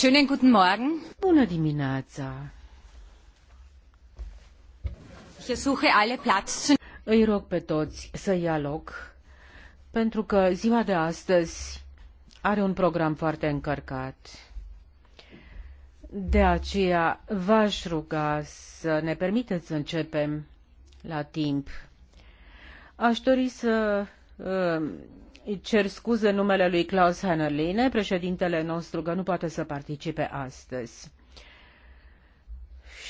Schönen guten Morgen. Bună dimineața. Ich ersuche alle Platz zu... Îi rog pe toți să ia loc, pentru că ziua de astăzi are un program foarte încărcat. De aceea v-aș ruga să ne permiteți să începem la timp. Aș dori să uh, îi cer scuze numele lui Klaus Hannerline, președintele nostru, că nu poate să participe astăzi.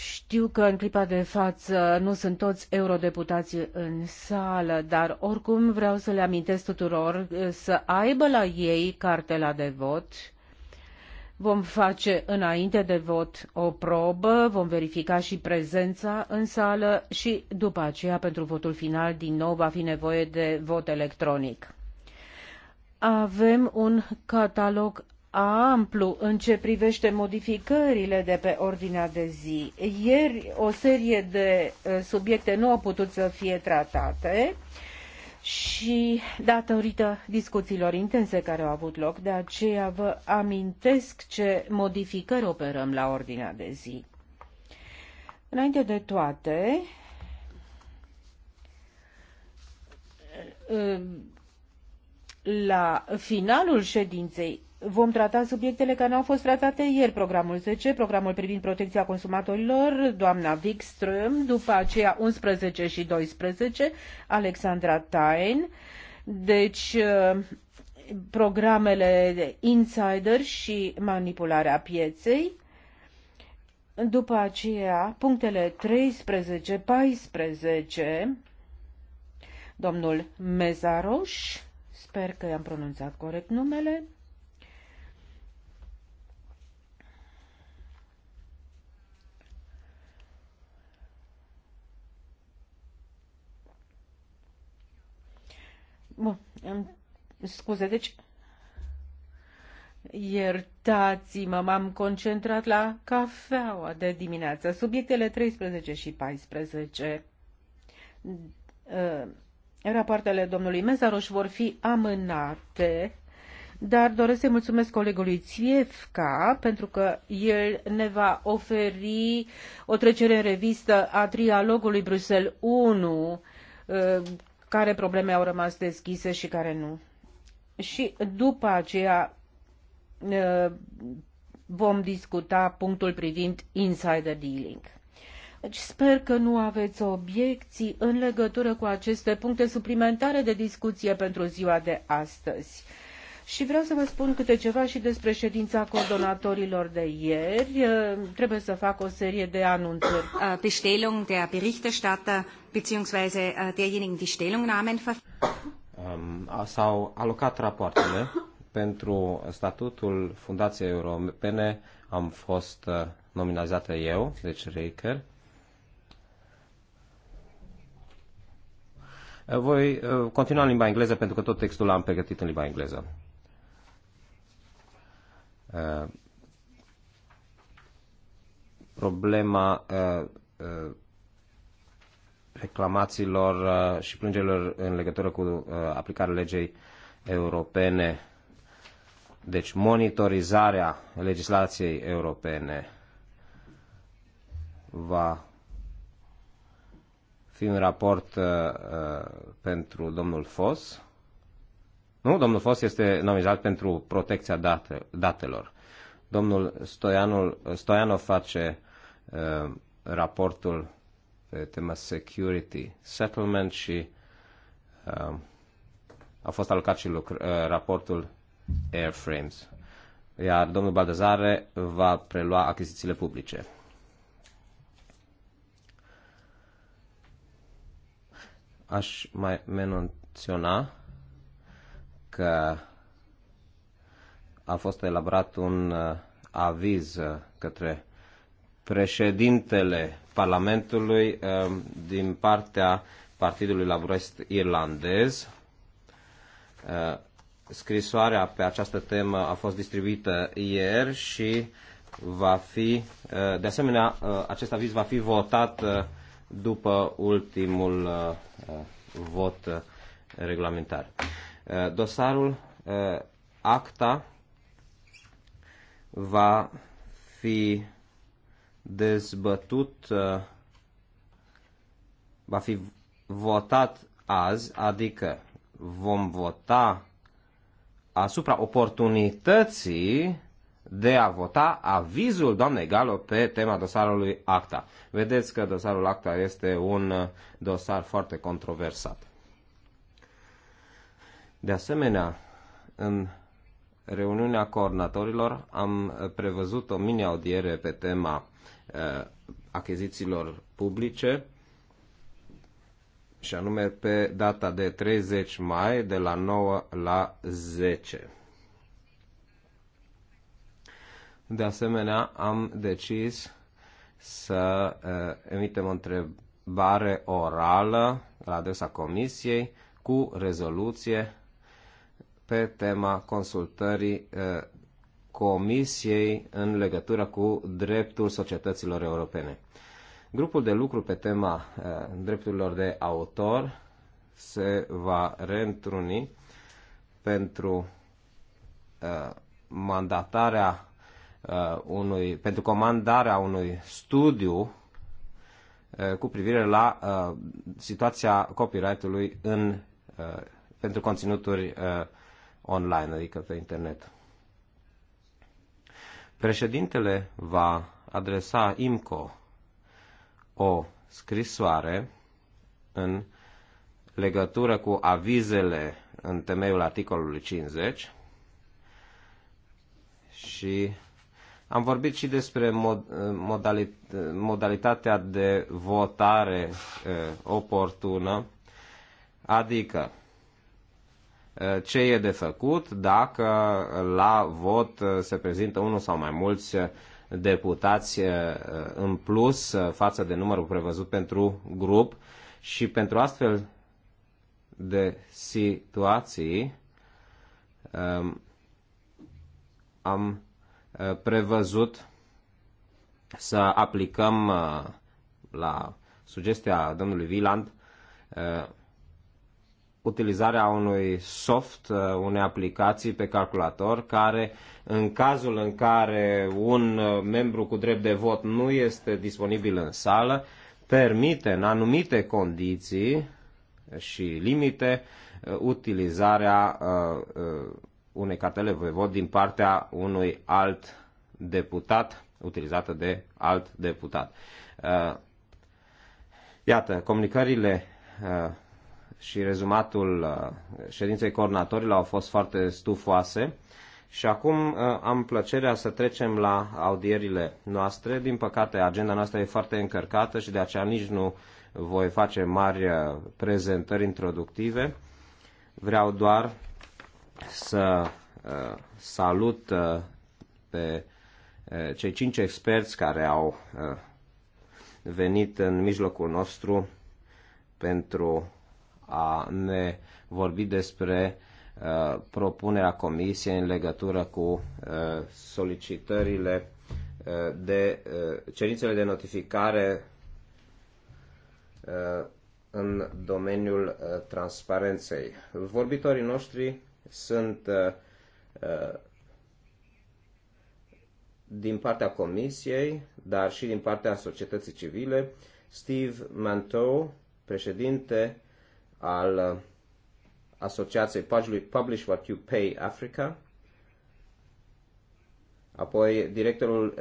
Știu că în clipa de față nu sunt toți eurodeputații în sală, dar oricum vreau să le amintesc tuturor eh, să aibă la ei cartela de vot. Vom face înainte de vot o probă, vom verifica și prezența în sală și după aceea pentru votul final din nou va fi nevoie de vot electronic avem un catalog amplu în ce privește modificările de pe ordinea de zi. Ieri o serie de uh, subiecte nu au putut să fie tratate și datorită discuțiilor intense care au avut loc, de aceea vă amintesc ce modificări operăm la ordinea de zi. Înainte de toate, uh, la finalul ședinței vom trata subiectele care nu au fost tratate ieri, programul 10, programul privind protecția consumatorilor, doamna Wikström, după aceea 11 și 12, Alexandra Tain, deci uh, programele de insider și manipularea pieței, după aceea punctele 13, 14, domnul Mezaroș, Sper că i-am pronunțat corect numele. Bun, scuze, deci Iertați-mă, m-am concentrat la cafeaua de dimineață, subiectele 13 și 14. Uh, ă, rapoartele domnului Mezaroș vor fi amânate, dar doresc să mulțumesc colegului Țiefca pentru că el ne va oferi o trecere în revistă a trialogului Bruxelles 1, uh, care probleme au rămas deschise și care nu. Și după aceea uh, vom discuta punctul privind insider dealing. Deci sper că nu aveți obiecții în legătură cu aceste puncte suplimentare de discuție pentru ziua de astăzi. Și vreau să vă spun câte ceva și despre ședința coordonatorilor de ieri. Eh, trebuie să fac o serie de anunțuri. Eh, Bestellung der Berichterstatter bzw. Eh, derjenigen, die Stellungnahmen S-au alocat rapoartele pentru statutul Fundației Europene am fost nominalizată eu, deci Reiker. Voi uh, continua în limba engleză pentru că tot textul l-am pregătit în limba engleză. Uh, problema uh, reclamațiilor și plângerilor în legătură cu aplicarea legei europene. Deci monitorizarea legislației europene va fi un raport uh, uh, pentru domnul Fos. Nu, domnul Fos este nominat pentru protecția date, datelor. Domnul Stoianul, Stoiano face uh, raportul pe tema security settlement și uh, a fost alocat și lucr- uh, raportul Airframes. Iar domnul Baldazare va prelua achizițiile publice. aș mai menționa că a fost elaborat un uh, aviz uh, către președintele Parlamentului um, din partea Partidului Laborist Irlandez. Uh, scrisoarea pe această temă a fost distribuită ieri și va fi, de asemenea, acest aviz va fi votat după ultimul uh, uh, vot uh, regulamentar. Dosarul ACTA va fi dezbătut, va fi votat azi, adică vom vota asupra oportunității de a vota avizul doamnei Galo pe tema dosarului ACTA. Vedeți că dosarul ACTA este un uh, dosar foarte controversat. De asemenea, în reuniunea coordonatorilor am uh, prevăzut o mini-audiere pe tema uh, achizițiilor publice și anume pe data de 30 mai de la 9 la 10. De asemenea, am decis să uh, emitem o întrebare orală la adresa Comisiei cu rezoluție pe tema consultării uh, Comisiei în legătură cu dreptul societăților europene. Grupul de lucru pe tema uh, drepturilor de autor se va reîntruni pentru uh, mandatarea Uh, unui, pentru comandarea unui studiu uh, cu privire la uh, situația copyright-ului în, pentru conținuturi online, adică pe internet. Președintele va adresa IMCO o scrisoare în legătură cu avizele în temeiul articolului 50 și am vorbit și despre mod, modalit, modalitatea de votare oportună, adică ce e de făcut dacă la vot se prezintă unul sau mai mulți deputați în plus față de numărul prevăzut pentru grup și pentru astfel de situații am Uh, prevăzut să aplicăm uh, la sugestia domnului Wieland uh, utilizarea unui soft, unei aplicații pe calculator, care în cazul în care un membru cu drept de vot nu este disponibil în sală, permite în anumite condiții și limite utilizarea unei cartele de din partea unui alt deputat, utilizată de alt deputat. Uh, iată, comunicările uh, și rezumatul uh, ședinței coordonatorilor au fost foarte stufoase și acum am plăcerea să trecem la audierile noastre. Din păcate, agenda noastră e foarte încărcată și de aceea nici nu voi face mari prezentări introductive. Vreau doar să uh, salut uh, pe uh, cei cinci experți care au venit în mijlocul nostru pentru a ne vorbi despre propunerea Comisiei în legătură cu solicitările de cerințele de notificare în domeniul transparenței. Vorbitorii noștri sunt uh, uh, din partea Comisiei, dar și din partea societății civile, Steve Manteau, președinte al uh, Asociației Publish What You Pay Africa, apoi directorul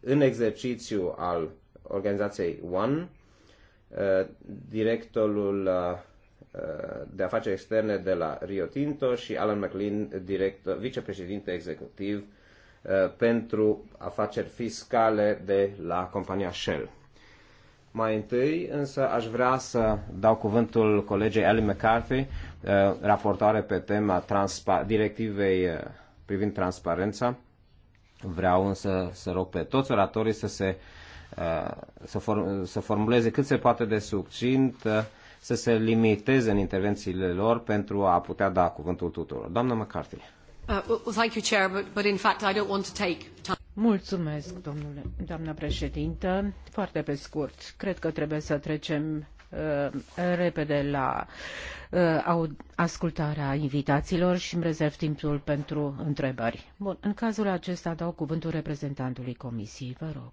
în exercițiu al organizației One, directorul de afaceri externe de la Rio Tinto și Alan McLean, director, vicepreședinte executiv uh, pentru afaceri fiscale de la compania Shell. Mai întâi, însă, aș vrea să dau cuvântul colegei Ellie McCarthy, uh, raportoare pe tema directivei uh, privind transparența. Vreau însă să rog pe toți oratorii să se să, form, să formuleze cât se poate de succint să se limiteze în intervențiile lor pentru a putea da cuvântul tuturor. Doamna McCarthy. Uh, Mulțumesc, domnule, doamna președintă. Foarte pe scurt, cred că trebuie să trecem uh, repede la uh, ascultarea invitațiilor și îmi rezerv timpul pentru întrebări. Bun, în cazul acesta dau cuvântul reprezentantului Comisiei, vă rog.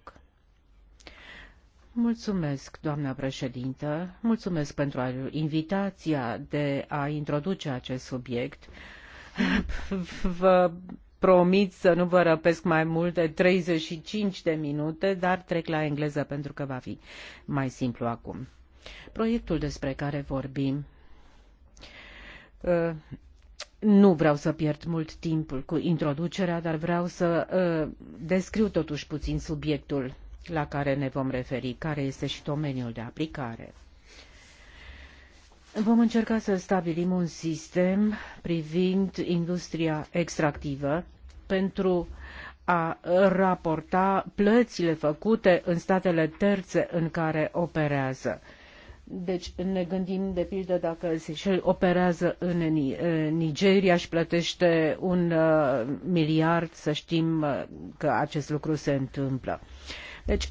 Mulțumesc, doamna președintă, mulțumesc pentru invitația de a introduce acest subiect. Vă promit să nu vă răpesc mai mult de 35 de minute, dar trec la engleză pentru că va fi mai simplu acum. Proiectul despre care vorbim uh, nu vreau să pierd mult timpul cu introducerea, dar vreau să uh, descriu totuși puțin subiectul la care ne vom referi, care este și domeniul de aplicare. Vom încerca să stabilim un sistem privind industria extractivă pentru a raporta plățile făcute în statele terțe în care operează. Deci ne gândim de pildă dacă Seychelles operează în Nigeria și plătește un uh, miliard, să știm uh, că acest lucru se întâmplă. Uh, deci,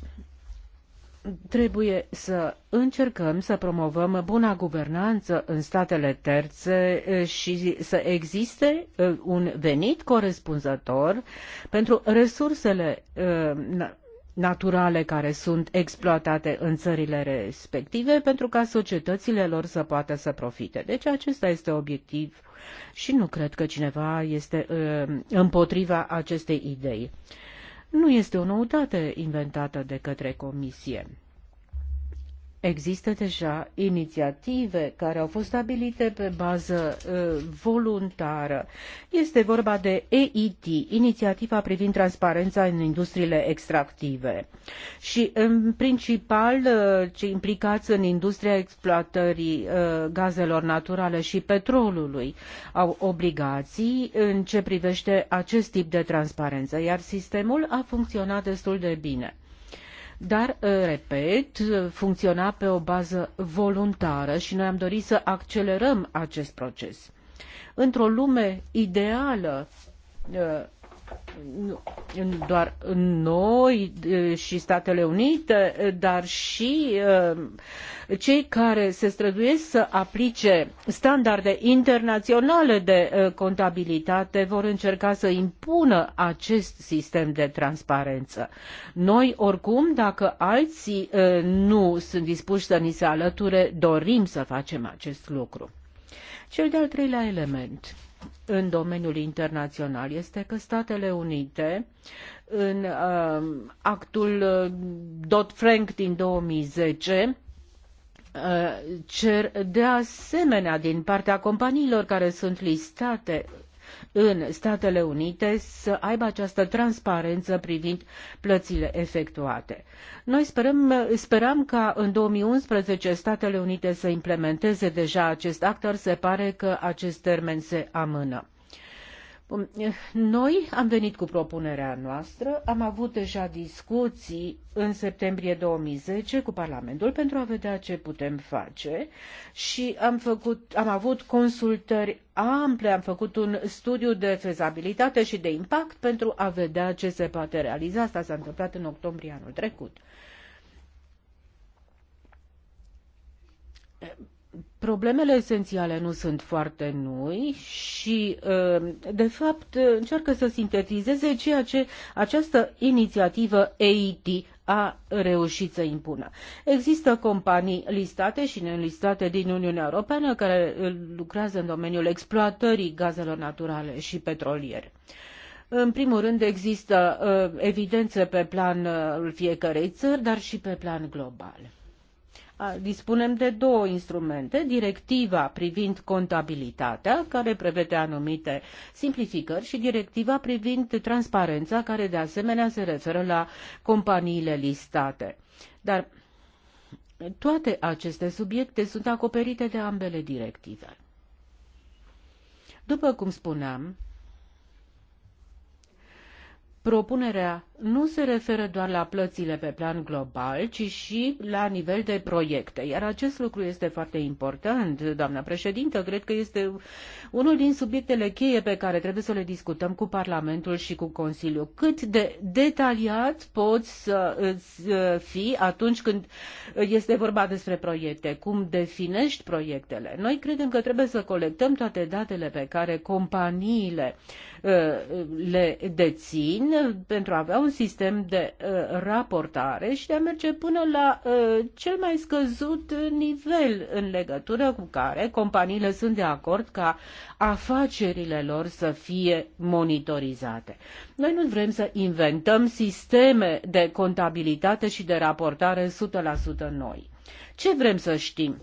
trebuie să încercăm să promovăm buna guvernanță în statele terțe și să existe un venit corespunzător pentru resursele naturale care sunt exploatate în țările respective pentru ca societățile lor să poată să profite. Deci acesta este obiectiv și nu cred că cineva este împotriva acestei idei nu este o noutate inventată de către Comisie. Există deja inițiative care au fost stabilite pe bază uh, voluntară. Este vorba de EIT, inițiativa privind transparența în industriile extractive. Și în principal uh, implicați în industria exploatării uh, gazelor naturale și petrolului au obligații în ce privește acest tip de transparență, iar sistemul a funcționat destul de bine. Dar, uh, repet, uh, funcționa pe o bază voluntară și noi am dorit să accelerăm acest proces. Într-o lume ideală uh, nu, doar noi și Statele Unite, dar și cei care se străduiesc să aplice standarde internaționale de contabilitate vor încerca să impună acest sistem de transparență. Noi, oricum, dacă alții nu sunt dispuși să ni se alăture, dorim să facem acest lucru. Cel de-al treilea element în domeniul internațional este că Statele Unite în um, uh, actul Dodd-Frank din 2010 uh, cer de asemenea din partea companiilor care sunt listate în Statele Unite să aibă această transparență privind plățile efectuate. Noi sperăm, speram ca în 2011 Statele Unite să implementeze deja acest act, dar se pare că acest termen se amână. Eh, noi am venit cu propunerea noastră, am avut deja discuții în septembrie 2010 cu Parlamentul pentru a vedea ce putem face și am, făcut, am avut consultări ample, am făcut un studiu de fezabilitate și de impact pentru a vedea ce se poate realiza. Asta s-a întâmplat în octombrie anul trecut problemele esențiale nu sunt foarte noi și, ă, de fapt, încearcă să sintetizeze ceea ce această inițiativă EIT a reușit să impună. Există companii listate și nelistate din Uniunea Europeană care ă, lucrează în domeniul exploatării gazelor naturale și petroliere. În primul rând există ă, evidențe pe planul fiecărei țări, dar și pe plan global dispunem de două instrumente, directiva privind contabilitatea, care prevede anumite simplificări, și directiva privind transparența, care de asemenea se referă la companiile listate. Dar toate aceste subiecte sunt acoperite de ambele directive. După cum spuneam, Propunerea nu se referă doar la plățile pe plan global, ci și la nivel de proiecte. Iar acest lucru este foarte important, doamna președintă. Cred că este unul din subiectele cheie pe care trebuie să le discutăm cu Parlamentul și cu Consiliul. Cât de detaliat poți să fii atunci când este vorba despre proiecte? Cum definești proiectele? Noi credem că trebuie să colectăm toate datele pe care companiile uh, Uh, le dețin pentru a avea un sistem de uh, raportare și de a merge până la uh, cel mai scăzut nivel în legătură cu care companiile sunt de acord ca afacerile lor să fie monitorizate. Noi nu vrem să inventăm sisteme de contabilitate și de raportare 100% noi. Ce vrem să știm?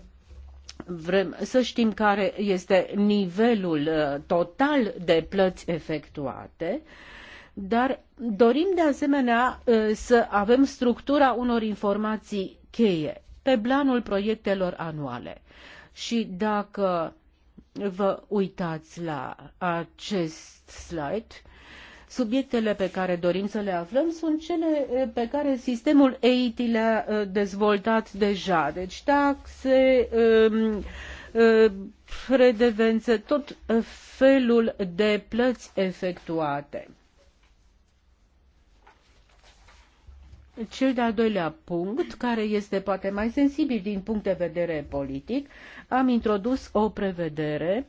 Vrem să știm care este nivelul uh, total de plăți efectuate, dar dorim de asemenea uh, să avem structura unor informații cheie pe planul proiectelor anuale. Și dacă vă uitați la acest slide, Subiectele pe care dorim să le aflăm sunt cele pe care sistemul EIT le-a dezvoltat deja. Deci taxe, redevențe, tot felul de plăți efectuate. Cel de-al doilea punct, care este poate mai sensibil din punct de vedere politic, am introdus o prevedere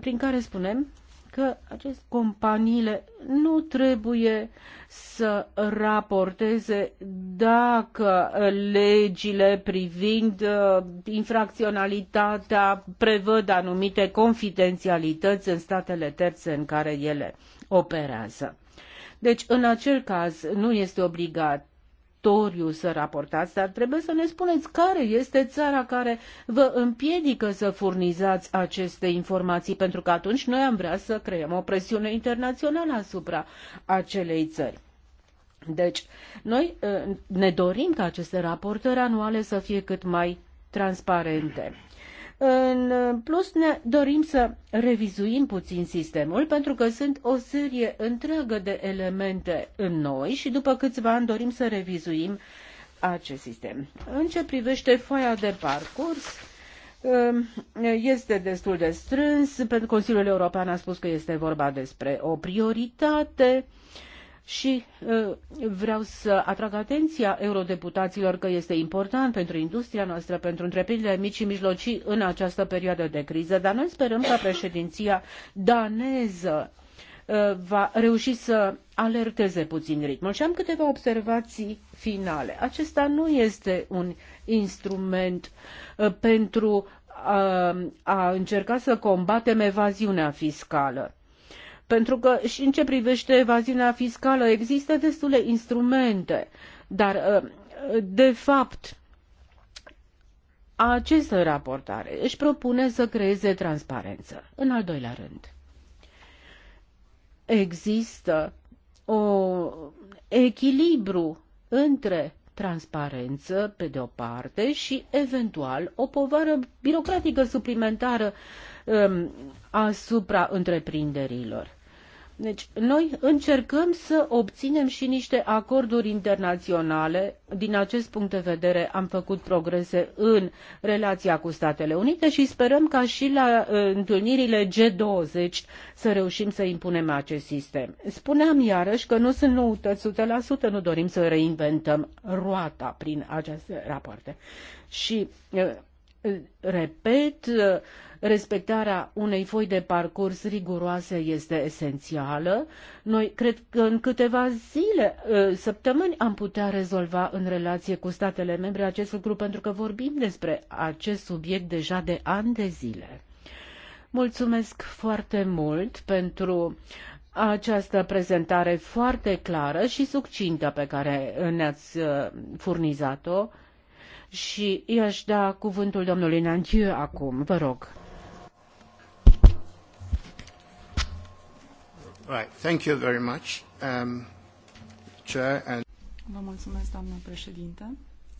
prin care spunem că aceste companiile nu trebuie să raporteze dacă legile privind uh, infracționalitatea prevăd anumite confidențialități în statele terțe în care ele operează. Deci, în acel caz, nu este obligat obligatoriu să raportați, dar trebuie să ne spuneți care este țara care vă împiedică să furnizați aceste informații, pentru că atunci noi am vrea să creăm o presiune internațională asupra acelei țări. Deci, noi eh, ne dorim ca aceste raportări anuale să fie cât mai transparente. În plus, ne dorim să revizuim puțin sistemul, pentru că sunt o serie întreagă de elemente în noi și după câțiva ani dorim să revizuim acest sistem. În ce privește foaia de parcurs, um, este destul de strâns, pentru Consiliul European a spus că este vorba despre o prioritate și vreau să atrag atenția eurodeputaților că este important pentru industria noastră, pentru întreprinderile mici și mijlocii în această perioadă de criză, dar noi sperăm că președinția daneză va reuși să alerteze puțin ritmul. Și am câteva observații finale. Acesta nu este un instrument pentru a, a încerca să combatem evaziunea fiscală pentru că și în ce privește evaziunea fiscală există destule instrumente, dar uh, de fapt această raportare își propune să creeze transparență. În al doilea rând, există o echilibru între transparență, pe de o parte, și eventual o povară birocratică suplimentară um, asupra întreprinderilor. Deci, noi încercăm să obținem și niște acorduri internaționale. Din acest punct de vedere, am făcut progrese în relația cu Statele Unite și sperăm ca și la uh, întâlnirile G20 să reușim să impunem acest sistem. Spuneam iarăși că nu sunt noutăți 100%, nu dorim să reinventăm roata prin aceste rapoarte. Și, uh, repet, uh, respectarea unei foi de parcurs riguroase este esențială. Noi cred că în câteva zile, ă, săptămâni am putea rezolva în relație cu statele membre acest lucru pentru că vorbim despre acest subiect deja de ani de zile. Mulțumesc foarte mult pentru această prezentare foarte clară și succintă pe care ne-ați ă, furnizat-o și i-aș da cuvântul domnului Nantiu acum, vă rog. Right. Thank you very much, um, Chair and... Vă mulțumesc, doamnă președinte,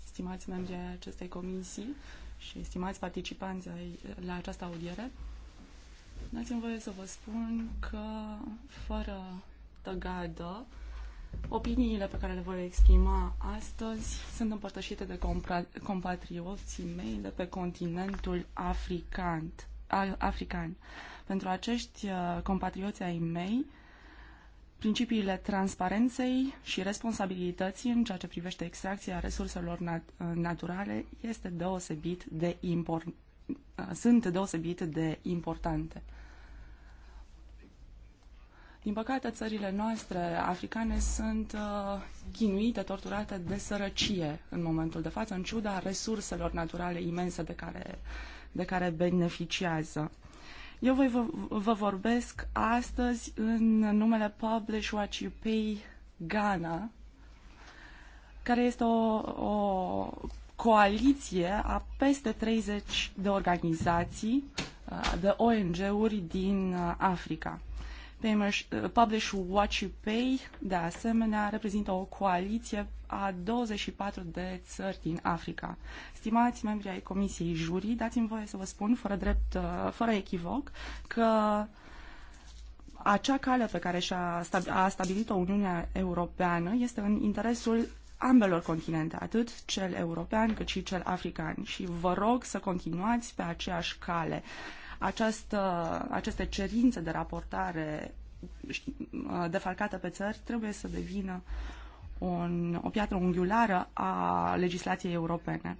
stimați membri ai acestei comisii și stimați participanți ai, la această audiere. Dați-mi voie să vă spun că, fără tăgadă, opiniile pe care le voi exprima astăzi sunt împărtășite de compatrioții mei de pe continentul african africani. Pentru acești uh, compatrioți ai mei, principiile transparenței și responsabilității în ceea ce privește extracția resurselor nat- uh, naturale este deosebit de import- uh, sunt deosebit de importante. Din păcate, țările noastre africane sunt uh, chinuite, torturate de sărăcie în momentul de față, în ciuda resurselor naturale imense de care de care beneficiază. Eu voi vă, vă vorbesc astăzi în numele Publish What You Pay Ghana, care este o, o coaliție a peste 30 de organizații, de ONG-uri din Africa. Uh, Publish What You Pay, de asemenea, reprezintă o coaliție a 24 de țări din Africa. Stimați membri ai Comisiei Jurii, dați-mi voie să vă spun, fără drept, uh, fără echivoc, că acea cale pe care și-a a stabilit-o Uniunea Europeană este în interesul ambelor continente, atât cel european cât și cel african. Și vă rog să continuați pe aceeași cale. Uh, această, aceste cerințe de raportare uh, defalcată pe țări trebuie să devină un, o piatră unghiulară a legislației europene.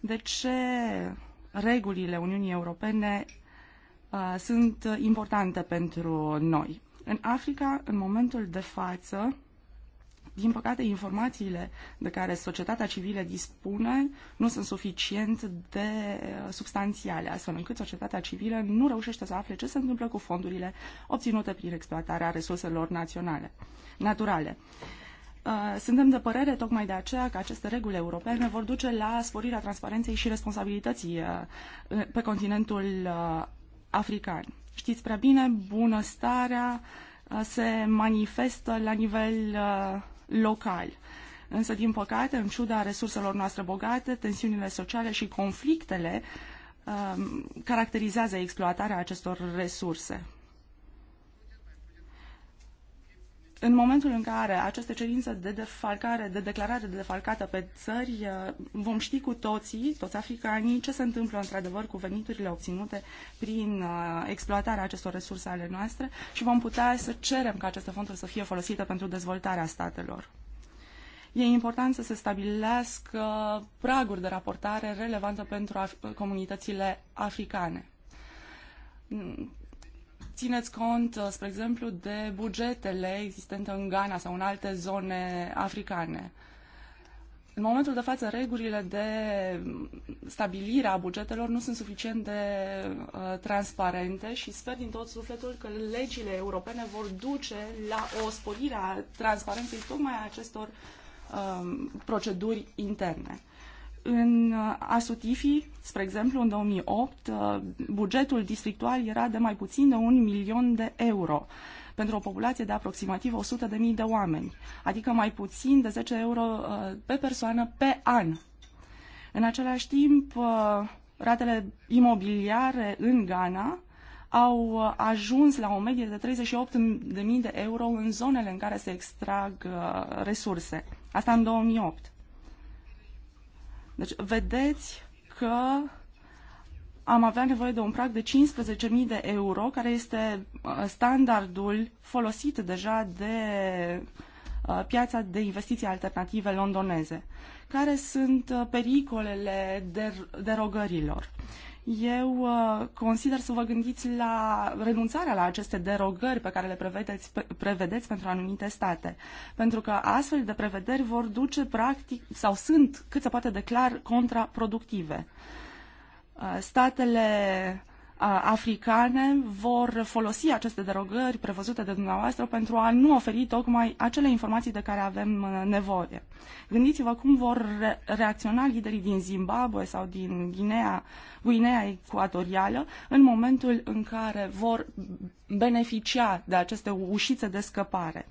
De ce regulile Uniunii Europene uh, sunt importante pentru noi? În Africa, în momentul de față, din păcate, informațiile de care societatea civilă dispune nu sunt suficient de uh, substanțiale, astfel încât societatea civilă nu reușește să afle ce se întâmplă cu fondurile obținute prin exploatarea resurselor naționale, naturale. Uh, suntem de părere tocmai de aceea că aceste reguli europene vor duce la sporirea transparenței și responsabilității uh, pe continentul african. Știți prea bine, bunăstarea se manifestă la nivel local. Însă, din păcate, în ciuda resurselor noastre bogate, tensiunile sociale și conflictele um, caracterizează exploatarea acestor resurse. În momentul în care aceste cerințe de defalcare, de declarare de defalcată pe țări, uh, vom ști cu toții, toți africanii, ce se întâmplă într-adevăr cu veniturile obținute prin uh, exploatarea acestor resurse ale noastre și vom putea să cerem ca aceste fonduri să fie folosite pentru dezvoltarea statelor. E important să se stabilească praguri de raportare relevante pentru af- comunitățile africane țineți cont, uh, spre exemplu, de bugetele existente în Ghana sau în alte zone africane. În momentul de față, regulile de stabilire a bugetelor nu sunt suficient de uh, transparente și sper din tot sufletul că legile europene vor duce la o sporire a transparenței tocmai a acestor uh, proceduri interne. În uh, Asutifi, spre exemplu, în 2008, uh, bugetul districtual era de mai puțin de un milion de euro pentru o populație de aproximativ 100.000 de, oameni, adică mai puțin de 10 euro uh, pe persoană pe an. În același timp, ratele imobiliare în Ghana au ajuns la o medie de 38.000 de euro în zonele în care se extrag resurse. Asta în 2008. Deci, vedeți că am avea nevoie de un prag de 15.000 de euro, care este uh, standardul folosit deja de uh, piața de investiții alternative londoneze. Care sunt uh, pericolele derogărilor? Eu uh, consider să vă gândiți la renunțarea la aceste derogări pe care le prevedeți, prevedeți pentru anumite state, pentru că astfel de prevederi vor duce practic sau sunt cât se poate declar contraproductive. Uh, statele uh, africane vor folosi aceste derogări prevăzute de dumneavoastră pentru a nu oferi tocmai acele informații de care avem uh, nevoie. Gândiți-vă cum vor re- reacționa liderii din Zimbabwe sau din Guinea, Guinea Ecuatorială în momentul în care vor beneficia de aceste ușițe de scăpare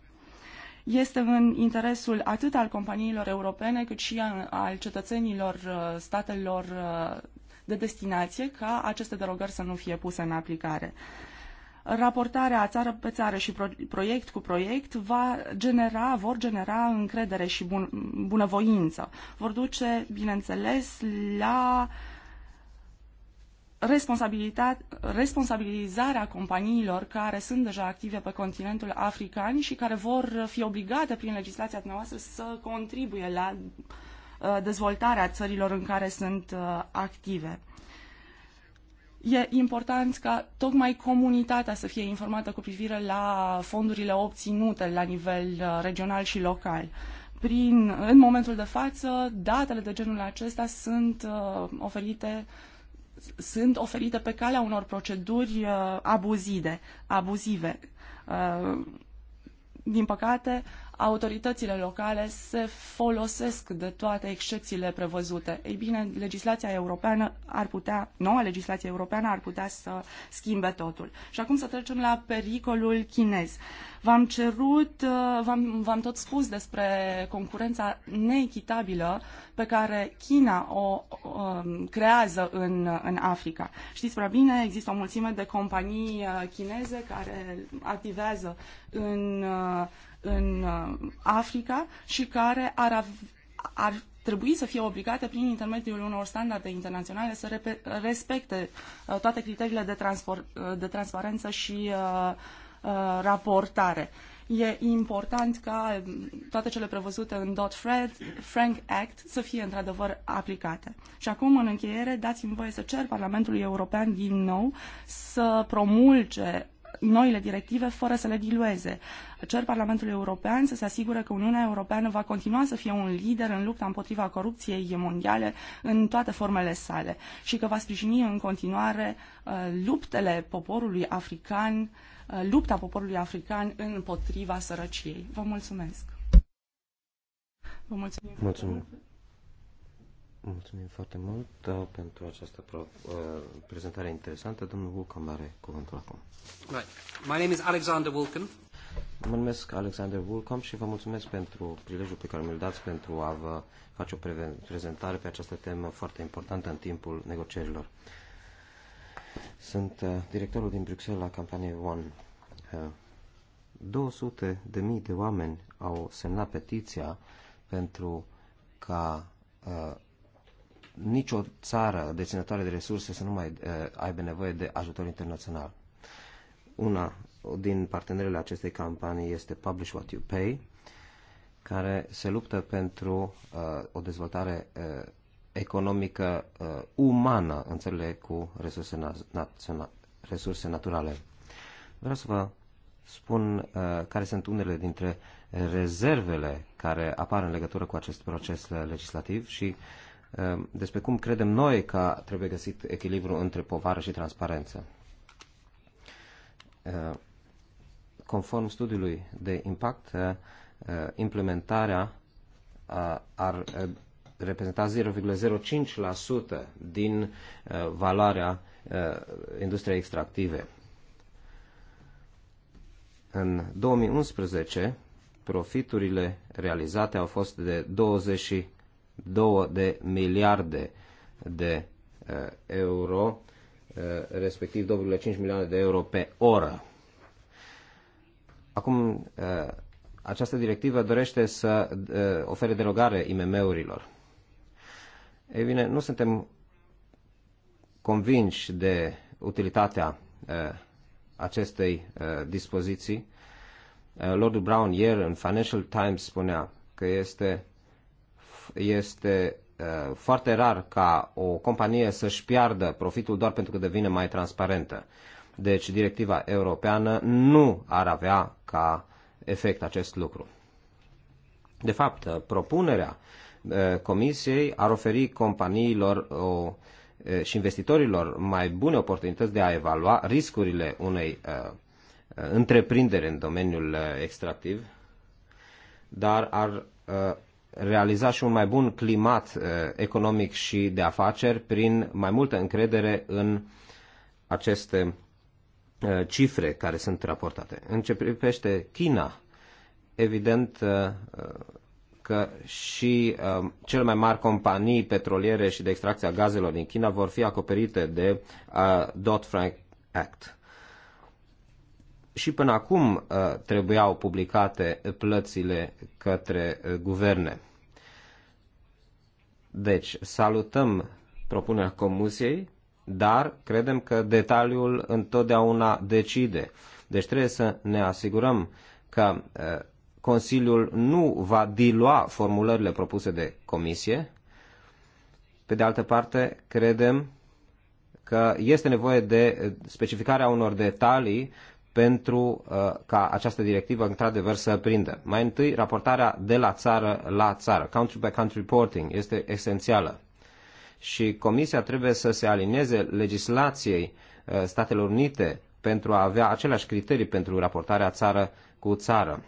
este în interesul atât al companiilor europene cât și al cetățenilor uh, statelor uh, de destinație ca aceste derogări să nu fie puse în aplicare. Raportarea țară pe țară și proiect cu proiect va genera, vor genera încredere și bun, bunăvoință. Vor duce, bineînțeles, la responsabilizarea companiilor care sunt deja active pe continentul african și care vor fi obligate prin legislația noastră să contribuie la uh, Uh, dezvoltarea țărilor în care sunt uh, active. E important ca tocmai comunitatea să fie informată cu privire la fondurile obținute la nivel uh, regional și local prin, în momentul de față, datele de genul acesta sunt oferite sunt oferite pe calea unor proceduri abuzide, abuzive. din păcate, autoritățile locale se folosesc de toate excepțiile prevăzute. Ei bine, legislația europeană ar putea, noua legislație europeană ar putea să schimbe totul. Și acum să trecem la pericolul chinez. V-am cerut, uh, v-am, v-am tot spus despre concurența neechitabilă pe care China o, o um, creează în, în Africa. Știți prea bine, există o mulțime de companii uh, chineze care activează în uh, în uh, Africa și care ar, ar trebui să fie obligate prin intermediul unor standarde internaționale să respecte uh, toate criteriile de, transfer, uh, de transparență și raportare. E important ca um, toate cele prevăzute în Dodd-Frank Act să fie într-adevăr aplicate. Și acum, în încheiere, dați-mi voie să cer Parlamentului European din nou să promulge noile directive fără să le dilueze. Cer Parlamentului European să se asigure că Uniunea Europeană va continua să fie un lider în lupta împotriva corupției mondiale în toate formele sale și că va sprijini în continuare uh, luptele poporului african, uh, lupta poporului african împotriva sărăciei. Vă mulțumesc! Vă mulțumim! mulțumim. Mulțumim foarte mult uh, pentru această pro, uh, prezentare interesantă. Domnul Vulcan are cuvântul acum. Right. My name is Alexander Vulcan. Mă numesc Alexander Vulcom și vă mulțumesc pentru prilejul pe care mi-l dați pentru a vă face o prezentare pe această temă foarte importantă în timpul negocierilor. Sunt uh, directorul din Bruxelles la campanie One. Uh, 200 de mii de oameni au semnat petiția pentru ca uh, nicio țară deținătoare de resurse să nu mai eh, aibă nevoie de ajutor internațional. Una din partenerele acestei campanii este Publish What You Pay, care se luptă pentru uh, o dezvoltare uh, economică uh, umană în țările cu resurse, na- naționa- resurse naturale. Vreau să vă spun uh, care sunt unele dintre rezervele care apar în legătură cu acest proces legislativ și uh, Ehm, despre cum credem noi că trebuie găsit echilibru între povară și transparență. Ehm, conform studiului de impact, ehm, implementarea ar reprezenta 0,05% din valoarea industriei extractive. În 2011, profiturile realizate au fost de 20 2 de miliarde de eh, euro, eh, respectiv 2,5 milioane de euro pe oră. Acum, eh, această directivă dorește să ofere derogare IMM-urilor. Ei bine, nu suntem convinși de utilitatea acestei dispoziții. Lord Brown ieri în Financial Times spunea că este este uh, foarte rar ca o companie să-și piardă profitul doar pentru că devine mai transparentă. Deci directiva europeană nu ar avea ca efect acest lucru. De fapt, uh, propunerea uh, Comisiei ar oferi companiilor o, și investitorilor mai bune oportunități de a evalua riscurile unei întreprinderi în domeniul extractiv, dar ar realiza și un mai bun climat uh, economic și de afaceri prin mai multă încredere în aceste uh, cifre care sunt raportate. În ce privește China, evident uh, că și cele mai mari companii petroliere și de extracție a gazelor din China vor fi acoperite de Dodd-Frank Act și până acum uh, trebuiau publicate plățile către uh, guverne. Deci, salutăm propunerea Comisiei, dar credem că detaliul întotdeauna decide. Deci trebuie să ne asigurăm că uh, Consiliul nu va dilua formulările propuse de Comisie. Pe de altă parte, credem că este nevoie de specificarea unor detalii pentru uh, ca această directivă într-adevăr să prindă. Mai întâi, raportarea de la țară la țară, country by country reporting, este esențială. Și Comisia trebuie să se alinieze legislației uh, Statelor Unite pentru a avea aceleași criterii pentru raportarea țară cu țară.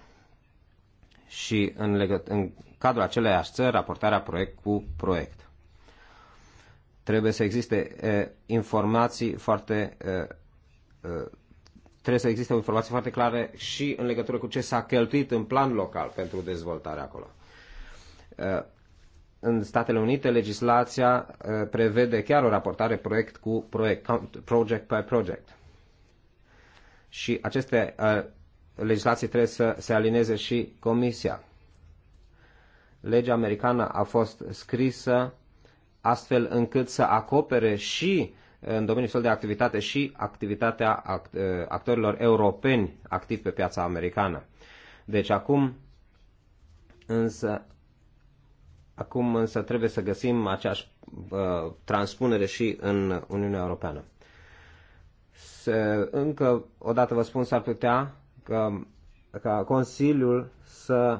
Și în, legăt- în cadrul aceleiași țări, raportarea proiect cu proiect. Trebuie să existe e, uh, informații foarte e, Trebuie să existe o informație foarte clară și în legătură cu ce s-a cheltuit în plan local pentru dezvoltarea acolo. Uh, în Statele Unite, legislația uh, prevede chiar o raportare proiect cu proiect, project by project. Și aceste uh, legislații trebuie să se alineze și Comisia. Legea americană a fost scrisă astfel încât să acopere și uh, în domeniul său de activitate și activitatea act, eh, actorilor europeni activi pe piața americană. Deci acum însă acum însă trebuie să găsim aceeași uh, transpunere și în Uniunea Europeană. Se, încă o dată vă spun, s-ar putea că, că Consiliul să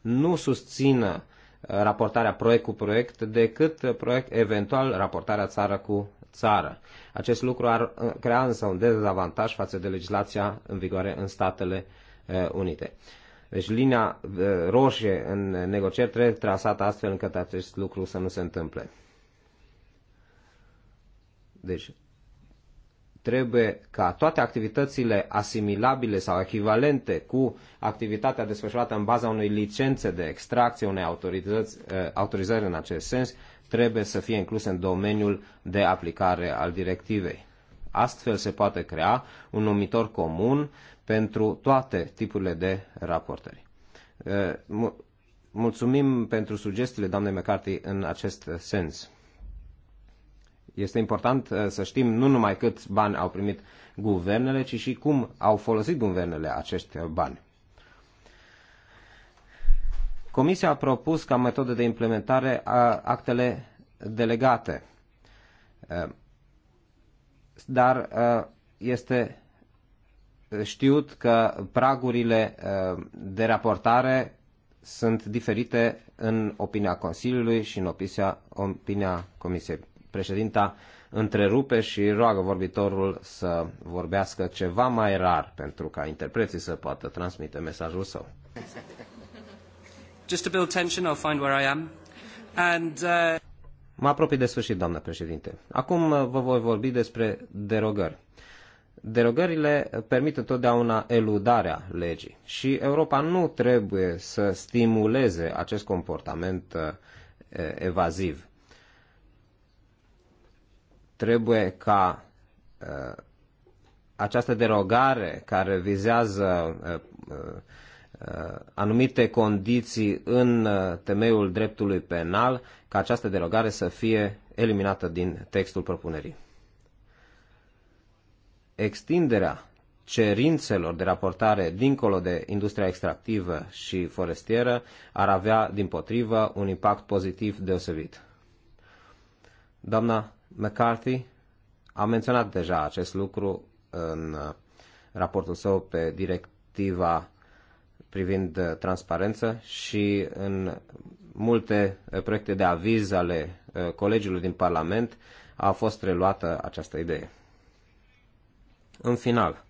nu susțină eh, raportarea proiect cu proiect, decât proiect, eventual raportarea țară cu țară. Acest lucru ar uh, crea însă un dezavantaj față de legislația în vigoare în Statele uh, Unite. Deci linia uh, roșie în negocieri trebuie trasată astfel încât acest lucru să nu se întâmple. Deci trebuie ca toate activitățile asimilabile sau echivalente cu activitatea desfășurată în baza unei licențe de extracție, unei autorități, autorizări în acest sens, trebuie să fie incluse în domeniul de aplicare al directivei. Astfel se poate crea un numitor comun pentru toate tipurile de raportări. Uh, mulțumim pentru sugestiile doamnei McCarthy în acest sens. Este important uh, să știm nu numai cât bani au primit guvernele, ci și cum au folosit guvernele acești bani. Comisia a propus ca metodă de implementare a actele delegate, eh, dar eh, este eh, știut că pragurile de raportare sunt diferite în opinia Consiliului și în opinia, opinia Comisiei. Președinta întrerupe și roagă vorbitorul să vorbească ceva mai rar pentru ca interpreții să poată transmite mesajul său. Just to build tension, I'll find where I am. And, uh... Mă apropii de sfârșit, doamnă președinte. Acum uh, vă voi vorbi despre derogări. Derogările permit întotdeauna eludarea legii și Europa nu trebuie să stimuleze acest comportament uh, evaziv. Trebuie ca uh, această derogare care vizează Uh, anumite condiții în uh, temeiul dreptului penal ca această derogare să fie eliminată din textul propunerii. Extinderea cerințelor de raportare dincolo de industria extractivă și forestieră ar avea, din potrivă, un impact pozitiv deosebit. Doamna McCarthy a menționat deja acest lucru în uh, raportul său pe directiva privind uh, transparență și în multe uh, proiecte de aviz ale uh, colegiului din Parlament a fost reluată această idee. În final,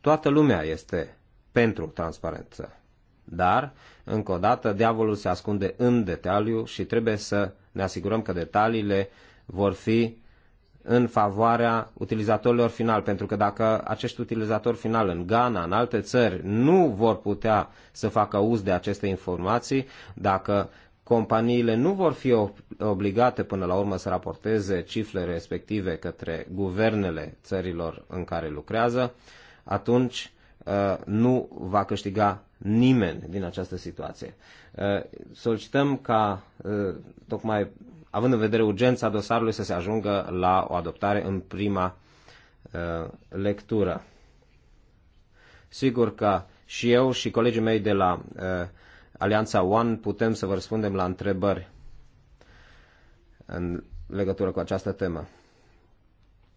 toată lumea este pentru transparență, dar, încă o dată, diavolul se ascunde în detaliu și trebuie să ne asigurăm că detaliile vor fi în favoarea utilizatorilor final, pentru că dacă acești utilizatori final în Ghana, în alte țări, nu vor putea să facă uz de aceste informații, dacă companiile nu vor fi obligate până la urmă să raporteze cifrele respective către guvernele țărilor în care lucrează, atunci uh, nu va câștiga nimeni din această situație. Uh, solicităm ca uh, tocmai având în vedere urgența dosarului, să se ajungă la o adoptare în prima uh, lectură. Sigur că și eu și colegii mei de la uh, Alianța One putem să vă răspundem la întrebări în legătură cu această temă.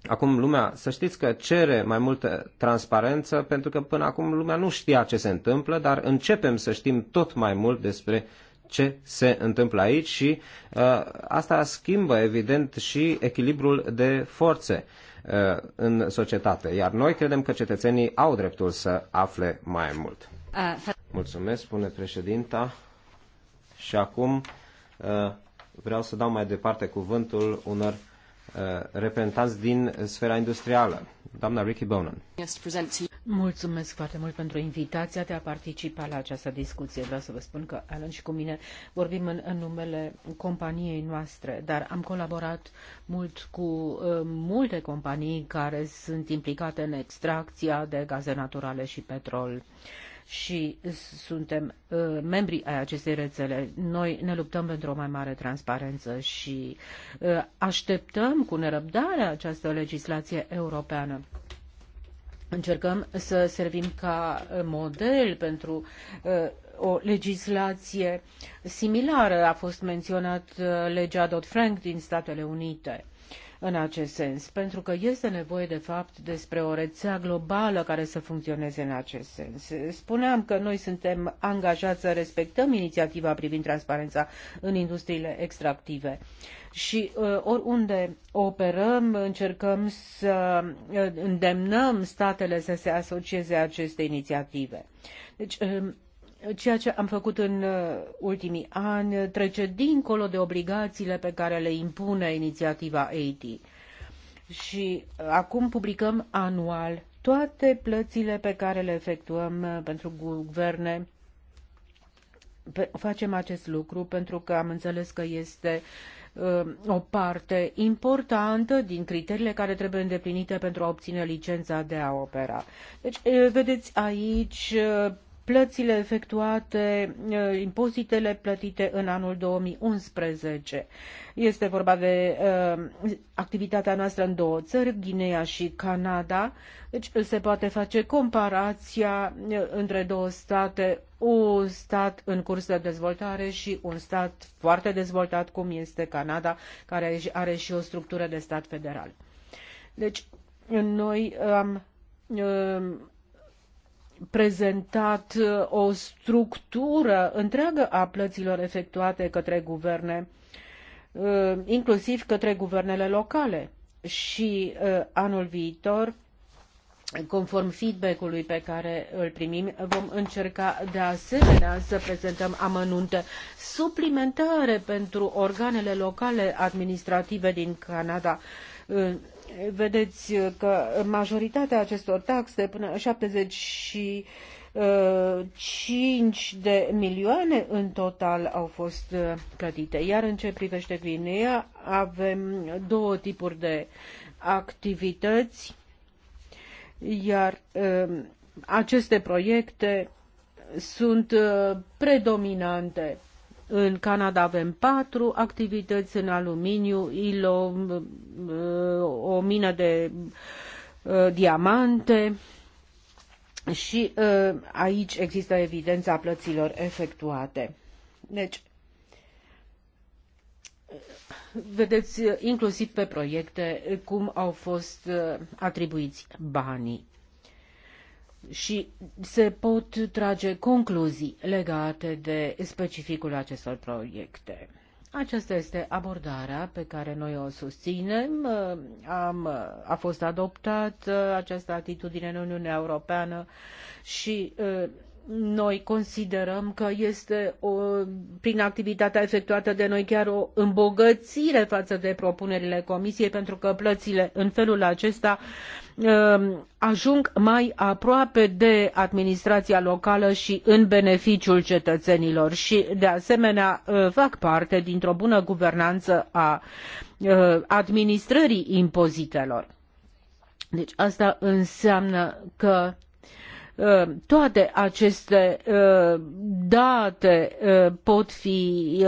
Acum lumea, să știți că cere mai multă transparență, pentru că până acum lumea nu știa ce se întâmplă, dar începem să știm tot mai mult despre ce se întâmplă aici și uh, asta schimbă, evident, și echilibrul de forțe uh, în societate. Iar noi credem că cetățenii au dreptul să afle mai mult. Uh, Mulțumesc, spune președinta. Și acum uh, vreau să dau mai departe cuvântul unor Uh, reprezentanți din sfera industrială. Doamna Ricky Bonan. Mulțumesc foarte mult pentru invitația de a participa la această discuție. Vreau să vă spun că Alan și cu mine vorbim în, în numele companiei noastre, dar am colaborat mult cu uh, multe companii care sunt implicate în extracția de gaze naturale și petrol. Uh, și suntem uh, membri ai acestei rețele. Noi ne luptăm pentru o mai mare transparență și uh, așteptăm cu nerăbdare această legislație europeană. Încercăm să servim ca uh, model pentru uh, o legislație similară. A fost menționat uh, legea Dodd-Frank din Statele Unite în acest sens, pentru că este nevoie de fapt despre o rețea globală care să funcționeze în acest sens. Spuneam că noi suntem angajați să respectăm inițiativa privind transparența în industriile extractive și uh, oriunde operăm încercăm să uh, îndemnăm statele să se asocieze aceste inițiative. Deci uh, ceea ce am făcut în uh, ultimii ani trece dincolo de obligațiile pe care le impune inițiativa AT. Și uh, acum publicăm anual toate plățile pe care le efectuăm uh, pentru guverne. Facem acest lucru pentru că am înțeles că este o parte importantă din criteriile care trebuie îndeplinite pentru a obține licența de a opera. Deci, vedeți aici plățile efectuate, impozitele plătite în anul 2011. Este vorba de uh, activitatea noastră în două țări, Guinea și Canada, deci se poate face comparația între două state, un stat în curs de dezvoltare și un stat foarte dezvoltat cum este Canada, care are și o structură de stat federal. Deci, noi am um, prezentat uh, o structură întreagă a plăților efectuate către guverne, uh, inclusiv către guvernele locale. Și uh, anul viitor, conform feedback-ului pe care îl primim, vom încerca de asemenea să prezentăm amănunte suplimentare pentru organele locale administrative din Canada vedeți că majoritatea acestor taxe, până 75 uh, de milioane în total, au fost uh, plătite. Iar în ce privește Guinea, avem două tipuri de activități, iar uh, aceste proiecte sunt predominante în Canada avem patru activități în aluminiu, ILO, uh, o mină de uh, diamante și uh, aici există evidența plăților efectuate. Deci, vedeți inclusiv pe proiecte cum au fost atribuiți banii și se pot trage concluzii legate de specificul acestor proiecte. Aceasta este abordarea pe care noi o susținem. Am, a fost adoptată această atitudine în Uniunea Europeană și noi considerăm că este o, prin activitatea efectuată de noi chiar o îmbogățire față de propunerile Comisiei, pentru că plățile în felul acesta um, ajung mai aproape de administrația locală și în beneficiul cetățenilor și, de asemenea, uh, fac parte dintr-o bună guvernanță a uh, administrării impozitelor. Deci asta înseamnă că Uh, toate aceste uh, date uh, pot fi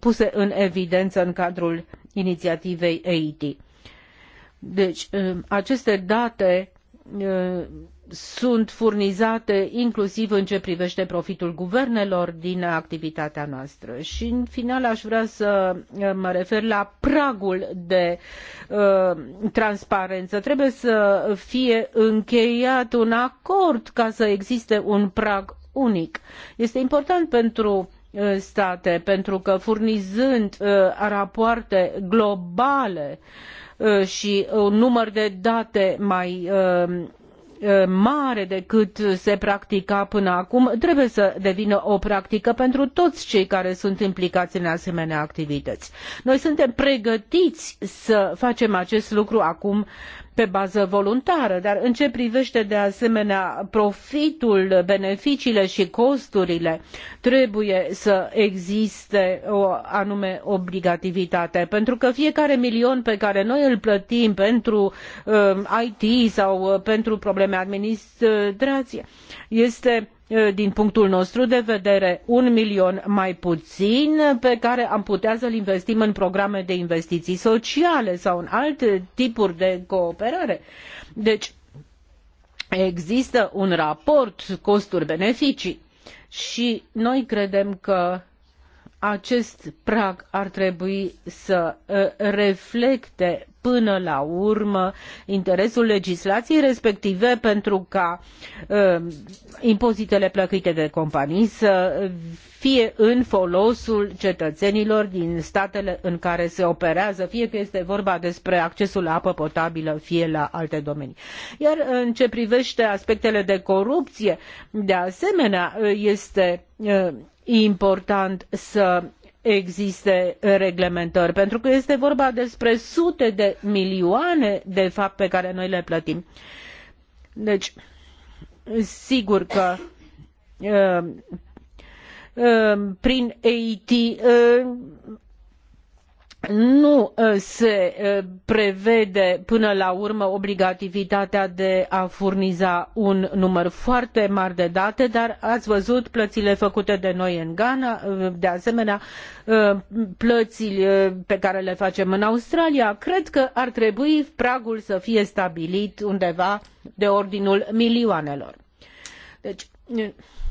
puse în evidență în cadrul inițiativei EIT. Deci, aceste date sunt furnizate inclusiv în ce privește profitul guvernelor din activitatea noastră. Și în final aș vrea să eh, mă refer la pragul de uh, transparență. Trebuie să fie încheiat un acord ca să existe un prag unic. Este important pentru eh, state pentru că furnizând uh, rapoarte globale uh, și un număr de date mai uh, mare decât se practica până acum trebuie să devină o practică pentru toți cei care sunt implicați în asemenea activități. Noi suntem pregătiți să facem acest lucru acum pe bază voluntară, dar în ce privește de asemenea profitul, beneficiile și costurile, trebuie să existe o anume obligativitate, pentru că fiecare milion pe care noi îl plătim pentru um, IT sau uh, pentru probleme administrație este Eh, din punctul nostru de vedere un milion mai puțin pe care am putea să l investim în programe de investiții sociale sau în alte tipuri de cooperare. Deci există un raport costuri beneficii și noi credem că acest prag ar trebui să eh, reflecte până la urmă interesul legislației respective pentru ca uh, impozitele plătite de companii să fie în folosul cetățenilor din statele în care se operează, fie că este vorba despre accesul la apă potabilă, fie la alte domenii. Iar în ce privește aspectele de corupție, de asemenea, este uh, important să existe reglementări, pentru că este vorba despre sute de milioane de fapt pe care noi le plătim. Deci, sigur că uh, uh, prin EIT nu ă, se ă, prevede până la urmă obligativitatea de a furniza un număr foarte mare de date dar ați văzut plăile făcute de noi în ghana ă, de asemenea plățile pe care le facem în australia cred că ar trebui pragul să fie stabilit undeva de ordinul milioanelor. deci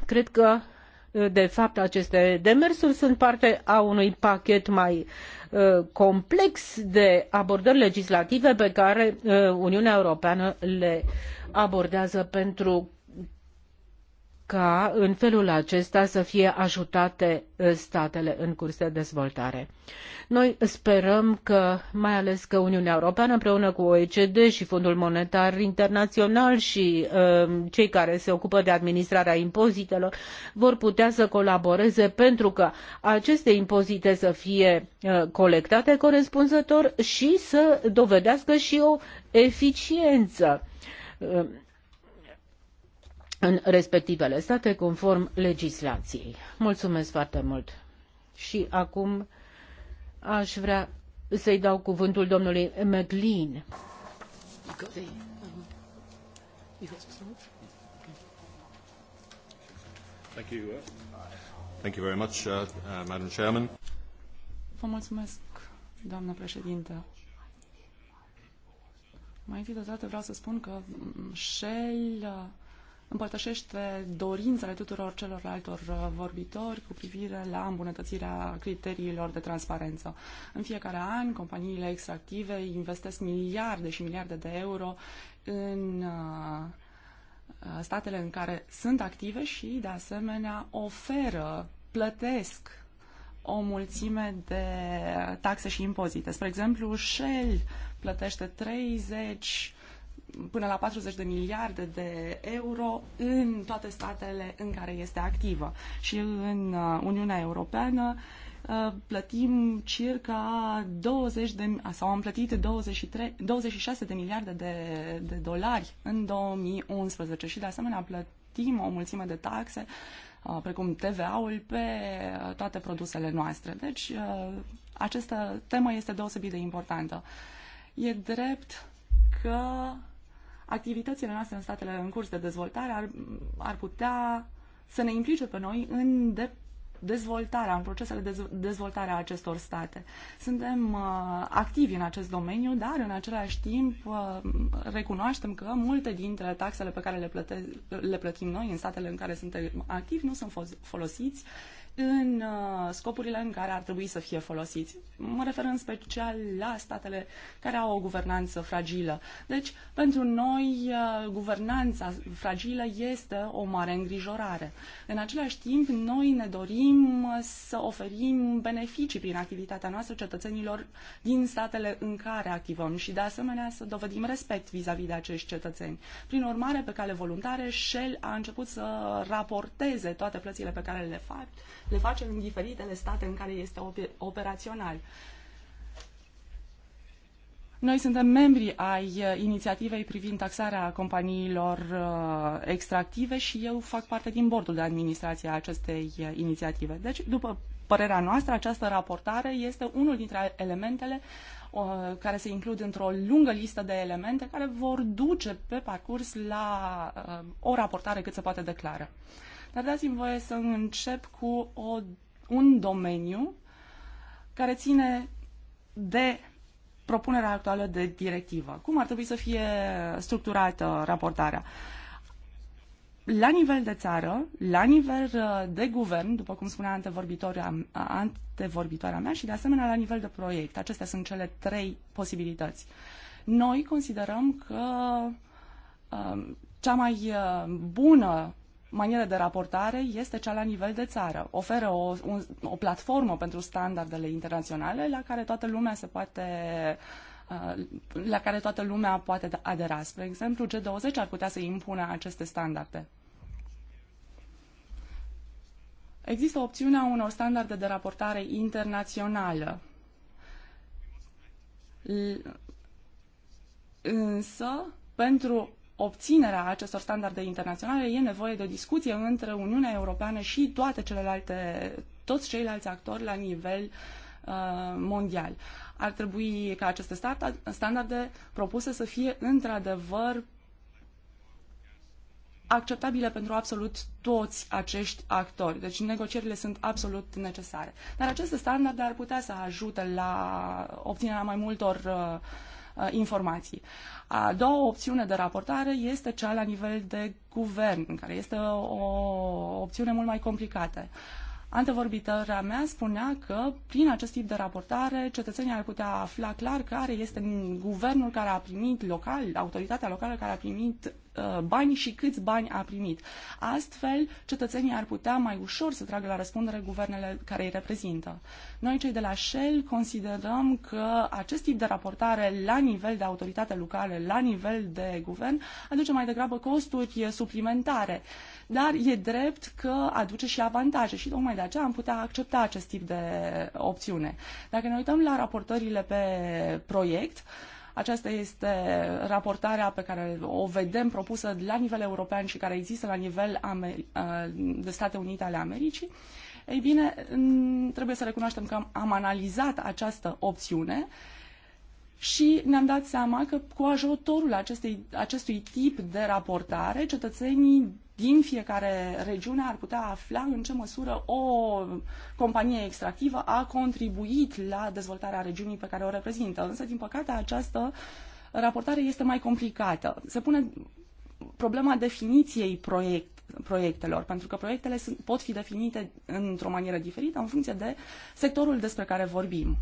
cred că de fapt aceste demersuri sunt parte a unui pachet mai uh, Uh, complex de abordări legislative pe care uh, Uniunea Europeană le abordează pentru ca în felul acesta să fie ajutate eh, statele în curs de dezvoltare. Noi sperăm că, mai ales că Uniunea Europeană împreună cu OECD și Fondul Monetar Internațional și uh, cei care se ocupă de administrarea impozitelor vor putea să colaboreze pentru că aceste impozite să fie uh, colectate corespunzător și să dovedească și o eficiență. Uh, în respectivele state conform legislației. Mulțumesc foarte mult. Și acum aș vrea să-i dau cuvântul domnului McLean. Thank you. Thank you very much, uh, uh, Madam Chairman. Vă mulțumesc, doamnă președintă. Mai întâi de toate vreau să spun că Shell împărtășește dorințele tuturor celorlaltor uh, vorbitori cu privire la îmbunătățirea criteriilor de transparență. În fiecare an, companiile extractive investesc miliarde și miliarde de euro în uh, uh, statele în care sunt active și, de asemenea, oferă, plătesc o mulțime de taxe și impozite. Spre exemplu, Shell plătește 30 până la 40 de miliarde de euro în toate statele în care este activă. Și în uh, Uniunea Europeană uh, plătim circa 20 de, sau am plătit 23, 26 de miliarde de, de dolari în 2011 și de asemenea plătim o mulțime de taxe uh, precum TVA-ul pe toate produsele noastre. Deci această temă este deosebit de importantă. E drept că activitățile noastre în statele în curs de dezvoltare ar, ar putea să ne implice pe noi în de- dezvoltarea, în procesele de dezvoltare a acestor state. Suntem uh, activi în acest domeniu, dar în același timp uh, recunoaștem că multe dintre taxele pe care le, plăte- le plătim noi în statele în care suntem activi nu sunt fo- folosiți uh, în uh, scopurile în care ar trebui să fie folosiți. Mă refer în special la statele care au o guvernanță fragilă. Deci, pentru noi, uh, guvernanța fragilă este o mare îngrijorare. În același timp, noi ne dorim să oferim beneficii prin activitatea noastră cetățenilor din statele în care activăm și, de asemenea, să dovedim respect vis-a-vis -vis de acești cetățeni. Prin urmare, pe cale voluntare, Shell a început să raporteze toate plățile pe care le fac le facem în diferitele state în care este operațional. Noi suntem membri ai uh, inițiativei privind taxarea companiilor uh, extractive și eu fac parte din bordul de administrație a acestei uh, inițiative. Deci, după părerea noastră, această raportare este unul dintre elementele care se includ într-o lungă listă de elemente care vor duce pe parcurs la o raportare cât se poate declară. Dar dați-mi voie să încep cu o, un domeniu care ține de propunerea actuală de directivă. Cum ar trebui să fie structurată raportarea? La nivel de țară, la nivel uh, de guvern, după cum spunea antevorbitoarea, antevorbitoarea mea, și de asemenea la nivel de proiect. Acestea sunt cele trei posibilități. Noi considerăm că um, cea mai uh, bună maniera de raportare este cea la nivel de țară. Oferă o, un, o platformă pentru standardele internaționale la care toată lumea se poate uh, la care toată lumea poate adera. Spre exemplu, G20 ar putea să impună aceste standarde. Există opțiunea unor standarde de raportare internațională. Însă, pentru obținerea acestor standarde internaționale e nevoie de o discuție între Uniunea Europeană și toate celelalte, toți ceilalți actori la nivel uh, mondial. Ar trebui ca aceste standarde propuse să fie într-adevăr acceptabile pentru absolut toți acești actori. Deci negocierile sunt absolut necesare. Dar aceste standarde ar putea să ajute la obținerea mai multor uh, Uh, informații. A doua opțiune de raportare este cea la nivel de guvern, care este o opțiune mult mai complicată. Antevorbitora mea spunea că prin acest tip de raportare cetățenii ar putea afla clar care este guvernul care a primit local, autoritatea locală care a primit uh, bani și câți bani a primit. Astfel, cetățenii ar putea mai ușor să tragă la răspundere guvernele care îi reprezintă. Noi, cei de la Shell, considerăm că acest tip de raportare la nivel de autoritate locală, la nivel de guvern, aduce mai degrabă costuri suplimentare. Uh, dar e drept că aduce și avantaje și tocmai de aceea am putea accepta acest tip de opțiune. Dacă ne uităm la raportările pe proiect, aceasta este raportarea pe care o vedem propusă la nivel european și care există la nivel de State Unite ale Americii. Ei bine, trebuie să recunoaștem că am analizat această opțiune și ne-am dat seama că cu ajutorul acestei, acestui tip de raportare, cetățenii din fiecare regiune ar putea afla în ce măsură o companie extractivă a contribuit la dezvoltarea regiunii pe care o reprezintă. Însă, din păcate, această raportare este mai complicată. Se pune problema definiției proiect, proiectelor, pentru că proiectele sunt, pot fi definite într-o manieră diferită în funcție de sectorul despre care vorbim.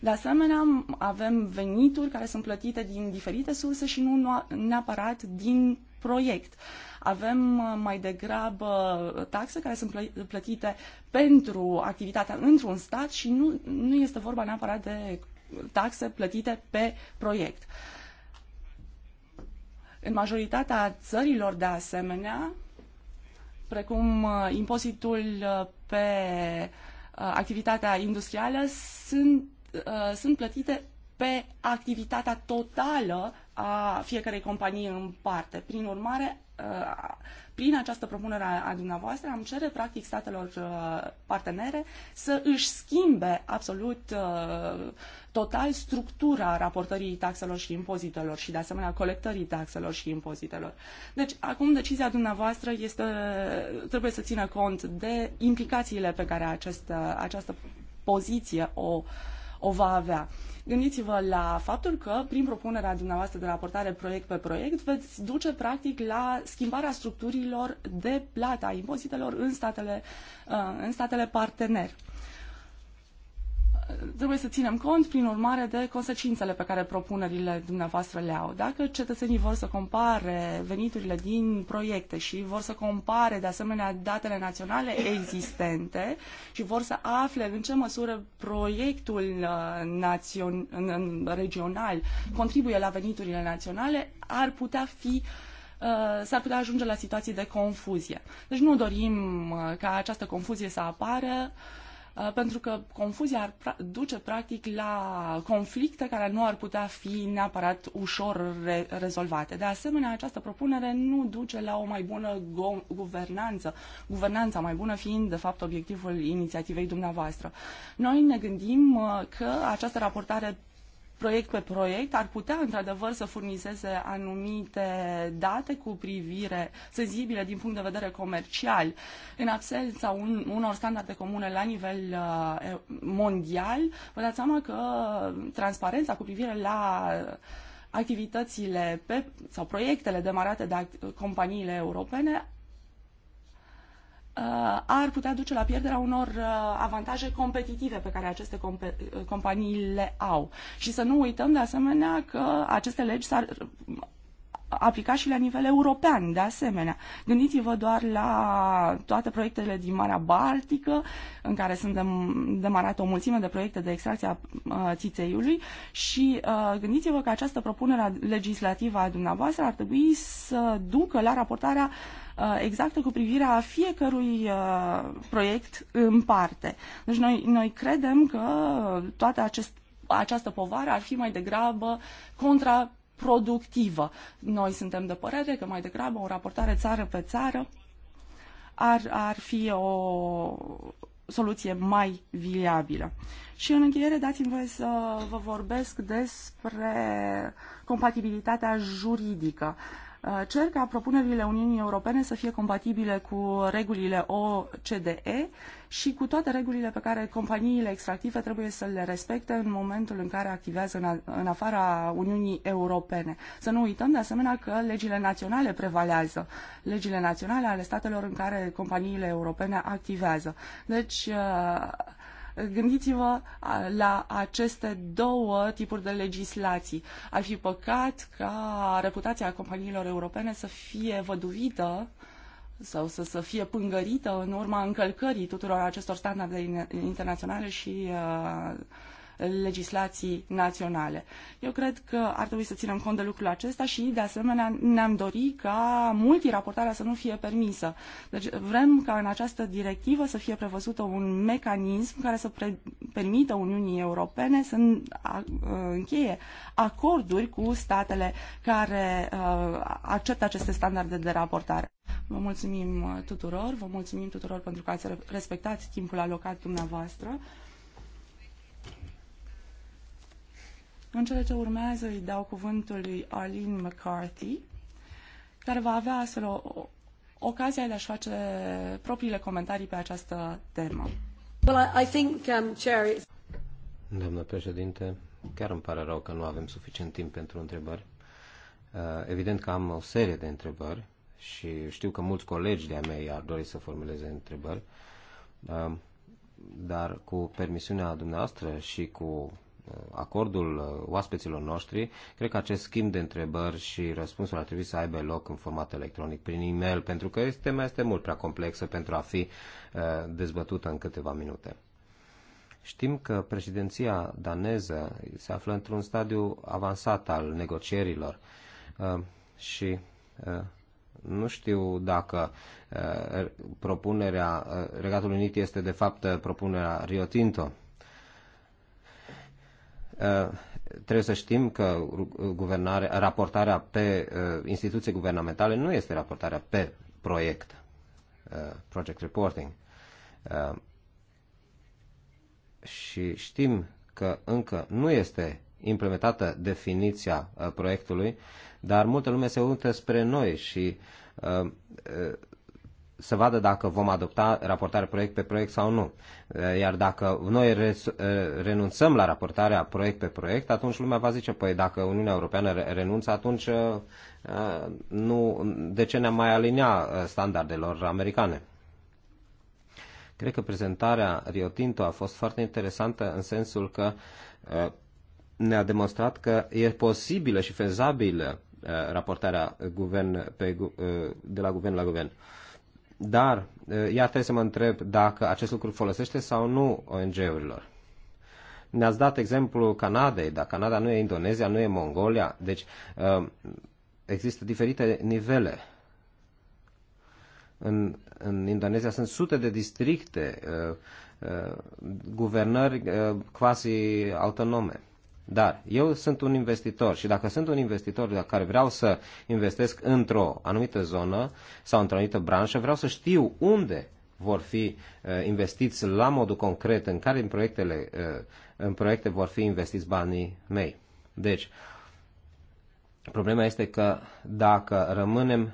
De asemenea, avem venituri care sunt plătite din diferite surse și nu neapărat din proiect. Avem uh, mai degrabă taxe care sunt plătite pentru activitatea într-un stat și nu, nu este vorba neapărat de taxe plătite pe proiect. În majoritatea țărilor, de asemenea, precum uh, impozitul uh, pe activitatea industrială, sunt Uh, sunt plătite pe activitatea totală a fiecarei companii în parte. Prin urmare, uh, prin această propunere a, dumneavoastră am cere practic statelor uh, partenere să își schimbe absolut total structura raportării taxelor și impozitelor și de asemenea colectării taxelor și impozitelor. Deci acum decizia dumneavoastră este, trebuie să țină cont de implicațiile pe care această, această poziție o uh, o va avea. Gândiți-vă la faptul că, prin propunerea dumneavoastră de raportare proiect pe proiect, veți duce practic la schimbarea structurilor de plata impozitelor în statele, uh, în statele partener trebuie să ținem cont, prin urmare, de consecințele pe care propunerile dumneavoastră le au. Dacă cetățenii vor să compare veniturile din proiecte și vor să compare, de asemenea, datele naționale existente și vor să afle în ce măsură proiectul uh, național regional contribuie la veniturile naționale, ar putea fi uh, s-ar putea ajunge la situații de confuzie. Deci nu dorim uh, ca această confuzie să apară Uh, pentru că confuzia ar duce practic la conflicte care nu ar putea fi neapărat ușor re- rezolvate. De asemenea, această propunere nu duce la o mai bună go- guvernanță, guvernanța mai bună fiind de fapt obiectivul inițiativei dumneavoastră. Noi ne gândim uh, că această raportare proiect pe proiect, ar putea într-adevăr să furnizeze anumite date cu privire sensibile din punct de vedere comercial. În absența un, unor standarde comune la nivel uh, mondial, vă dați seama că transparența cu privire la activitățile pe, sau proiectele demarate de companiile europene Uh, ar putea duce la pierderea unor uh, avantaje competitive pe care aceste uh, companii le au. Și să nu uităm de asemenea că aceste legi s-ar aplica și la nivel european, de asemenea. Gândiți-vă doar la toate proiectele din Marea Baltică, în care sunt demarate o mulțime de proiecte de extracție a țițeiului și gândiți-vă că această propunere legislativă a dumneavoastră ar trebui să ducă la raportarea Uh, exactă cu privirea fiecărui uh, proiect în parte. Deci noi, noi credem că toată acest, această povară ar fi mai degrabă contraproductivă. Noi suntem de părere că mai degrabă o raportare țară pe țară ar, ar fi o soluție mai viabilă. Și în încheiere dați-mi voie să vă vorbesc despre compatibilitatea juridică. Uh, Uh, cer ca propunerile Uniunii Europene să fie compatibile cu regulile OCDE și cu toate regulile pe care companiile extractive trebuie să le respecte în momentul în care activează în, în afara Uniunii Europene. Să nu uităm de asemenea că legile naționale prevalează, legile naționale ale statelor în care companiile europene activează. Deci, uh, Gândiți-vă la aceste două tipuri de legislații. Ar fi păcat ca reputația companiilor europene să fie văduvită sau să, să fie pângărită în urma încălcării tuturor acestor standarde internaționale și uh, legislații naționale. Eu cred că ar trebui să ținem cont de lucrul acesta și, de asemenea, ne-am dori ca multiraportarea să nu fie permisă. Deci vrem ca în această directivă să fie prevăzută un mecanism care să pre- permită Uniunii Europene să încheie acorduri cu statele care acceptă aceste standarde de raportare. Vă mulțumim uh, tuturor, vă mulțumim tuturor pentru că ați respectat timpul alocat dumneavoastră. În cele ce urmează îi dau cuvântul lui Arlene McCarthy, care va avea astfel o, ocazia de a-și face propriile comentarii pe această temă. Well, I, think, um, Chair, it's... Doamnă președinte, chiar îmi pare rău că nu avem suficient timp pentru întrebări. Uh, evident că am o serie de întrebări și știu că mulți colegi de-a mei ar dori să formuleze întrebări, uh, dar cu permisiunea dumneavoastră și cu acordul uh, oaspeților noștri, cred că acest schimb de întrebări și răspunsuri ar trebui să aibă loc în format electronic, prin e-mail, pentru că este mai este mult prea complexă pentru a fi uh, dezbătută în câteva minute. Știm că președinția daneză se află într-un stadiu avansat al negocierilor uh, și nu știu dacă propunerea Regatului Unit este de fapt propunerea Rio Tinto Uh, trebuie să știm că guvernare, raportarea pe uh, instituții guvernamentale nu este raportarea pe proiect, uh, project reporting. Și știm că încă nu este implementată definiția proiectului, dar multă lume se uită spre noi și să vadă dacă vom adopta raportare proiect pe proiect sau nu. Eh, iar dacă noi eh, renunțăm la raportarea proiect pe proiect, atunci lumea va zice, păi dacă Uniunea Europeană renunță, atunci eh, nu, de ce ne mai alinea standardelor americane? Cred că prezentarea Rio Tinto a fost foarte interesantă în sensul că ne-a demonstrat că e posibilă și fezabilă raportarea guvern pe, de la guvern la guvern. Dar iar trebuie să mă întreb dacă acest lucru folosește sau nu ONG-urilor. Ne-ați dat exemplu Canadei, dar Canada nu e Indonezia, nu e Mongolia, deci există diferite nivele. În, în Indonezia sunt sute de districte, guvernări quasi autonome. Dar eu sunt un investitor și dacă sunt un investitor care vreau să investesc într-o anumită zonă sau într-o anumită branșă, vreau să știu unde vor fi uh, investiți la modul concret, în care în, proiectele, uh, în proiecte vor fi investiți banii mei. Deci, problema este că dacă rămânem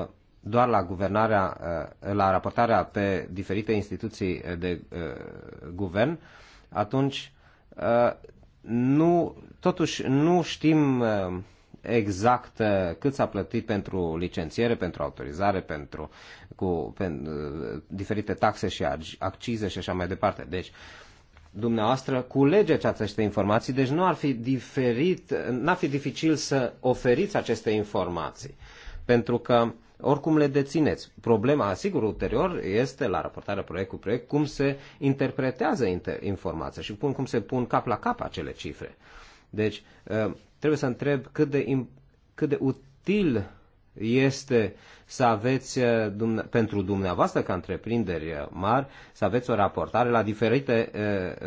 uh, doar la guvernarea, la raportarea pe diferite instituții de guvern, atunci nu, totuși nu știm uh, exact uh, cât s-a plătit pentru licențiere, pentru autorizare, pentru cu, pe, uh, diferite taxe și accize și așa mai departe. Deci, dumneavoastră culegeți aceste informații, deci nu ar fi diferit, n-ar fi dificil să oferiți aceste informații. Pentru că oricum le dețineți. Problema, sigur, ulterior este la raportarea proiect cu proiect cum se interpretează informația și cum, cum se pun cap la cap acele cifre. Deci, ă, trebuie să întreb cât de, cât de util este să aveți ă, pentru dumneavoastră ca întreprinderi ă, mari să aveți o raportare la diferite,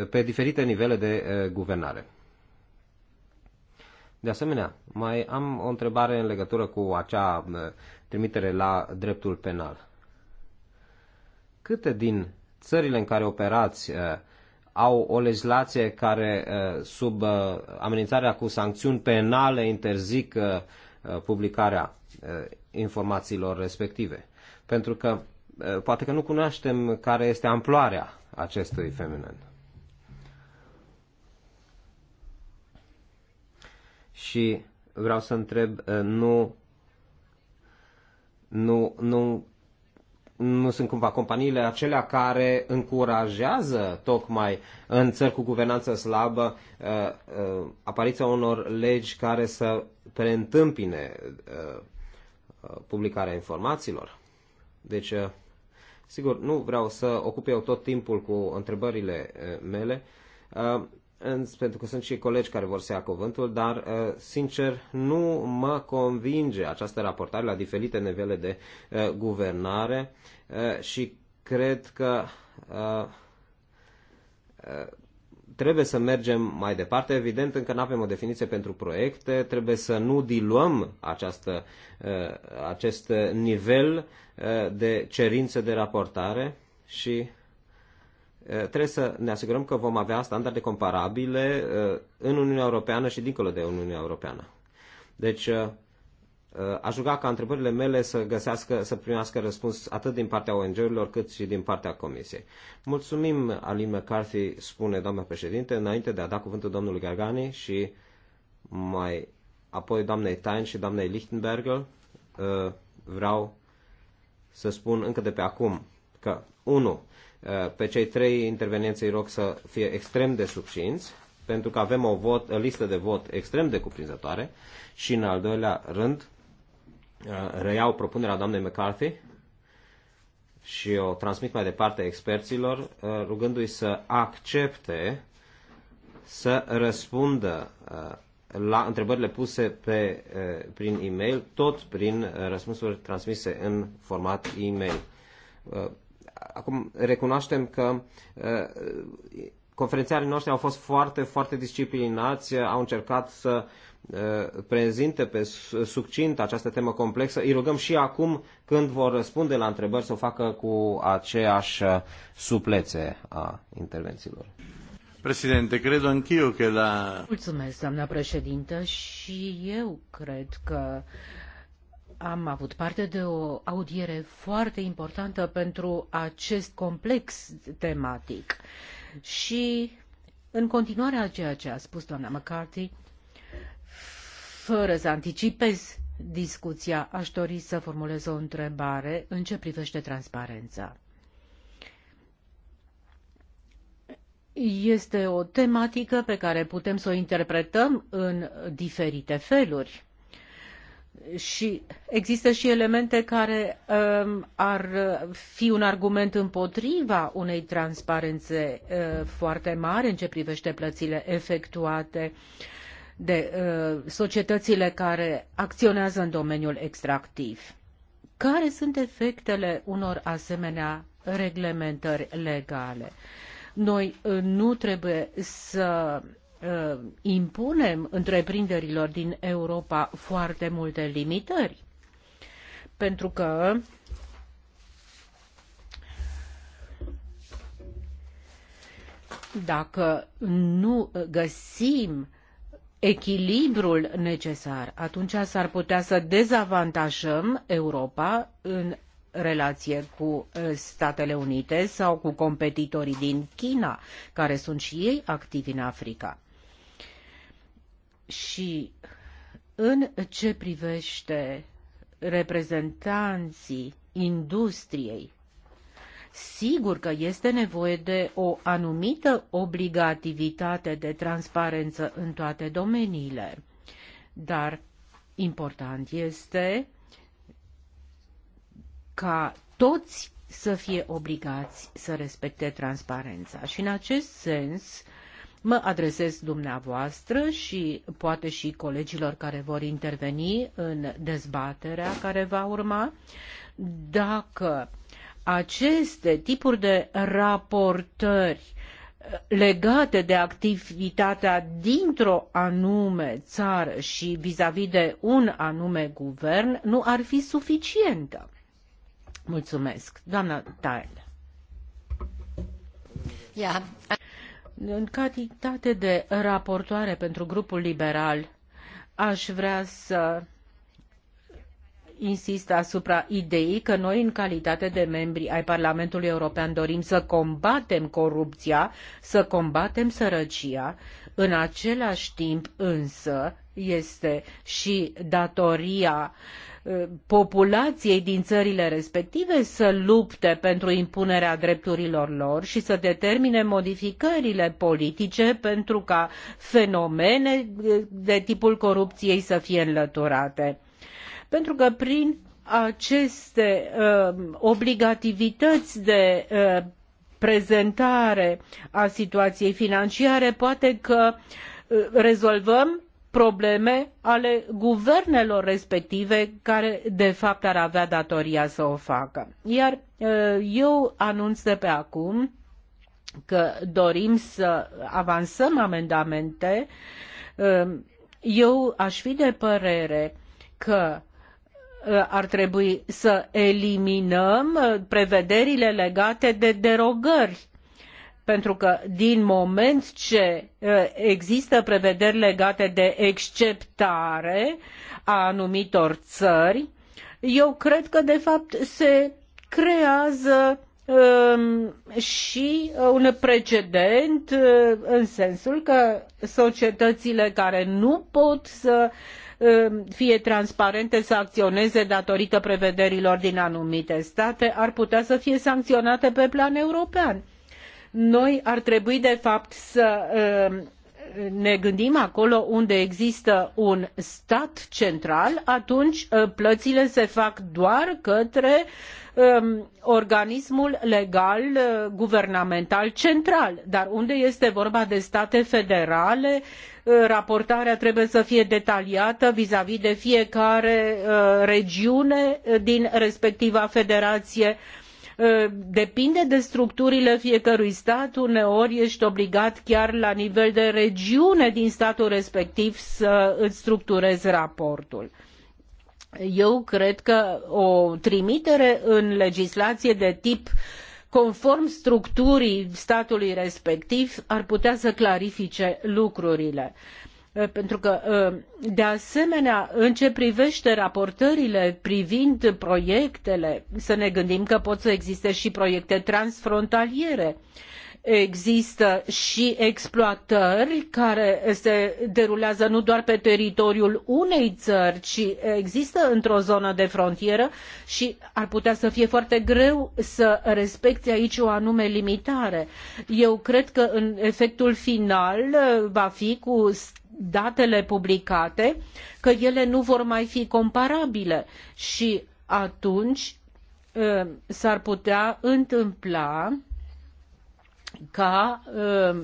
pe diferite nivele de guvernare. De asemenea, mai am o întrebare în legătură cu acea trimitere la dreptul penal. Câte din țările în care operați uh, au o legislație care, uh, sub uh, amenințarea cu sancțiuni penale, interzic publicarea informațiilor respective? Pentru că poate că nu cunoaștem care este amploarea acestui fenomen. Și vreau să întreb, nu nu, nu, nu sunt cumva companiile acelea care încurajează tocmai în țări cu guvernanță slabă uh, uh, apariția unor legi care să preîntâmpine uh, publicarea informațiilor. Deci, sigur, nu vreau să ocup eu tot timpul cu întrebările mele pentru că sunt și colegi care vor să ia cuvântul, dar, uh, sincer, nu mă convinge această raportare la diferite nivele de uh, guvernare uh, și cred că trebuie să mergem mai departe. Evident, încă nu avem o definiție pentru proiecte, trebuie să nu diluăm această, acest nivel de cerințe de raportare și Eh, trebuie să ne asigurăm că vom avea standarde comparabile eh, în Uniunea Europeană și dincolo de Uniunea Europeană. Deci, eh, aș ruga ca întrebările mele să găsească, să primească răspuns atât din partea ONG-urilor cât și din partea Comisiei. Mulțumim, Alin McCarthy, spune doamna președinte, înainte de a da cuvântul domnului Gargani și mai apoi doamnei Tain și doamnei Lichtenberger, vreau să spun încă de pe acum că 1. Eh, pe cei trei intervenienți îi rog să fie extrem de subținți, pentru că avem o, vot, o listă de vot extrem de cuprinzătoare și în al doilea rând eh, reiau propunerea doamnei McCarthy și o transmit mai departe experților, eh, rugându-i să accepte să răspundă la întrebările puse pe, prin e-mail, tot prin răspunsuri transmise în format e-mail acum recunoaștem că uh, conferențiarii noștri au fost foarte, foarte disciplinați, au încercat să uh, prezinte pe succint această temă complexă. Îi rugăm și acum, când vor răspunde la întrebări, să o facă cu aceeași uh, suplețe a intervențiilor. Președinte, cred anch'io că la... Mulțumesc, doamna președintă, și eu cred că uh, am avut parte de o audiere foarte importantă pentru acest complex tematic. Și în continuare a ceea ce a spus doamna McCarthy, fără să anticipez discuția, aș dori să formulez o întrebare în ce privește transparența. Este o tematică pe care putem să o interpretăm în diferite feluri și există și elemente care um, ar fi un argument împotriva unei transparențe uh, foarte mari în ce privește plățile efectuate de uh, societățile care acționează în domeniul extractiv. Care sunt efectele unor asemenea reglementări legale? Noi uh, nu trebuie să Uh, impunem întreprinderilor din Europa foarte multe limitări. Pentru că dacă nu găsim echilibrul necesar, atunci s-ar putea să dezavantajăm Europa în relație cu uh, Statele Unite sau cu competitorii din China, care sunt și ei activi în Africa. Și în ce privește reprezentanții industriei, sigur că este nevoie de o anumită obligativitate de transparență în toate domeniile, dar important este ca toți să fie obligați să respecte transparența. Și în acest sens, uh, Mă adresez dumneavoastră și poate și colegilor care vor interveni în dezbaterea care va urma. Dacă aceste tipuri de raportări eh, legate de activitatea dintr-o anume țară și vis-a-vis -vis de un anume guvern nu ar fi suficientă. Mulțumesc. Doamna Tael. Yeah. În calitate de raportoare pentru grupul liberal, aș vrea să insist asupra ideii că noi, în calitate de membri ai Parlamentului European, dorim să combatem corupția, să combatem sărăcia. În același timp, însă, este și datoria uh, Uh, populației din țările respective să lupte pentru impunerea drepturilor lor și să determine modificările politice pentru ca fenomene uh, de tipul corupției să fie înlăturate. Pentru că prin aceste uh, obligativități de uh, prezentare a situației financiare, poate că uh, rezolvăm probleme ale guvernelor respective care de fapt ar avea datoria să o facă. Iar eu anunț de pe acum că dorim să avansăm amendamente. Eu aș fi de părere că ar trebui să eliminăm prevederile legate de derogări pentru că din moment ce ă, există prevederi legate de exceptare a anumitor țări, eu cred că de fapt se creează ă, și un precedent ă, în sensul că societățile care nu pot să fie transparente să acționeze datorită prevederilor din anumite state ar putea să fie sancționate pe plan european. Noi ar trebui, de fapt, să ehm, ne gândim acolo unde există un stat central, atunci eh, plățile se fac doar către ehm, organismul legal eh, guvernamental central. Dar unde este vorba de state federale, eh, raportarea trebuie să fie detaliată vizavi de fiecare regiune din respectiva federație. Ă, depinde de structurile fiecărui stat, uneori ești obligat chiar la nivel de regiune din statul respectiv să îți structurezi raportul. Eu cred că o trimitere în legislație de tip conform structurii statului respectiv ar putea să clarifice lucrurile. Uh, pentru că uh, de asemenea în ce privete raportările privind proiectele să ne gândim că pot să existe și proiecte transfrontaliere există și exploatări care se derulează nu doar pe teritoriul unei țări ci există într o zonă de frontieră și ar putea să fie foarte greu să respecti aici o anume limitare. eu cred că în efectul final va fi cu datele publicate, că ele nu vor mai fi comparabile și atunci ă, s-ar putea întâmpla ca ă,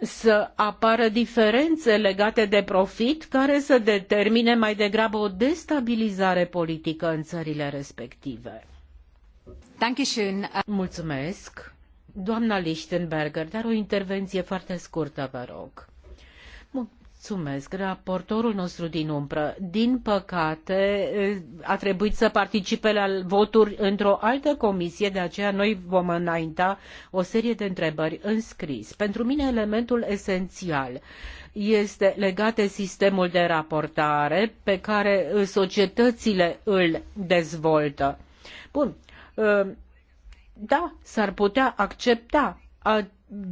să apară diferențe legate de profit care să determine mai degrabă o destabilizare politică în țările respective. Mulțumesc. Doamna Lichtenberger, dar o intervenție foarte scurtă, vă rog. Mulțumesc. Raportorul nostru din umbră, din păcate, a trebuit să participe la voturi într-o altă comisie, de aceea noi vom înainta o serie de întrebări în scris. Pentru mine elementul esențial este legat de sistemul de raportare pe care uh, societățile îl dezvoltă. Bun, uh, da, s-ar putea accepta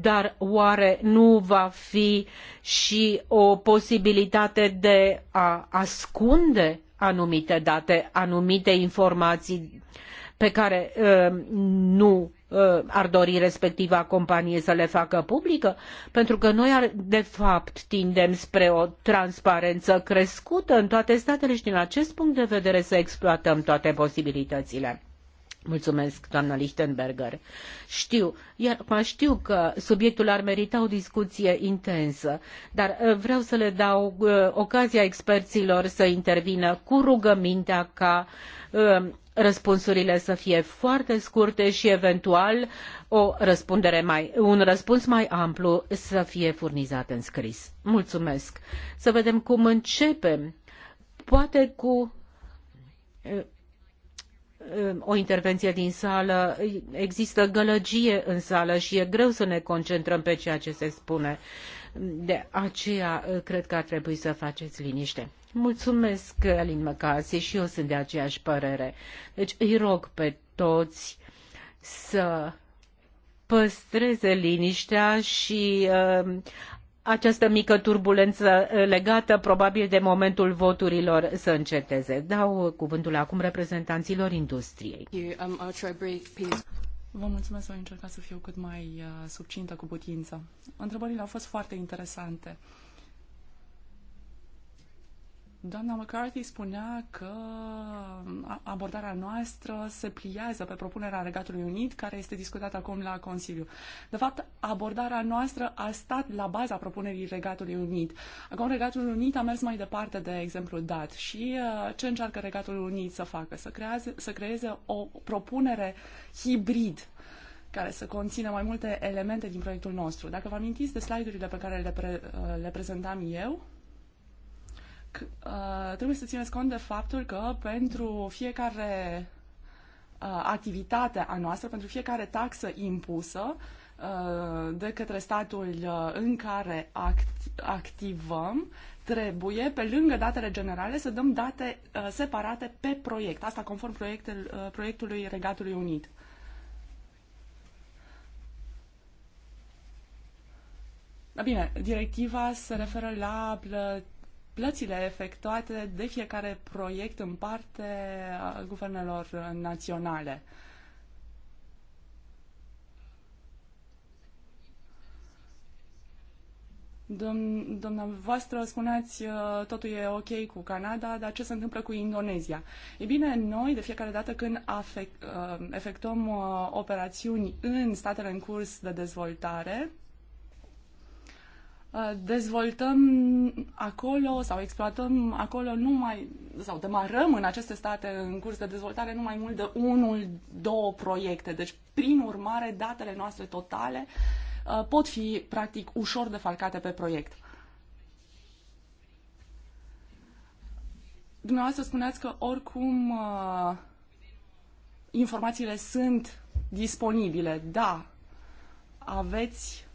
dar oare nu va fi și o posibilitate de a ascunde anumite date, anumite informații pe care ă, nu ă, ar dori respectiva companie să le facă publică, pentru că noi de fapt tindem spre o transparență crescută în toate statele și din acest punct de vedere să exploatăm toate posibilitățile. Mulțumesc, doamna Lichtenberger. Știu, iar acum știu că subiectul ar merita o discuție intensă, dar uh, vreau să le dau uh, ocazia experților să intervină cu rugămintea ca uh, răspunsurile să fie foarte scurte și eventual o răspundere mai, un răspuns mai amplu să fie furnizat în scris. Mulțumesc. Să vedem cum începem. Poate cu o intervenție din sală, există gălăgie în sală și e greu să ne concentrăm pe ceea ce se spune. De aceea, uh, cred că ar trebui să faceți liniște. Mulțumesc, Alin Măcase, și eu sunt de aceeași părere. Deci îi rog pe toți să păstreze liniștea și uh, această mică turbulență eh, legată probabil de momentul voturilor să înceteze. Dau cuvântul acum reprezentanților industriei. Um, Vă mulțumesc, voi încerca să fiu cât mai uh, subcintă cu putință. Întrebările au fost foarte interesante. Uh, Doamna McCarthy spunea că abordarea noastră se pliază pe propunerea Regatului Unit, care este discutată acum la Consiliu. De fapt, abordarea noastră a stat la baza propunerii Regatului Unit. Acum Regatul Unit a mers mai departe de exemplu dat și uh, ce încearcă Regatul Unit să facă? Să, creaze, să creeze o propunere hibrid care să conțină mai multe elemente din proiectul nostru. Dacă vă amintiți de slide-urile pe care le, pre, uh, le prezentam eu, Uh, trebuie să țineți cont de faptul că pentru fiecare uh, activitate a noastră, pentru fiecare taxă impusă uh, de către statul în care act- activăm, trebuie, pe lângă datele generale, să dăm date separate pe proiect. Asta conform proiectel, proiectului Regatului Unit. bine, directiva se referă la plățile efectuate de fiecare proiect în parte a guvernelor naționale. Domn, dumneavoastră spuneați uh, totul e ok cu Canada, dar ce se întâmplă cu Indonezia? E bine, noi de fiecare dată când uh, efectuăm uh, operațiuni în statele în curs de dezvoltare, Uh, dezvoltăm acolo sau exploatăm acolo numai sau demarăm în aceste state în curs de dezvoltare numai mult de unul, două proiecte. Deci, prin urmare, datele noastre totale uh, pot fi practic ușor defalcate pe proiect. Dumneavoastră spuneați că oricum uh, informațiile sunt disponibile. Da, aveți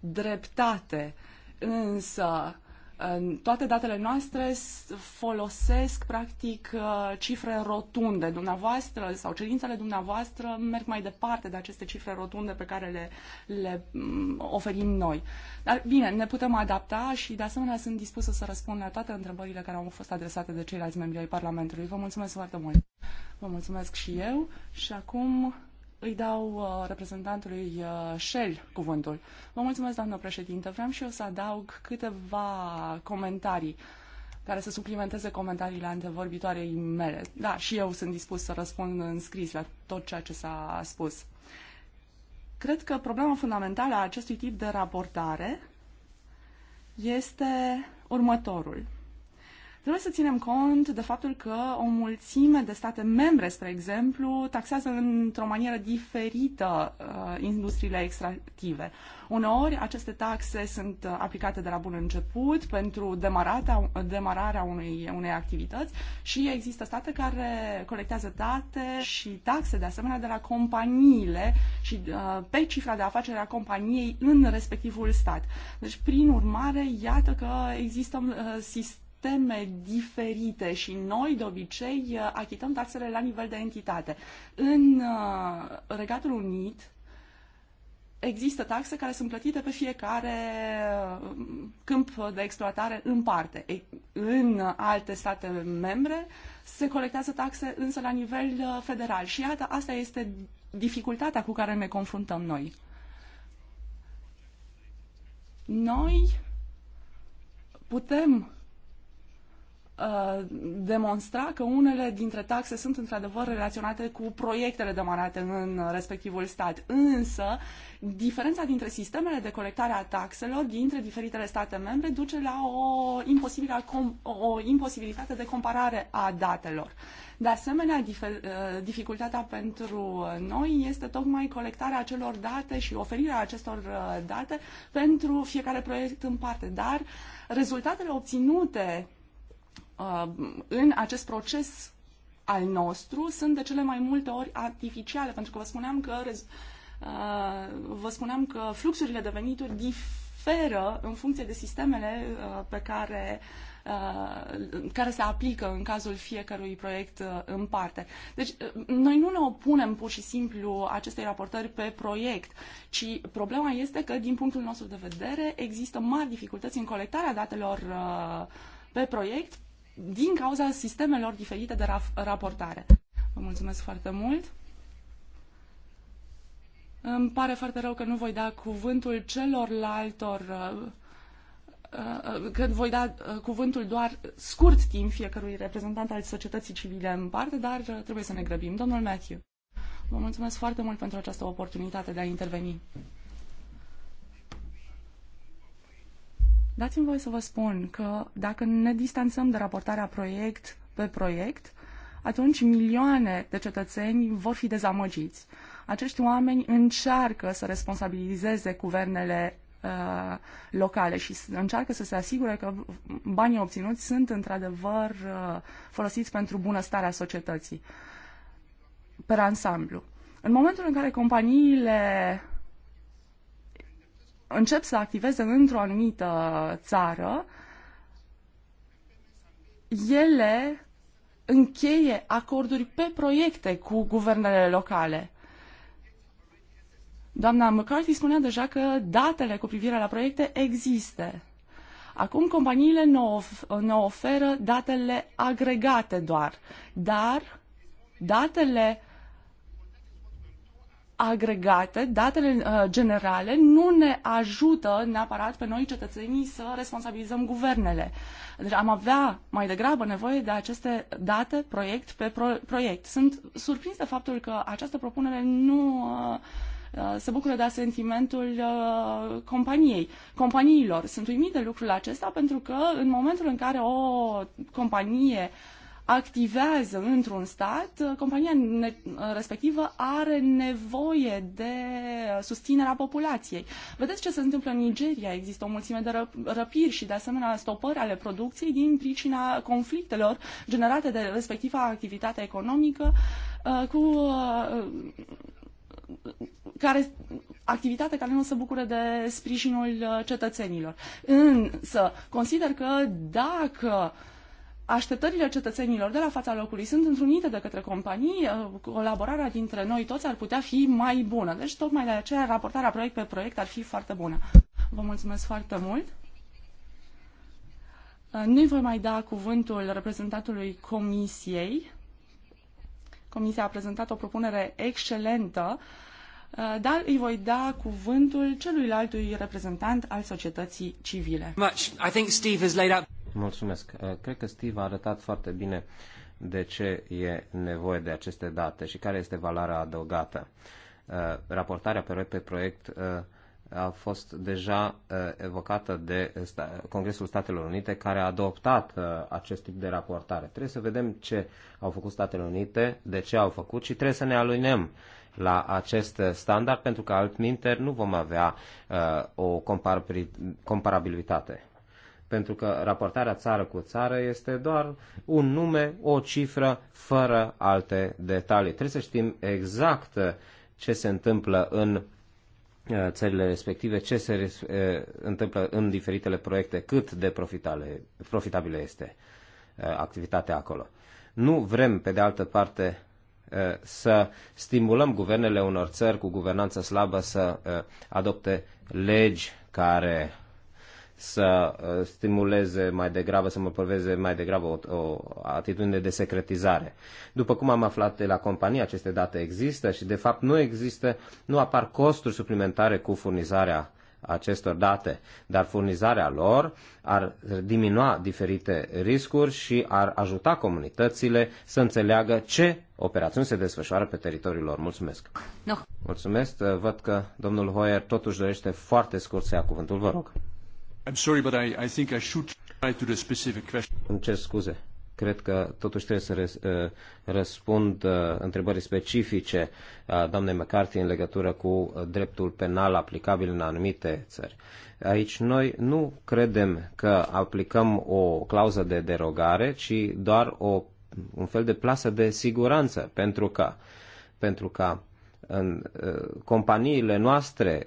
dreptate, însă toate datele noastre folosesc practic uh, cifre rotunde. Dumneavoastră sau cerințele dumneavoastră merg mai departe de aceste cifre rotunde pe care le, le mm, oferim noi. Dar bine, ne putem adapta și de asemenea sunt dispusă să răspund la toate întrebările care au fost adresate de ceilalți membri ai Parlamentului. Vă mulțumesc foarte mult! Vă mulțumesc și eu și acum îi dau uh, reprezentantului uh, Shell cuvântul. Vă mulțumesc, doamnă președinte. Vreau și eu să adaug câteva comentarii care să suplimenteze comentariile antevorbitoarei mele. Da, și eu sunt dispus să răspund în scris la tot ceea ce s-a spus. Cred că problema fundamentală a acestui tip de raportare este următorul. Trebuie să ținem cont de faptul că o mulțime de state membre, spre exemplu, taxează într-o manieră diferită uh, industriile extractive. Uneori, aceste taxe sunt uh, aplicate de la bun început pentru demarata, demararea unei, unei activități și există state care colectează date și taxe, de asemenea, de la companiile și uh, pe cifra de afacere a companiei în respectivul stat. Deci, prin urmare, iată că există uh, sistem sisteme diferite și noi, de obicei, achităm taxele la nivel de entitate. În uh, Regatul Unit există taxe care sunt plătite pe fiecare uh, câmp de exploatare în parte. În alte state membre se colectează taxe însă la nivel uh, federal și iată, asta este dificultatea cu care ne confruntăm noi. Noi putem Uh, demonstra că unele dintre taxe sunt într-adevăr relaționate cu proiectele demarate în respectivul stat. Însă, diferența dintre sistemele de colectare a taxelor dintre diferitele state membre duce la o, imposibilă, o imposibilitate de comparare a datelor. De asemenea, uh, dificultatea pentru noi este tocmai colectarea acelor date și oferirea acestor uh, date pentru fiecare proiect în parte, dar rezultatele obținute Uh, în acest proces al nostru sunt de cele mai multe ori artificiale, pentru că vă spuneam că, uh, vă spuneam că fluxurile de venituri diferă în funcție de sistemele uh, pe care care se aplică în cazul fiecărui proiect în parte. Deci, noi nu ne opunem pur și simplu acestei raportări pe proiect, ci problema este că, din punctul nostru de vedere, există mari dificultăți în colectarea datelor pe proiect din cauza sistemelor diferite de raportare. Vă mulțumesc foarte mult! Îmi pare foarte rău că nu voi da cuvântul celorlaltor, uh, uh, uh, că voi da cuvântul doar scurt timp fiecărui reprezentant al societății civile în parte, dar trebuie să ne grăbim. Domnul Matthew, vă mulțumesc foarte mult pentru această oportunitate de a interveni. Dați-mi voie să vă spun că dacă ne distanțăm de raportarea proiect pe proiect, atunci milioane de cetățeni vor fi dezamăgiți. Acești oameni încearcă să responsabilizeze guvernele uh, locale și încearcă să se asigure că banii obținuți sunt într-adevăr uh, folosiți pentru bunăstarea societății pe ansamblu. În momentul în care companiile încep să activeze într-o anumită țară, ele încheie acorduri pe proiecte cu guvernele locale. Doamna McCarthy spunea deja că datele cu privire la proiecte există. Acum companiile ne, ne oferă datele agregate doar, dar datele agregate, datele uh, generale, nu ne ajută neapărat pe noi cetățenii să responsabilizăm guvernele. Deci am avea mai degrabă nevoie de aceste date proiect pe pro- proiect. Sunt surprins de faptul că această propunere nu uh, uh, se bucură de asentimentul companiei, companiilor. Sunt uimit de lucrul acesta pentru că în momentul în care o companie uh, activează într-un stat, uh, compania uh, respectivă are nevoie de susținerea populației. Vedeți ce se întâmplă în Nigeria? Există o mulțime de răpiri și de asemenea stopări ale producției din pricina conflictelor generate de respectiva activitate economică uh, cu care, activitate care nu se bucură de sprijinul cetățenilor. Însă, consider că dacă uh, așteptările cetățenilor de la fața locului sunt întrunite de către companii, uh, colaborarea dintre noi toți ar putea fi mai bună. Deci, tocmai de aceea, raportarea proiect pe proiect ar fi foarte bună. Vă mulțumesc foarte mult! Uh, nu-i voi mai da cuvântul reprezentantului Comisiei. Comisia a prezentat o propunere excelentă, uh, dar îi voi da cuvântul celuilaltui reprezentant al societății civile. Much. I think Steve has laid out... Mulțumesc. Uh, cred că Steve a arătat foarte bine de ce e nevoie de aceste date și care este valoarea adăugată. Uh, raportarea proiect pe proiect uh, a fost deja evocată de Congresul Statelor Unite, care a adoptat acest tip de raportare. Trebuie să vedem ce au făcut Statele Unite, de ce au făcut și trebuie să ne alunem la acest standard, pentru că altminteri nu vom avea o comparabilitate pentru că raportarea țară cu țară este doar un nume, o cifră, fără alte detalii. Trebuie să știm exact uh, ce se întâmplă în uh, țările respective, ce se uh, întâmplă în diferitele proiecte, cât de profitabilă este activitatea acolo. Nu vrem, pe de altă parte, să stimulăm guvernele unor țări cu guvernanță slabă să adopte legi care să uh, stimuleze mai degrabă, să mă proveze mai degrabă o, o atitudine de secretizare. După cum am aflat de la companie, aceste date există și de fapt nu există, nu apar costuri suplimentare cu furnizarea acestor date, dar furnizarea lor ar diminua diferite riscuri și ar ajuta comunitățile să înțeleagă ce operațiuni se desfășoară pe teritoriul lor. Mulțumesc! No. Mulțumesc! Văd că domnul Hoyer totuși dorește foarte scurt să ia cuvântul. Vă rog! I'm sorry, but I, I think I should try to the specific question. Îmi cer scuze. Cred că totuși trebuie să uh, răspund uh, întrebării specifice a doamnei McCarthy în legătură cu uh, dreptul penal aplicabil în anumite țări. Aici noi nu credem că aplicăm o clauză de derogare, ci doar o, un fel de plasă de siguranță, pentru că pentru ca în uh, companiile noastre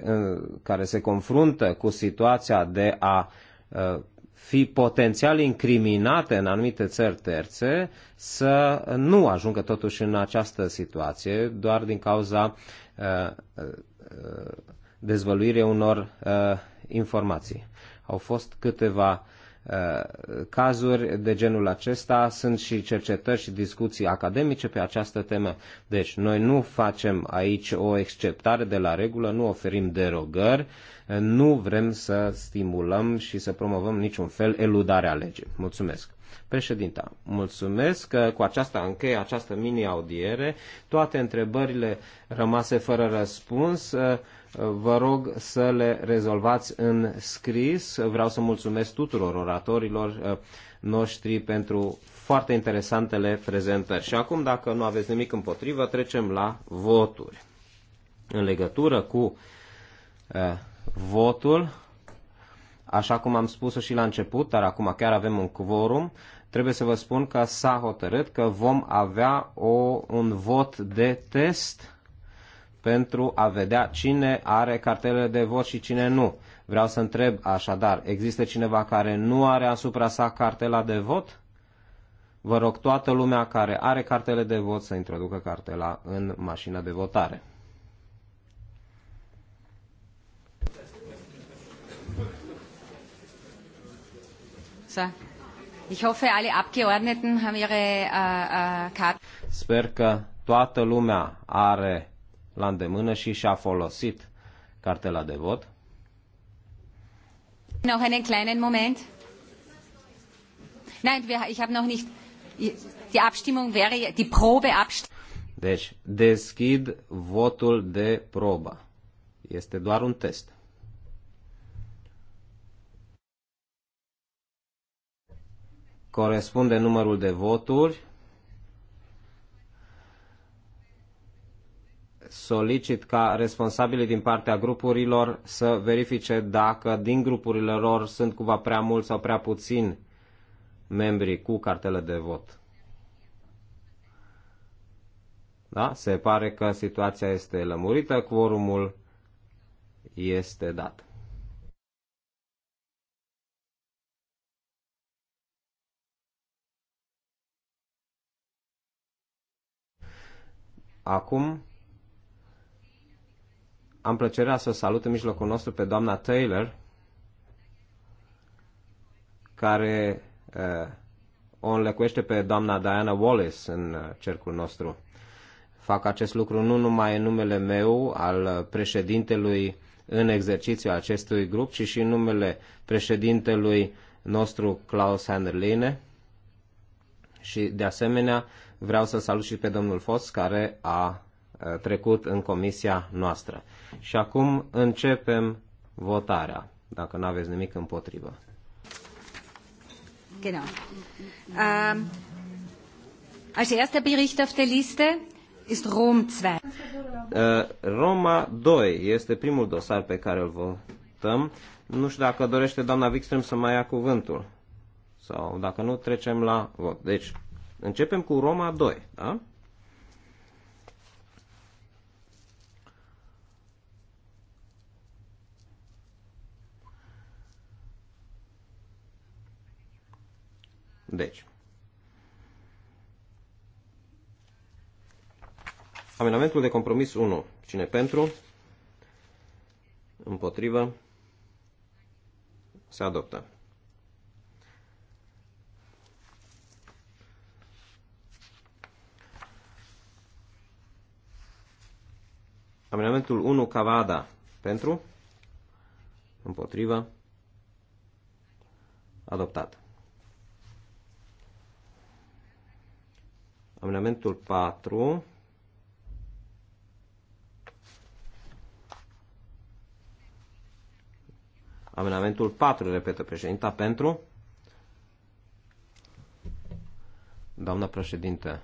care se confruntă cu situația de a uh, fi potențial incriminate în anumite țări terțe să nu ajungă totuși în această situație doar din cauza uh, dezvăluirii unor informații. Au fost câteva Uh, cazuri de genul acesta. Sunt și cercetări și discuții academice pe această temă. Deci, noi nu facem aici o exceptare de la regulă, nu oferim derogări, uh, nu vrem să stimulăm și să promovăm niciun fel eludarea legii. Mulțumesc! Președinta, mulțumesc că cu aceasta încheie această mini-audiere. Toate întrebările rămase fără răspuns uh, vă rog să le rezolvați în scris. Vreau să mulțumesc tuturor oratorilor uh, noștri pentru foarte interesantele prezentări. Și acum, dacă nu aveți nimic împotrivă, trecem la voturi. În legătură cu uh, votul, așa cum am spus și la început, dar acum chiar avem un quorum, trebuie să vă spun că s-a hotărât că vom avea o, un vot de test pentru a vedea cine are cartele de vot și cine nu. Vreau să întreb așadar, există cineva care nu are asupra sa cartela de vot? Vă rog toată lumea care are cartele de vot să introducă cartela în mașina de votare. So. Ich hoffe, alle Abgeordneten haben ihre uh, uh, Sper că toată lumea are la îndemână și și-a folosit cartela de vot. Noch einen kleinen Moment. Nein, wir, ich habe noch nicht. Die Abstimmung wäre die Probeabstimmung. Deci, deschid votul de probă. Este doar un test. Corespunde numărul de voturi solicit ca responsabilii din partea grupurilor să verifice dacă din grupurile lor sunt cumva prea mulți sau prea puțini membri cu cartele de vot. Da? Se pare că situația este lămurită, quorumul este dat. Acum am plăcerea să salut în mijlocul nostru pe doamna Taylor, care uh, o înlăcuiește pe doamna Diana Wallace în uh, cercul nostru. Fac acest lucru nu numai în numele meu, al uh, președintelui în exercițiu acestui grup, ci și în numele președintelui nostru Klaus Handerline. Și de asemenea vreau să salut și pe domnul Fos, care a trecut în comisia noastră. Și acum începem votarea, dacă nu aveți nimic împotrivă. Genau. Um, als erster Bericht auf der Liste ist Rom 2. Uh, äh, Roma 2 este primul dosar pe care îl votăm. Nu știu dacă dorește doamna Wikström să mai ia cuvântul. Sau dacă nu, trecem la vot. Deci, începem cu Roma 2, da? Deci, amendamentul de compromis 1. Cine pentru? Împotrivă? Se adoptă. Amendamentul 1 Cavada pentru, împotrivă, adoptat. Amendamentul 4. Amendamentul 4, repetă președinta, pentru. Doamna președinte.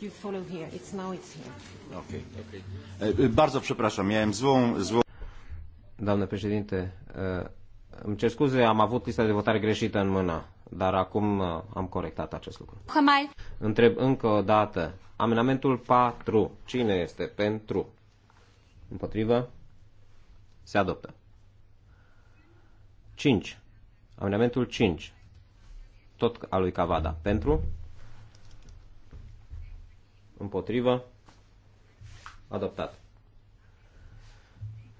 You follow here. It's now it's here. Okay. okay. Bardzo przepraszam, miałem złą, złą... Doamnă președinte, uh, îmi cer scuze, am avut lista de votare greșită în mână, dar acum uh, am corectat acest lucru. Hamai. Întreb încă o dată. Amendamentul 4. Cine este pentru? Împotrivă? Se adoptă. 5. Amendamentul 5. Tot al lui Cavada. Pentru? Împotrivă? Adoptat.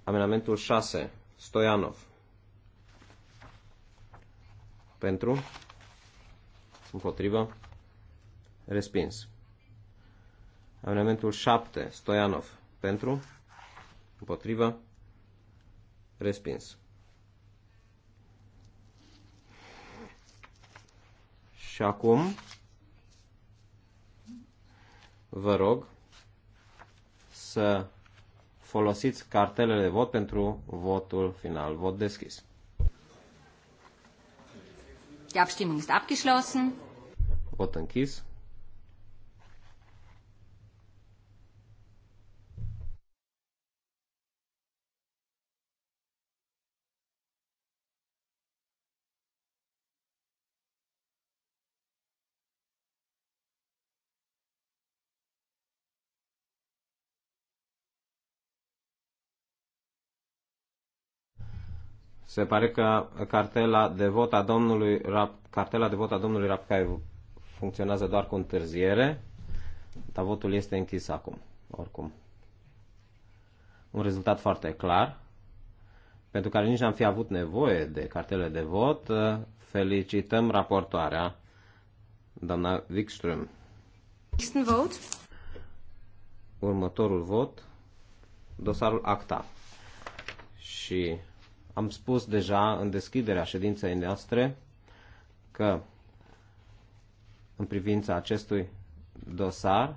Amenamentul 6. Stoianov. Pentru. Împotrivă. Respins. Amenamentul 7. Stoianov. Pentru. Împotrivă. Respins. Și acum vă rog să folosiți cartelele de vot pentru votul final. Vot deschis. Die Abstimmung ist abgeschlossen. Vot închis. Se pare că cartela de vot a domnului Rap, cartela de vot a domnului Rapcai funcționează doar cu întârziere, dar votul este închis acum, oricum. Un rezultat foarte clar, pentru care nici n-am fi avut nevoie de cartele de vot. Uh, felicităm raportoarea, doamna Wikström. Următorul vot, dosarul ACTA. Și am spus deja în deschiderea ședinței noastre că în privința acestui dosar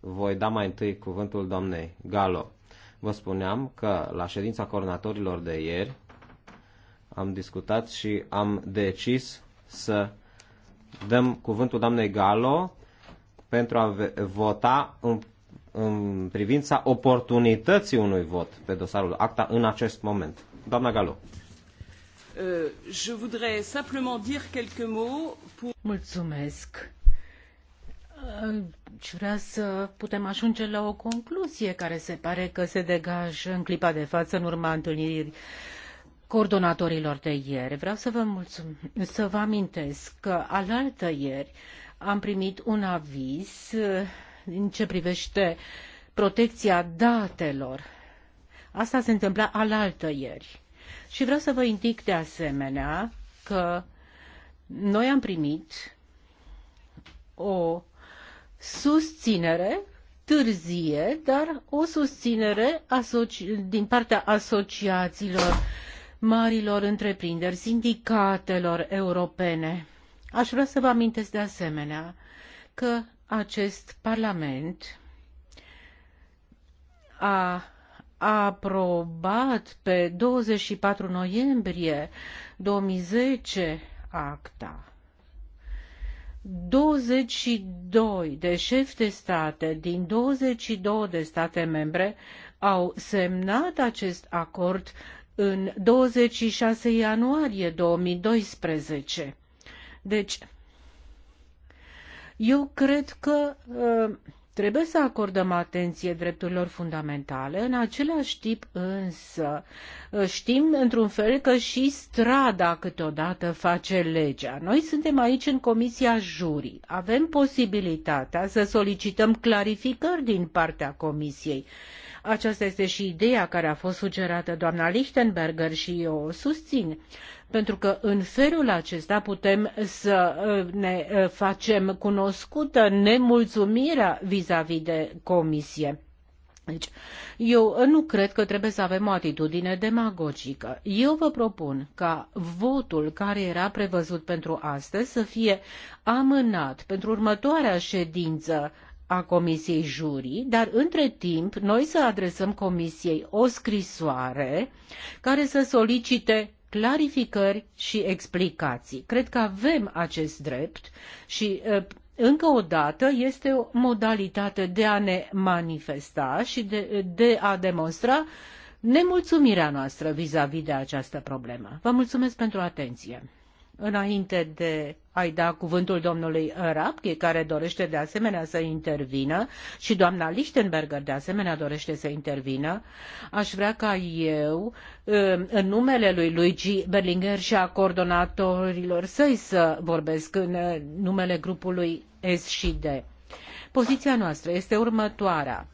voi da mai întâi cuvântul doamnei Galo. Vă spuneam că la ședința coordonatorilor de ieri am discutat și am decis să dăm cuvântul doamnei Galo pentru a vota în, în privința oportunității unui vot pe dosarul ACTA în acest moment. Galo. Euh, mulțumesc. Aș vrea să putem ajunge la o concluzie care se pare că se degajă în clipa de față în urma întâlnirii coordonatorilor de ieri. Vreau să vă, mulțumesc, să vă amintesc că alaltă ieri am primit un aviz în ce privește protecția datelor Asta se întâmpla alaltă ieri. Și vreau să vă indic de asemenea că noi am primit o susținere târzie, dar o susținere din partea asociațiilor marilor întreprinderi, sindicatelor europene. Aș vrea să vă amintesc de asemenea că acest Parlament a aprobat pe 24 noiembrie 2010 acta. 22 de șefi de state din 22 de state membre au semnat acest acord în 26 ianuarie 2012. Deci, eu cred că uh, Trebuie să acordăm atenție drepturilor fundamentale, în același timp însă ă, știm într-un fel că și strada câteodată face legea. Noi suntem aici în Comisia Jurii. Avem posibilitatea să solicităm clarificări din partea Comisiei aceasta este și ideea care a fost sugerată doamna Lichtenberger și eu o susțin, pentru că în felul acesta putem să uh, ne uh, facem cunoscută nemulțumirea vis-a-vis -vis de comisie. Deci, eu uh, nu cred că trebuie să avem o atitudine demagogică. Eu vă propun ca votul care era prevăzut pentru astăzi să fie amânat pentru următoarea ședință a Comisiei Jurii, dar între timp noi să adresăm Comisiei o scrisoare care să solicite clarificări și explicații. Cred că avem acest drept și încă o dată este o modalitate de a ne manifesta și de, de a demonstra nemulțumirea noastră vis-a-vis -vis de această problemă. Vă mulțumesc pentru atenție înainte de a-i da cuvântul domnului Rapke, care dorește de asemenea să intervină, și doamna Lichtenberger de asemenea dorește să intervină, aș vrea ca eu, um, în numele lui Luigi Berlinger și a coordonatorilor săi, să vorbesc în uh, numele grupului S și D. Poziția noastră este următoarea.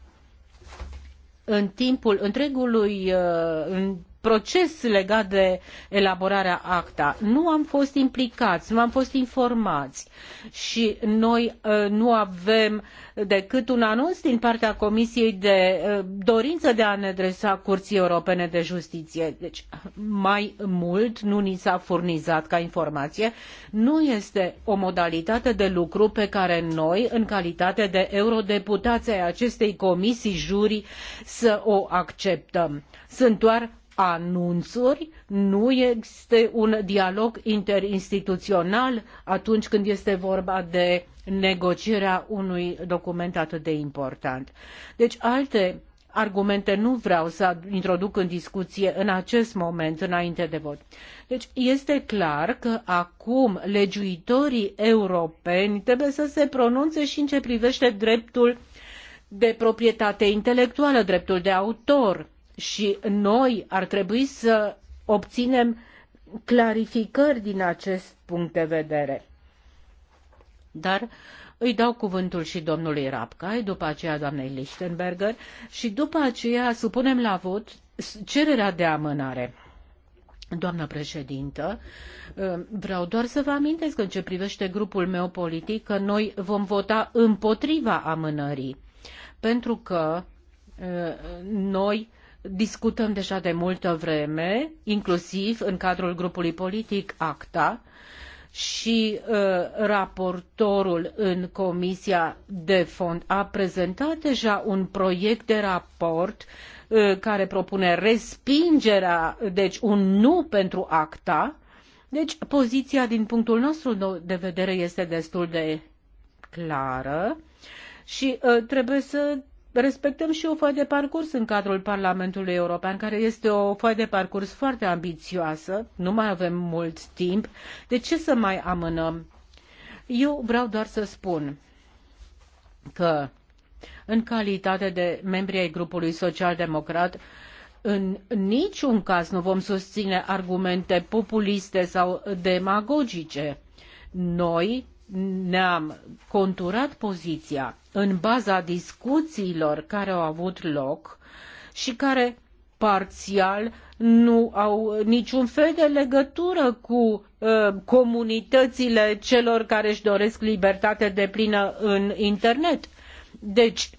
În timpul întregului, uh, în proces legat de elaborarea acta. Nu am fost implicați, nu am fost informați și noi uh, nu avem decât un anunț din partea Comisiei de uh, dorință de a ne adresa Curții Europene de Justiție. Deci mai mult nu ni s-a furnizat ca informație. Nu este o modalitate de lucru pe care noi, în calitate de eurodeputați ai acestei comisii juri, să o acceptăm. Sunt doar anunțuri, nu este un dialog interinstituțional atunci când este vorba de negocierea unui document atât de important. Deci alte argumente nu vreau să introduc în discuție în acest moment, înainte de vot. Deci este clar că acum legiuitorii europeni trebuie să se pronunțe și în ce privește dreptul de proprietate intelectuală, dreptul de autor, și noi ar trebui să obținem clarificări din acest punct de vedere. Dar îi dau cuvântul și domnului Rapcai, după aceea doamnei Lichtenberger și după aceea supunem la vot cererea de amânare. Doamna președintă, vreau doar să vă amintesc în ce privește grupul meu politic că noi vom vota împotriva amânării, pentru că eh, noi discutăm deja de multă vreme, inclusiv în cadrul grupului politic ACTA, și uh, raportorul în Comisia de Fond a prezentat deja un proiect de raport uh, care propune respingerea, deci un nu pentru acta. Deci poziția din punctul nostru de vedere este destul de clară și uh, trebuie să respectăm și o foaie de parcurs în cadrul Parlamentului European, care este o foaie de parcurs foarte ambițioasă, nu mai avem mult timp, de ce să mai amânăm? Eu vreau doar să spun că, în calitate de membri ai grupului social-democrat, în niciun caz nu vom susține argumente populiste sau demagogice. Noi ne-am conturat poziția în baza discuțiilor care au avut loc și care parțial nu au niciun fel de legătură cu uh, comunitățile celor care își doresc libertate deplină în internet. Deci,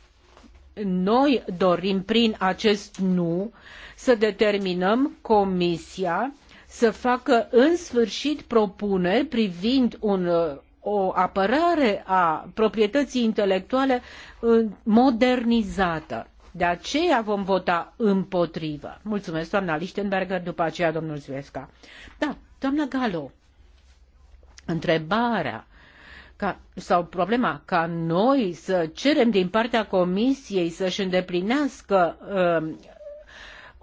noi dorim prin acest nu să determinăm Comisia să facă în sfârșit propuneri privind un uh, o apărare a proprietății intelectuale uh, modernizată. De aceea vom vota împotrivă. Mulțumesc, doamna Lichtenberger, după aceea domnul Zvesca. Da, doamna Galo, întrebarea ca, sau problema ca noi să cerem din partea Comisiei să-și îndeplinească uh,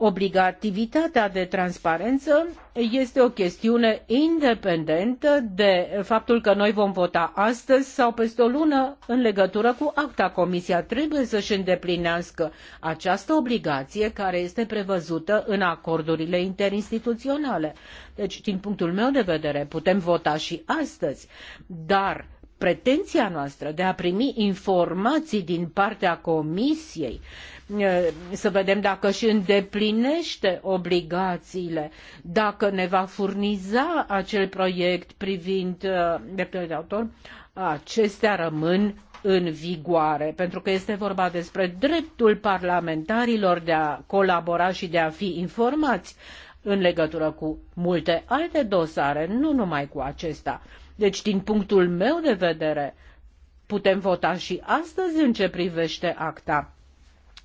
obligativitatea de transparență este o chestiune independentă de faptul că noi vom vota astăzi sau peste o lună în legătură cu acta. Comisia trebuie să-și îndeplinească această obligație care este prevăzută în acordurile interinstituționale. Deci, din punctul meu de vedere, putem vota și astăzi, dar pretenția noastră de a primi informații din partea Comisiei să vedem dacă își îndeplinește obligațiile, dacă ne va furniza acel proiect privind drepturile de autor, acestea rămân în vigoare, pentru că este vorba despre dreptul parlamentarilor de a colabora și de a fi informați în legătură cu multe alte dosare, nu numai cu acesta. Deci, din punctul meu de vedere, putem vota și astăzi în ce privește acta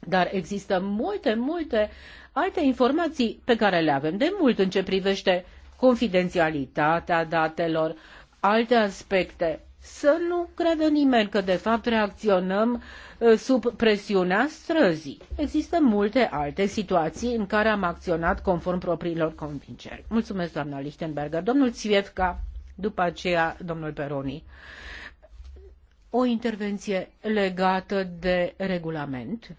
dar există multe, multe alte informații pe care le avem de mult în ce privește confidențialitatea datelor, alte aspecte. Să nu creadă nimeni că de fapt reacționăm ă, sub presiunea străzii. Există multe alte situații în care am acționat conform propriilor convingeri. Mulțumesc, doamna Lichtenberger. Domnul Țvietca, după aceea domnul Peroni. O intervenție legată de regulament.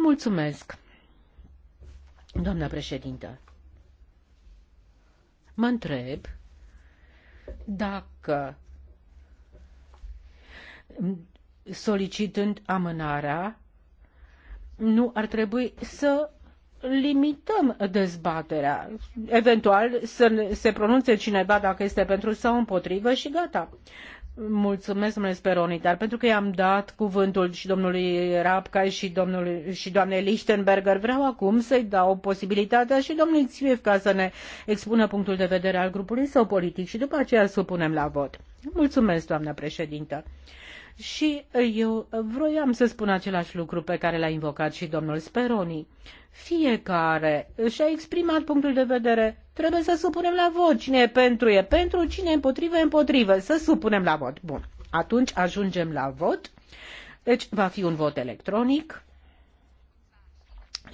Mulțumesc, doamna președintă. Mă întreb dacă solicitând amânarea, nu ar trebui să limităm dezbaterea. Eventual să se pronunțe cineva dacă este pentru sau împotrivă și gata. Mulțumesc, domnule Speroni, dar pentru că i-am dat cuvântul și domnului Rapkay și, domnului, și doamnei Lichtenberger, vreau acum să-i dau posibilitatea și domnului ca să ne expună punctul de vedere al grupului său politic și după aceea să o punem la vot. Mulțumesc, doamnă președintă. Și eu vroiam să spun același lucru pe care l-a invocat și domnul Speroni. Fiecare și-a exprimat punctul de vedere. Trebuie să supunem la vot. Cine e pentru e pentru, cine e împotrivă e împotrivă. Să supunem la vot. Bun. Atunci ajungem la vot. Deci va fi un vot electronic.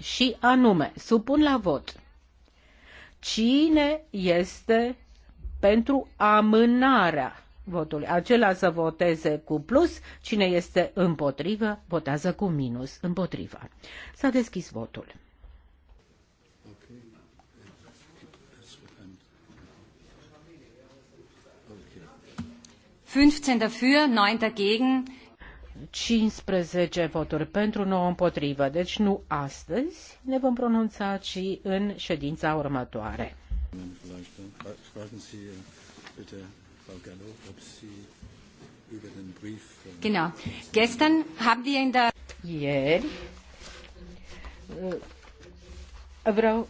Și anume, supun la vot. Cine este pentru amânarea votului. Acela să voteze cu plus, cine este împotrivă, votează cu minus, împotriva. S-a deschis votul. Dafür, 9 dagegen. 15 voturi pentru, 9 împotrivă. Deci nu astăzi ne vom pronunța, ci în ședința următoare. Frau ob Sie über den Brief Genau. Gestern haben wir in der Ieri eh, vreau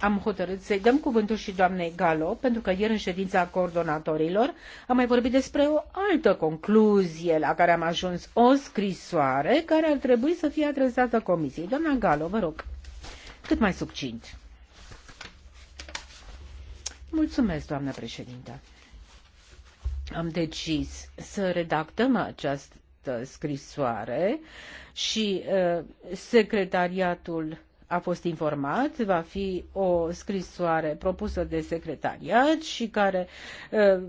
am hotărât să-i dăm cuvântul și doamnei Galo, pentru că ieri în ședința coordonatorilor am mai vorbit despre o altă concluzie la care am ajuns o scrisoare care ar trebui să fie adresată comisiei. Doamna Galo, vă rog, cât mai succint. Mulțumesc, doamnă președintă am decis să redactăm această scrisoare și uh, secretariatul a fost informat, va fi o scrisoare propusă de secretariat și care uh,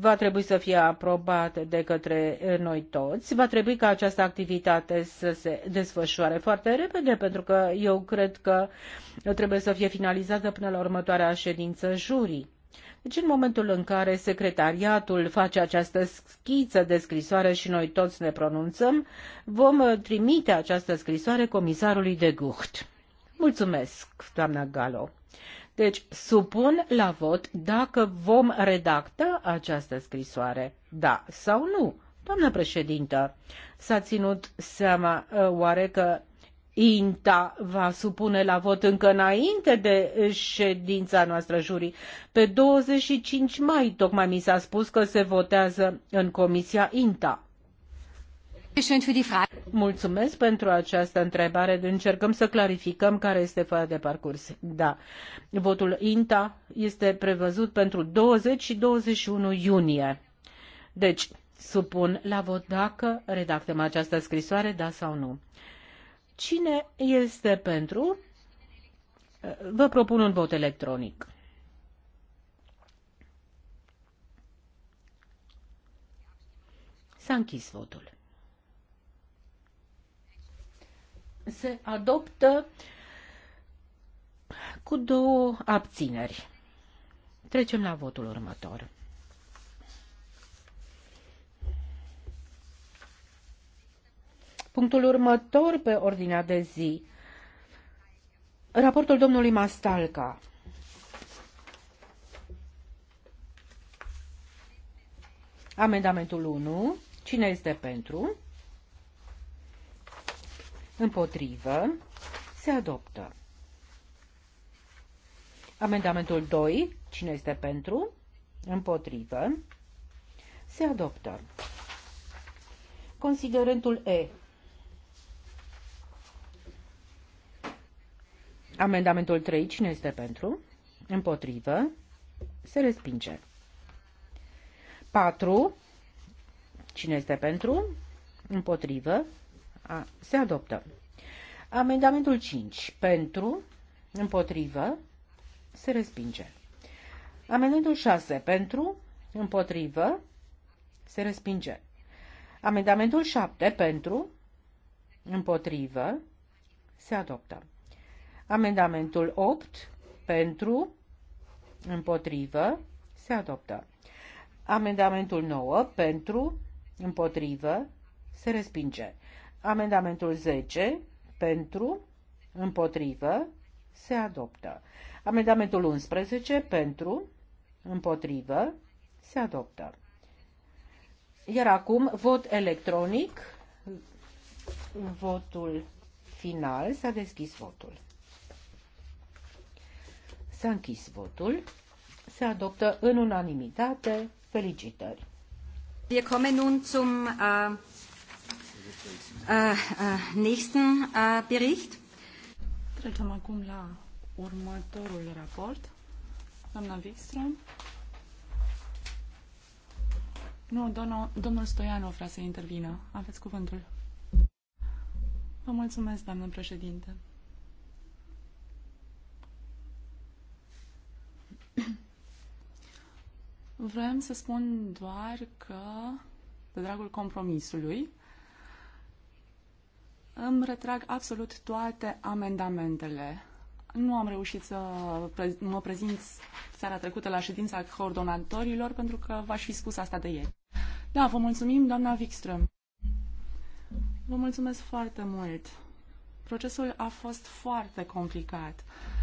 va trebui să fie aprobată de către noi toți. Va trebui ca această activitate să se desfășoare foarte repede, pentru că eu cred că trebuie să fie finalizată până la următoarea ședință jurii. Deci în momentul în care secretariatul face această schiță de scrisoare și noi toți ne pronunțăm, vom uh, trimite această scrisoare comisarului de Gucht. Mulțumesc, doamna Galo. Deci, supun la vot dacă vom redacta această scrisoare. Da sau nu? Doamna președintă, s-a ținut seama uh, oare că INTA va supune la vot încă înainte de ședința noastră juri. Pe 25 mai, tocmai mi s-a spus că se votează în Comisia INTA. Mulțumesc pentru această întrebare. Încercăm să clarificăm care este foaia de parcurs. Da, votul INTA este prevăzut pentru 20 și 21 iunie. Deci, supun la vot dacă redactăm această scrisoare, da sau nu. Cine este pentru? Vă propun un vot electronic. S-a închis votul. Se adoptă cu două abțineri. Trecem la votul următor. punctul următor pe ordinea de zi. Raportul domnului Mastalca. Amendamentul 1. Cine este pentru? Împotrivă. Se adoptă. Amendamentul 2. Cine este pentru? Împotrivă. Se adoptă. Considerentul E. Amendamentul 3, cine este pentru? Împotrivă. Se respinge. 4. Cine este pentru? Împotrivă. A, se adoptă. Amendamentul 5. Pentru. Împotrivă. Se respinge. Amendamentul 6. Pentru. Împotrivă. Se respinge. Amendamentul 7. Pentru. Împotrivă. Se adoptă. Amendamentul 8 pentru, împotrivă, se adoptă. Amendamentul 9 pentru, împotrivă, se respinge. Amendamentul 10 pentru, împotrivă, se adoptă. Amendamentul 11 pentru, împotrivă, se adoptă. Iar acum vot electronic, votul final, s-a deschis votul. S-a închis votul. Se adoptă în unanimitate. Felicitări! Wir kommen nun zum uh, uh, uh, nächsten uh, Bericht. Trecem acum la următorul raport. Doamna Wikström. Nu, dono, domnul Stoianov vrea să intervină. Aveți cuvântul. Vă mulțumesc, doamnă președinte. Vrem să spun doar că, de dragul compromisului, îmi retrag absolut toate amendamentele. Nu am reușit să mă prezint seara trecută la ședința coordonatorilor pentru că v-aș fi spus asta de ieri. Da, vă mulțumim, doamna Wikström. Vă mulțumesc foarte mult. Procesul a fost foarte complicat. Uh,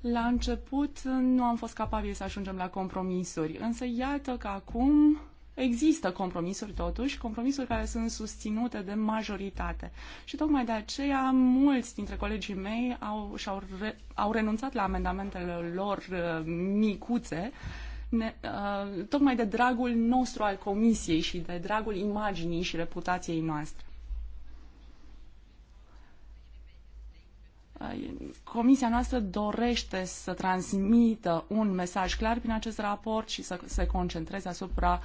la început nu am fost capabili să ajungem la compromisuri, însă iată că acum există compromisuri totuși, compromisuri care sunt susținute de majoritate. Și tocmai de aceea mulți dintre colegii mei au, și-au re, au renunțat la amendamentele lor uh, micuțe, ne, uh, tocmai de dragul nostru al comisiei și de dragul imaginii și reputației noastre. Comisia noastră dorește să transmită un mesaj clar prin acest raport și să se concentreze asupra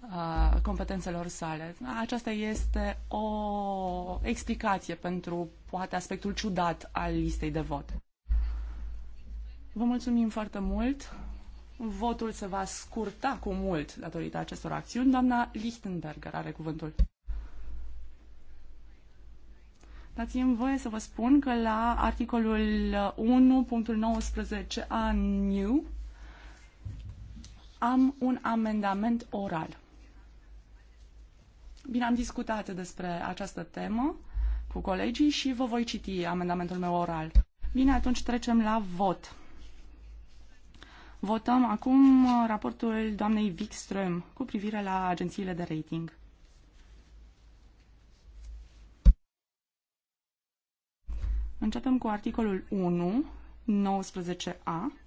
uh, competențelor sale. Aceasta este o explicație pentru poate aspectul ciudat al listei de vot. Vă mulțumim foarte mult. Votul se va scurta cu mult datorită acestor acțiuni. Doamna Lichtenberger are cuvântul. Dați-mi voie să vă spun că la articolul 1.19 a New am un amendament oral. Bine, am discutat despre această temă cu colegii și vă voi citi amendamentul meu oral. Bine, atunci trecem la vot. Votăm acum raportul doamnei Wikström cu privire la agențiile de rating. Începem cu articolul 1, 19a,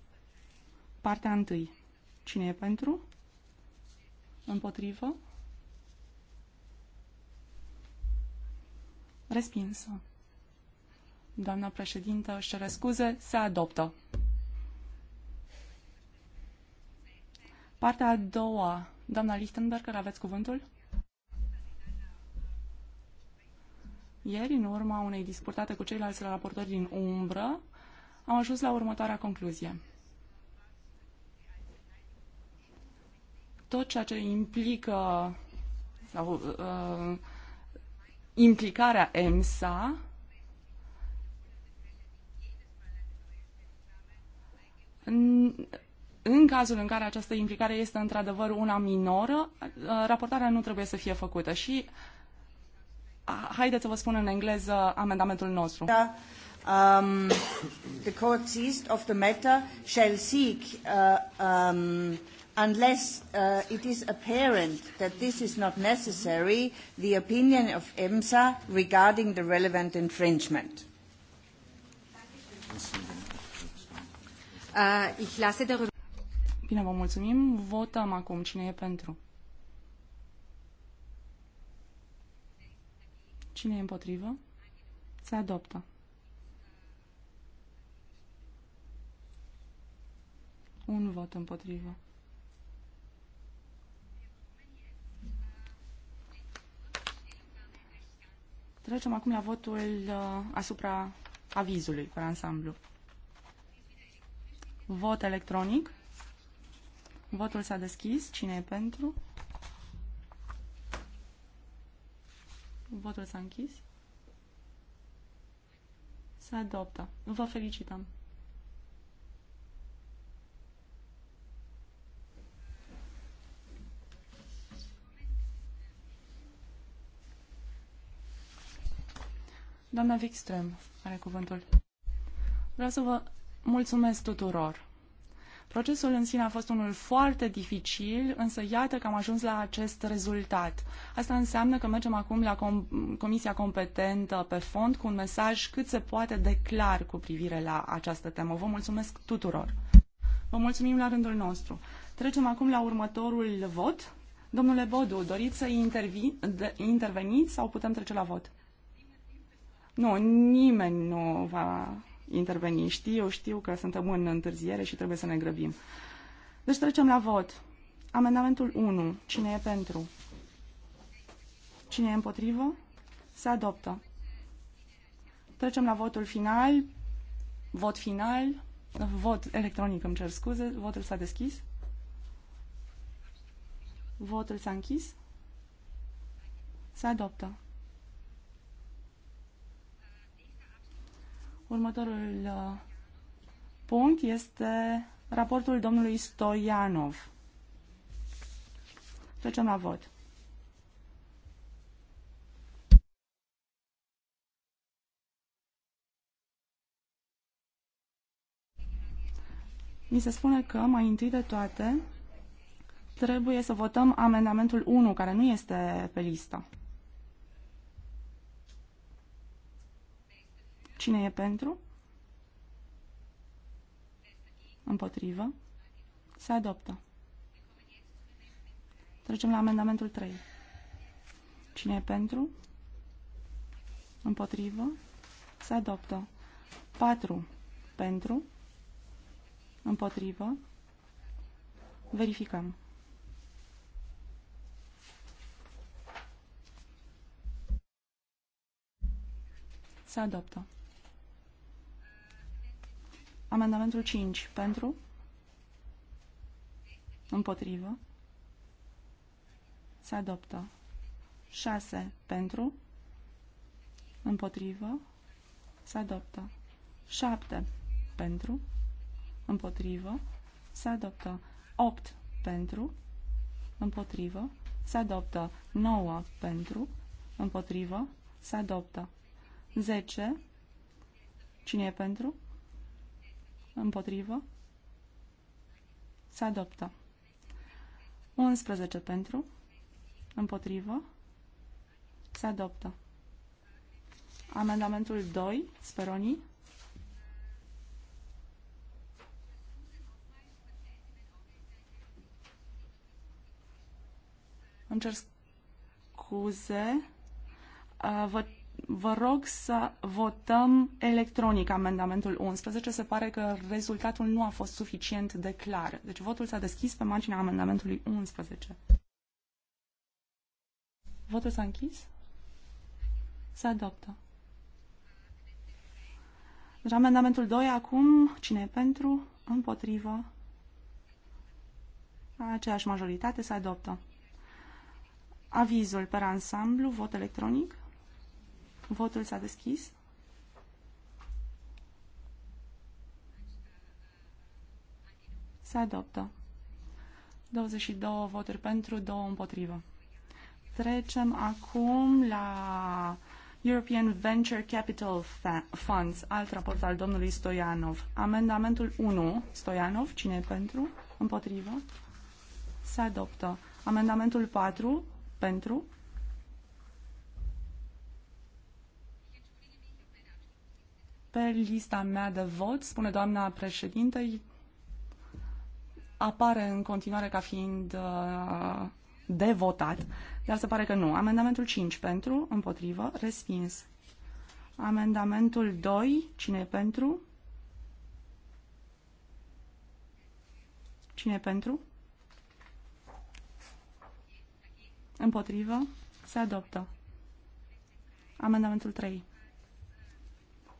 partea 1. Cine e pentru? Împotrivă? Respinsă. Doamna președintă își cere scuze, se adoptă. Partea a doua. Doamna Lichtenberger, aveți cuvântul? Ieri, în urma unei disputate cu ceilalți raportori din umbră, am ajuns la următoarea concluzie. Tot ceea ce implică sau uh, implicarea EMSA în, în cazul în care această implicare este într-adevăr una minoră, uh, raportarea nu trebuie să fie făcută și uh, Haideți să vă spun în engleză amendamentul nostru. Da, um, the court seized of the matter shall seek uh, um, unless uh, it is apparent that this is not necessary, the opinion of EMSA regarding the relevant infringement. Uh, Bine, vă mulțumim. Votăm acum cine e pentru. Cine e împotrivă? Se adoptă. Un vot împotrivă. Trecem acum la votul uh, asupra avizului pe ansamblu. Vot electronic. Votul s-a deschis. Cine e pentru? Votul s-a închis. Se adoptă. Vă felicităm. Doamna Wikström are cuvântul. Vreau să vă mulțumesc tuturor. Procesul în sine a fost unul foarte dificil, însă iată că am ajuns la acest rezultat. Asta înseamnă că mergem acum la com- comisia competentă pe fond cu un mesaj cât se poate de clar cu privire la această temă. Vă mulțumesc tuturor! Vă mulțumim la rândul nostru. Trecem acum la următorul vot. Domnule Bodu, doriți să interveniți sau putem trece la vot? Nu, nimeni nu va interveni. Știu, eu știu că suntem în întârziere și trebuie să ne grăbim. Deci trecem la vot. Amendamentul 1. Cine e pentru? Cine e împotrivă? Se adoptă. Trecem la votul final. Vot final. Vot electronic, îmi cer scuze. Votul s-a deschis. Votul s-a închis. Se adoptă. Următorul uh, punct este raportul domnului Stoianov. Trecem la vot. Mi se spune că, mai întâi de toate, trebuie să votăm amendamentul 1, care nu este pe listă. Cine e pentru? Împotrivă. Se adoptă. Trecem la amendamentul 3. Cine e pentru? Împotrivă. Se adoptă. 4. Pentru. Împotrivă. Verificăm. Se adoptă. Amendamentul 5 pentru? Împotrivă? Se adoptă. 6 pentru? Împotrivă? Se adoptă. 7 pentru? Împotrivă? Se adoptă. 8 pentru? Împotrivă? Se adoptă. 9 pentru? Împotrivă? Se adoptă. 10. Cine e pentru? Împotrivă. Se adoptă. 11 pentru. Împotrivă. Se adoptă. Amendamentul 2, Speroni. Îmi cer scuze. Uh, vă vă rog să votăm electronic amendamentul 11. Se pare că rezultatul nu a fost suficient de clar. Deci votul s-a deschis pe marginea amendamentului 11. Votul s-a închis? Se adoptă. Deci amendamentul 2 acum, cine e pentru? Împotrivă? Aceeași majoritate se adoptă. Avizul per ansamblu, vot electronic. Votul s-a deschis. Se adoptă. 22 voturi pentru, 2 împotrivă. Trecem acum la European Venture Capital Funds, alt raport al domnului Stoianov. Amendamentul 1, Stoianov, cine pentru? Împotrivă? Se adoptă. Amendamentul 4, pentru? pe lista mea de vot, spune doamna președinte, apare în continuare ca fiind uh, de votat, dar se pare că nu. Amendamentul 5 pentru, împotrivă, respins. Amendamentul 2, cine e pentru? Cine e pentru? Împotrivă, se adoptă. Amendamentul 3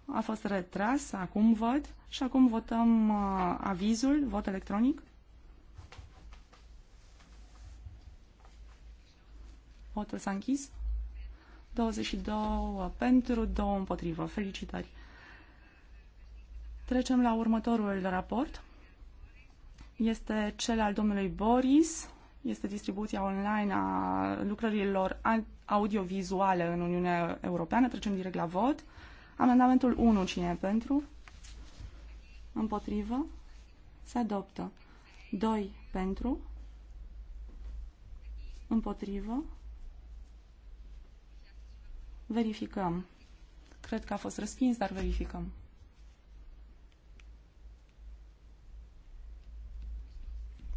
a fost retras, acum văd și acum votăm uh, avizul, vot electronic. Votul s-a închis. 22 pentru, 2 împotrivă. Felicitări! Trecem la următorul raport. Este cel al domnului Boris. Este distribuția online a lucrărilor audiovizuale în Uniunea Europeană. Trecem direct la vot. Amendamentul 1, cine e pentru? Împotrivă? Se adoptă. 2 pentru? Împotrivă? Verificăm. Cred că a fost respins, dar verificăm.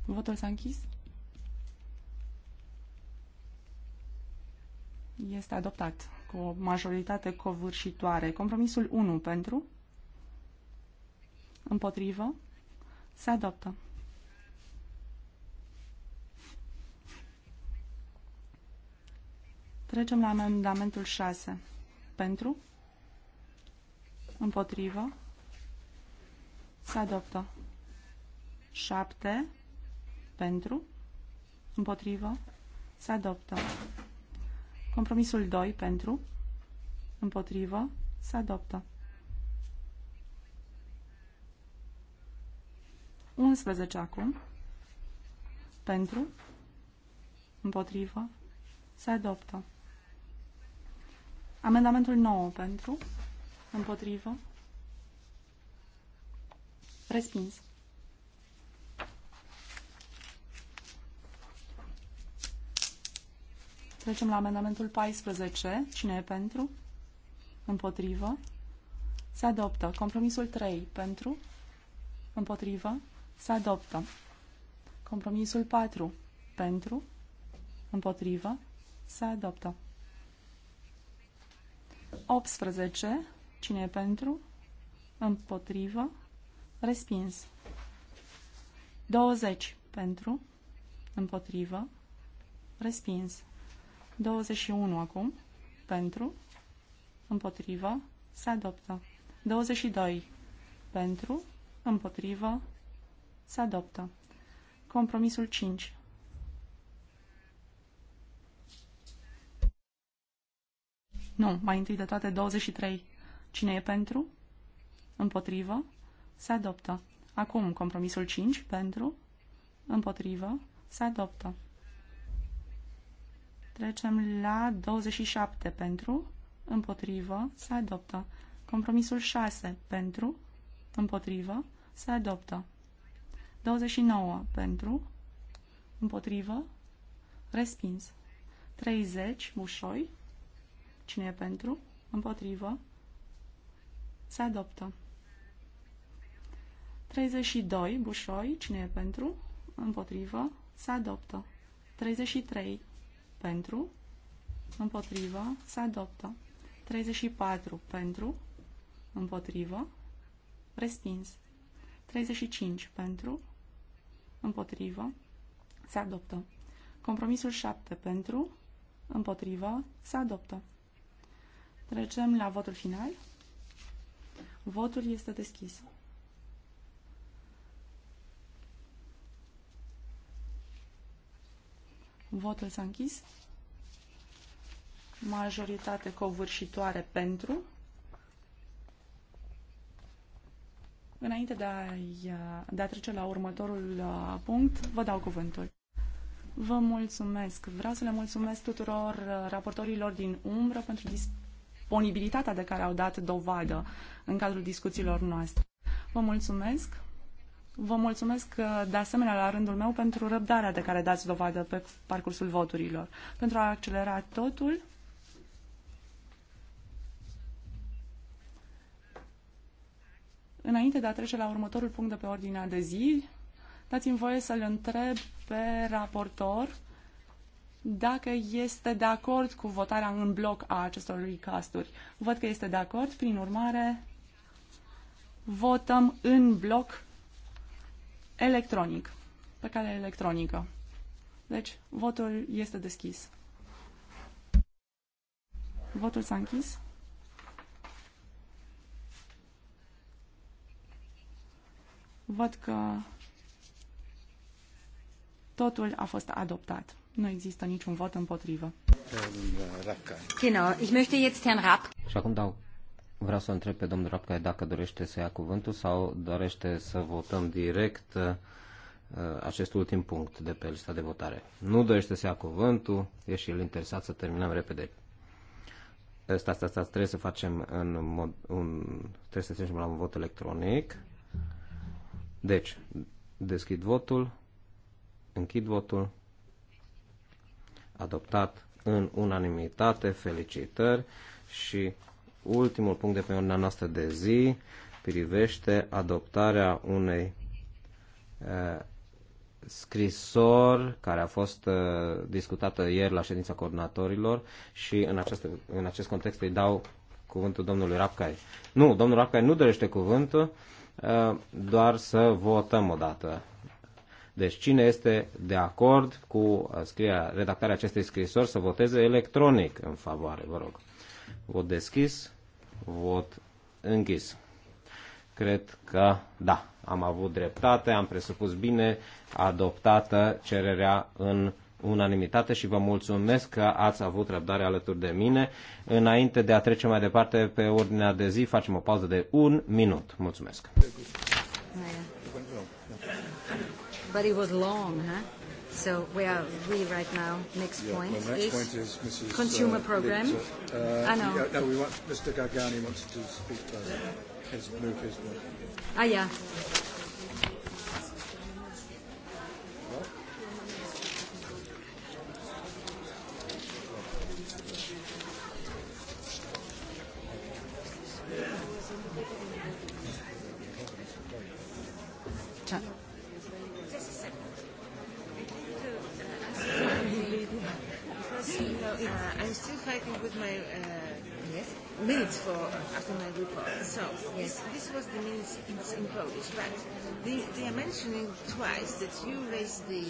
Votul s-a închis? Este adoptat cu o majoritate covârșitoare. Compromisul 1 pentru, împotrivă, se adoptă. Trecem la amendamentul 6. Pentru, împotrivă, se adoptă. 7 pentru, împotrivă, se adoptă. Compromisul 2 pentru, împotrivă, se adoptă. 11 acum, pentru, împotrivă, se adoptă. Amendamentul 9 pentru, împotrivă, respins. Trecem la amendamentul 14. Cine e pentru? Împotrivă. Se adoptă. Compromisul 3. Pentru? Împotrivă. Se adoptă. Compromisul 4. Pentru? Împotrivă. Se adoptă. 18. Cine e pentru? Împotrivă. Respins. 20. Pentru? Împotrivă. Respins. 21 acum. Pentru. Împotrivă. Se adoptă. 22. Pentru. Împotrivă. Se adoptă. Compromisul 5. Nu, mai întâi de toate 23. Cine e pentru? Împotrivă? Se adoptă. Acum, compromisul 5, pentru? Împotrivă? Se adoptă. Trecem la 27 pentru, împotrivă, se adoptă. Compromisul 6 pentru, împotrivă, se adoptă. 29 pentru, împotrivă, respins. 30 bușoi, cine e pentru, împotrivă, se adoptă. 32 bușoi, cine e pentru, împotrivă, se adoptă. 33 pentru, împotrivă, se adoptă. 34 pentru, împotrivă, respins. 35 pentru, împotrivă, se adoptă. Compromisul 7 pentru, împotrivă, se adoptă. Trecem la votul final. Votul este deschis. Votul s-a închis. Majoritate covârșitoare pentru. Înainte de a, de a trece la următorul uh, punct, vă dau cuvântul. Vă mulțumesc. Vreau să le mulțumesc tuturor uh, raportorilor din umbră pentru disponibilitatea de care au dat dovadă în cadrul discuțiilor noastre. Vă mulțumesc. Vă mulțumesc uh, de asemenea la rândul meu pentru răbdarea de care dați dovadă pe parcursul voturilor. Pentru a accelera totul, Înainte de a trece la următorul punct de pe ordinea de zi, dați-mi voie să-l întreb pe raportor dacă este de acord cu votarea în bloc a acestor recasturi. Văd că este de acord, prin urmare votăm în bloc electronic, pe cale electronică. Deci, votul este deschis. Votul s-a închis. Văd că totul a fost adoptat. Nu există niciun vot împotrivă. Genau, ich möchte jetzt Herrn Rapp. Și acum dau Vreau să întreb pe domnul Rapcai dacă dorește să ia cuvântul sau dorește să votăm direct uh, acest ultim punct de pe lista de votare. Nu dorește să ia cuvântul, e și el interesat să terminăm repede. Asta, asta, asta trebuie să facem în mod, un, trebuie să trecem la un vot electronic. Deci, deschid votul, închid votul, adoptat în unanimitate, felicitări și ultimul punct de pe ordinea noastră de zi privește adoptarea unei uh, scrisori care a fost uh, discutată ieri la ședința coordonatorilor și în, acest, în acest context îi dau cuvântul domnului Rapcai. Nu, domnul Rapcai nu dorește cuvântul, uh, doar să votăm odată. Deci cine este de acord cu scrierea, redactarea acestei scrisori să voteze electronic în favoare, vă rog. Vot deschis, vot închis. Cred că da, am avut dreptate, am presupus bine adoptată cererea în unanimitate și vă mulțumesc că ați avut răbdare alături de mine. Înainte de a trece mai departe pe ordinea de zi, facem o pauză de un minut. Mulțumesc. But it was long, huh? So where are we right now? Next point is- yeah, well, next point is Mrs. Uh, consumer Program. uh, ah, no. Yeah, no, we want Mr. Gargani wants to speak first. His move, his move. Ah, yeah. mentioning twice that you raised the.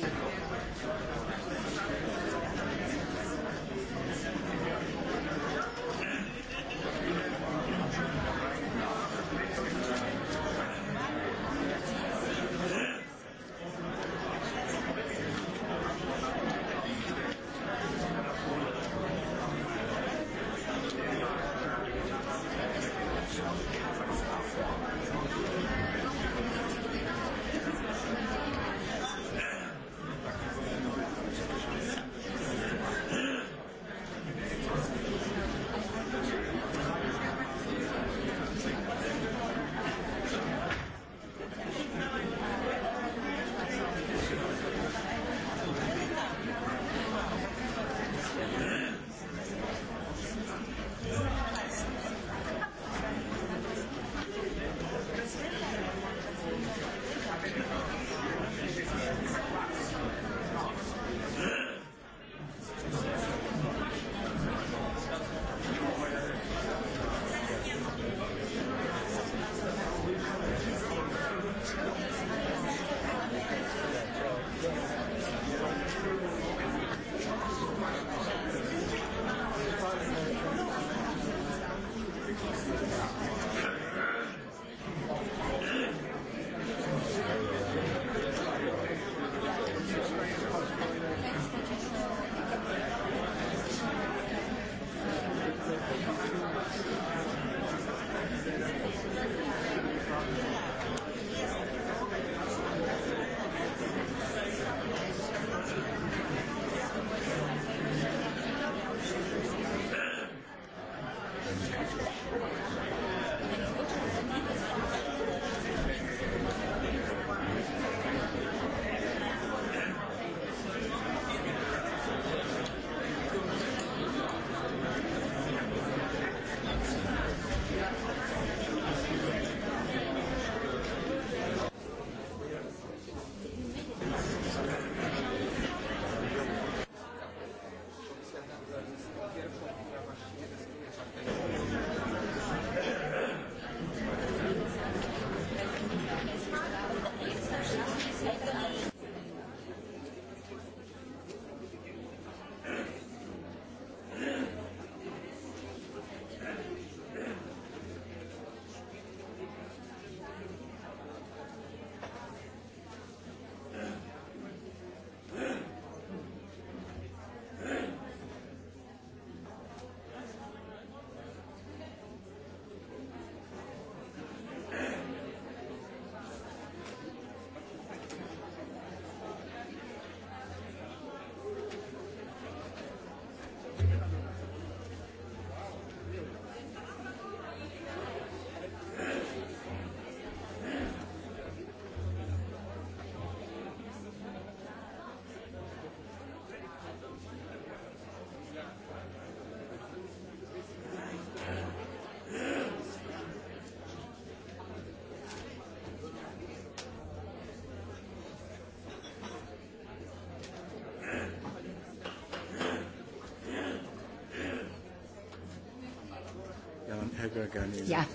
Ja.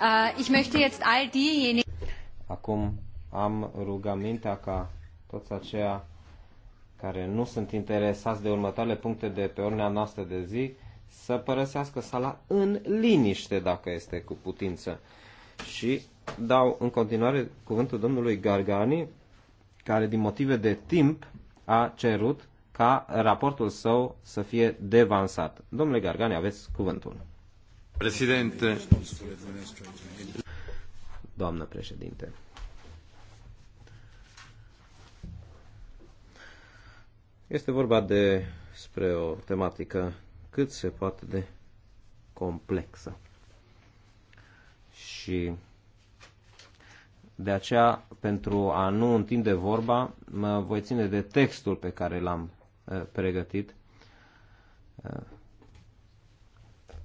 Äh, ich möchte jetzt all diejenigen... Acum am rugămintea ca toți aceia care nu sunt interesați de următoarele puncte de pe ordinea noastră de zi să părăsească sala în liniște, dacă este cu putință. Și dau în continuare cuvântul domnului Gargani, care din motive de timp a cerut ca raportul său să fie devansat. Domnule Gargani, aveți cuvântul. Președinte. Doamnă președinte. Este vorba de spre o tematică cât se poate de complexă. Și de aceea, pentru a nu întinde vorba, mă voi ține de textul pe care l-am eh, pregătit eh,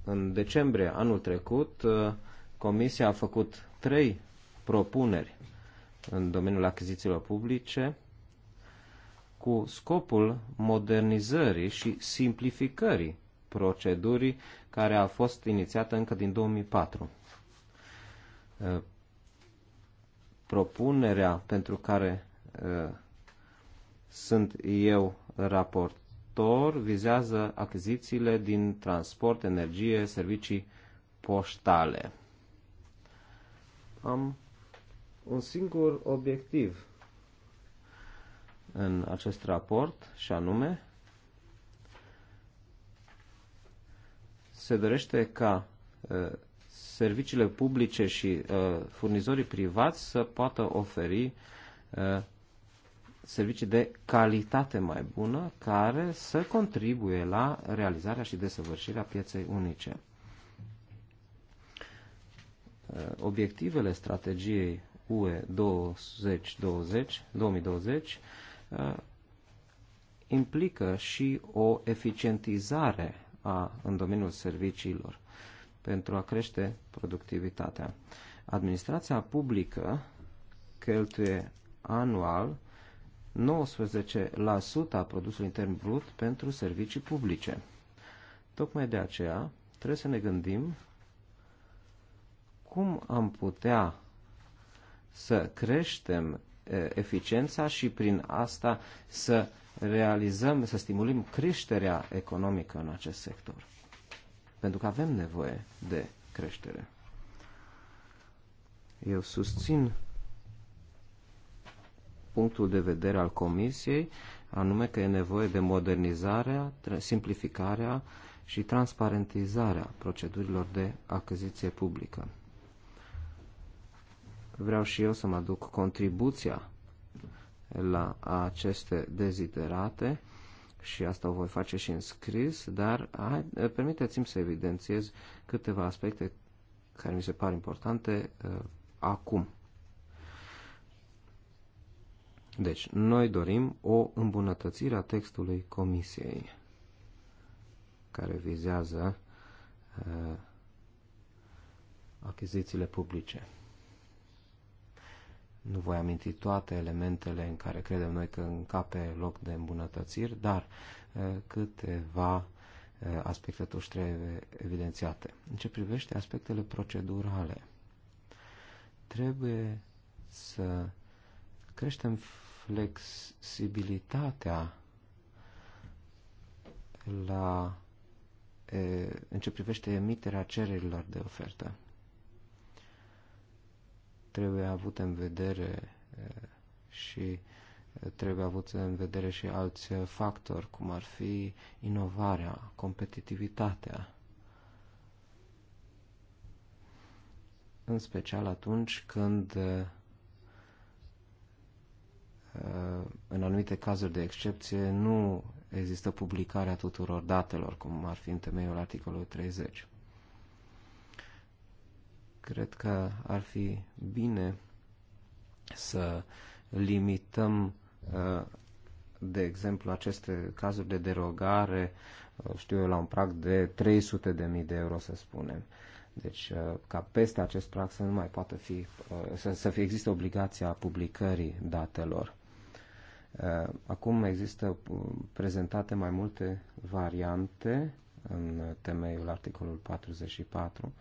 în decembrie anul trecut, uh, Comisia a făcut trei propuneri în domeniul achizițiilor publice cu scopul modernizării și simplificării procedurii care a fost inițiată încă din 2004. Uh, propunerea pentru care uh, sunt eu raport sector vizează achizițiile din transport, energie, servicii poștale. Am un singur obiectiv în acest raport și anume se dorește ca uh, serviciile publice și uh, furnizorii privați să poată oferi uh, servicii de calitate mai bună care să contribuie la realizarea și desăvârșirea pieței unice. Uh, obiectivele strategiei UE 2020, 2020 uh, implică și o eficientizare a, în domeniul serviciilor pentru a crește productivitatea. Administrația publică cheltuie anual 19% a produsului intern brut pentru servicii publice. Tocmai de aceea trebuie să ne gândim cum am putea să creștem eficiența și prin asta să realizăm, să stimulăm creșterea economică în acest sector. Pentru că avem nevoie de creștere. Eu susțin punctul de vedere al Comisiei, anume că e nevoie de modernizarea, simplificarea și transparentizarea procedurilor de achiziție publică. Vreau și eu să mă aduc contribuția la aceste deziderate și asta o voi face și în scris, dar permiteți-mi să evidențiez câteva aspecte care mi se par importante uh, acum. Deci, noi dorim o îmbunătățire a textului comisiei care vizează uh, achizițiile publice. Nu voi aminti toate elementele în care credem noi că încape loc de îmbunătățiri, dar uh, câteva uh, aspecte totuși trebuie evidențiate. În ce privește aspectele procedurale, trebuie să creștem flexibilitatea la, în ce privește emiterea cererilor de ofertă. Trebuie avut în vedere și trebuie avut în vedere și alți factori, cum ar fi inovarea, competitivitatea. În special atunci când Uh, în anumite cazuri de excepție, nu există publicarea tuturor datelor, cum ar fi în temeiul articolului 30. Cred că ar fi bine să limităm, uh, de exemplu, aceste cazuri de derogare, uh, știu eu, la un prag de 300.000 de euro, să spunem. Deci, ca peste acest prag să nu mai poată fi, să, să fie, există obligația publicării datelor. Eh, acum există prezentate mai multe variante în temeiul articolul 44.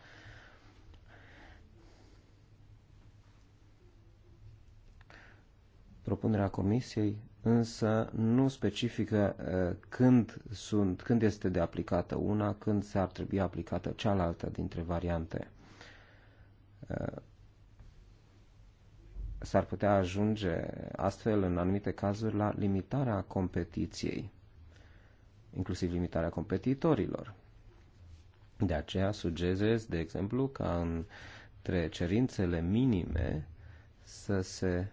Propunerea comisiei însă nu specifică eh, când, sunt, când este de aplicată una, când se ar trebui aplicată cealaltă dintre variante eh, s-ar putea ajunge astfel, în anumite cazuri, la limitarea competiției, inclusiv limitarea competitorilor. De aceea sugerez, de exemplu, ca între cerințele minime să se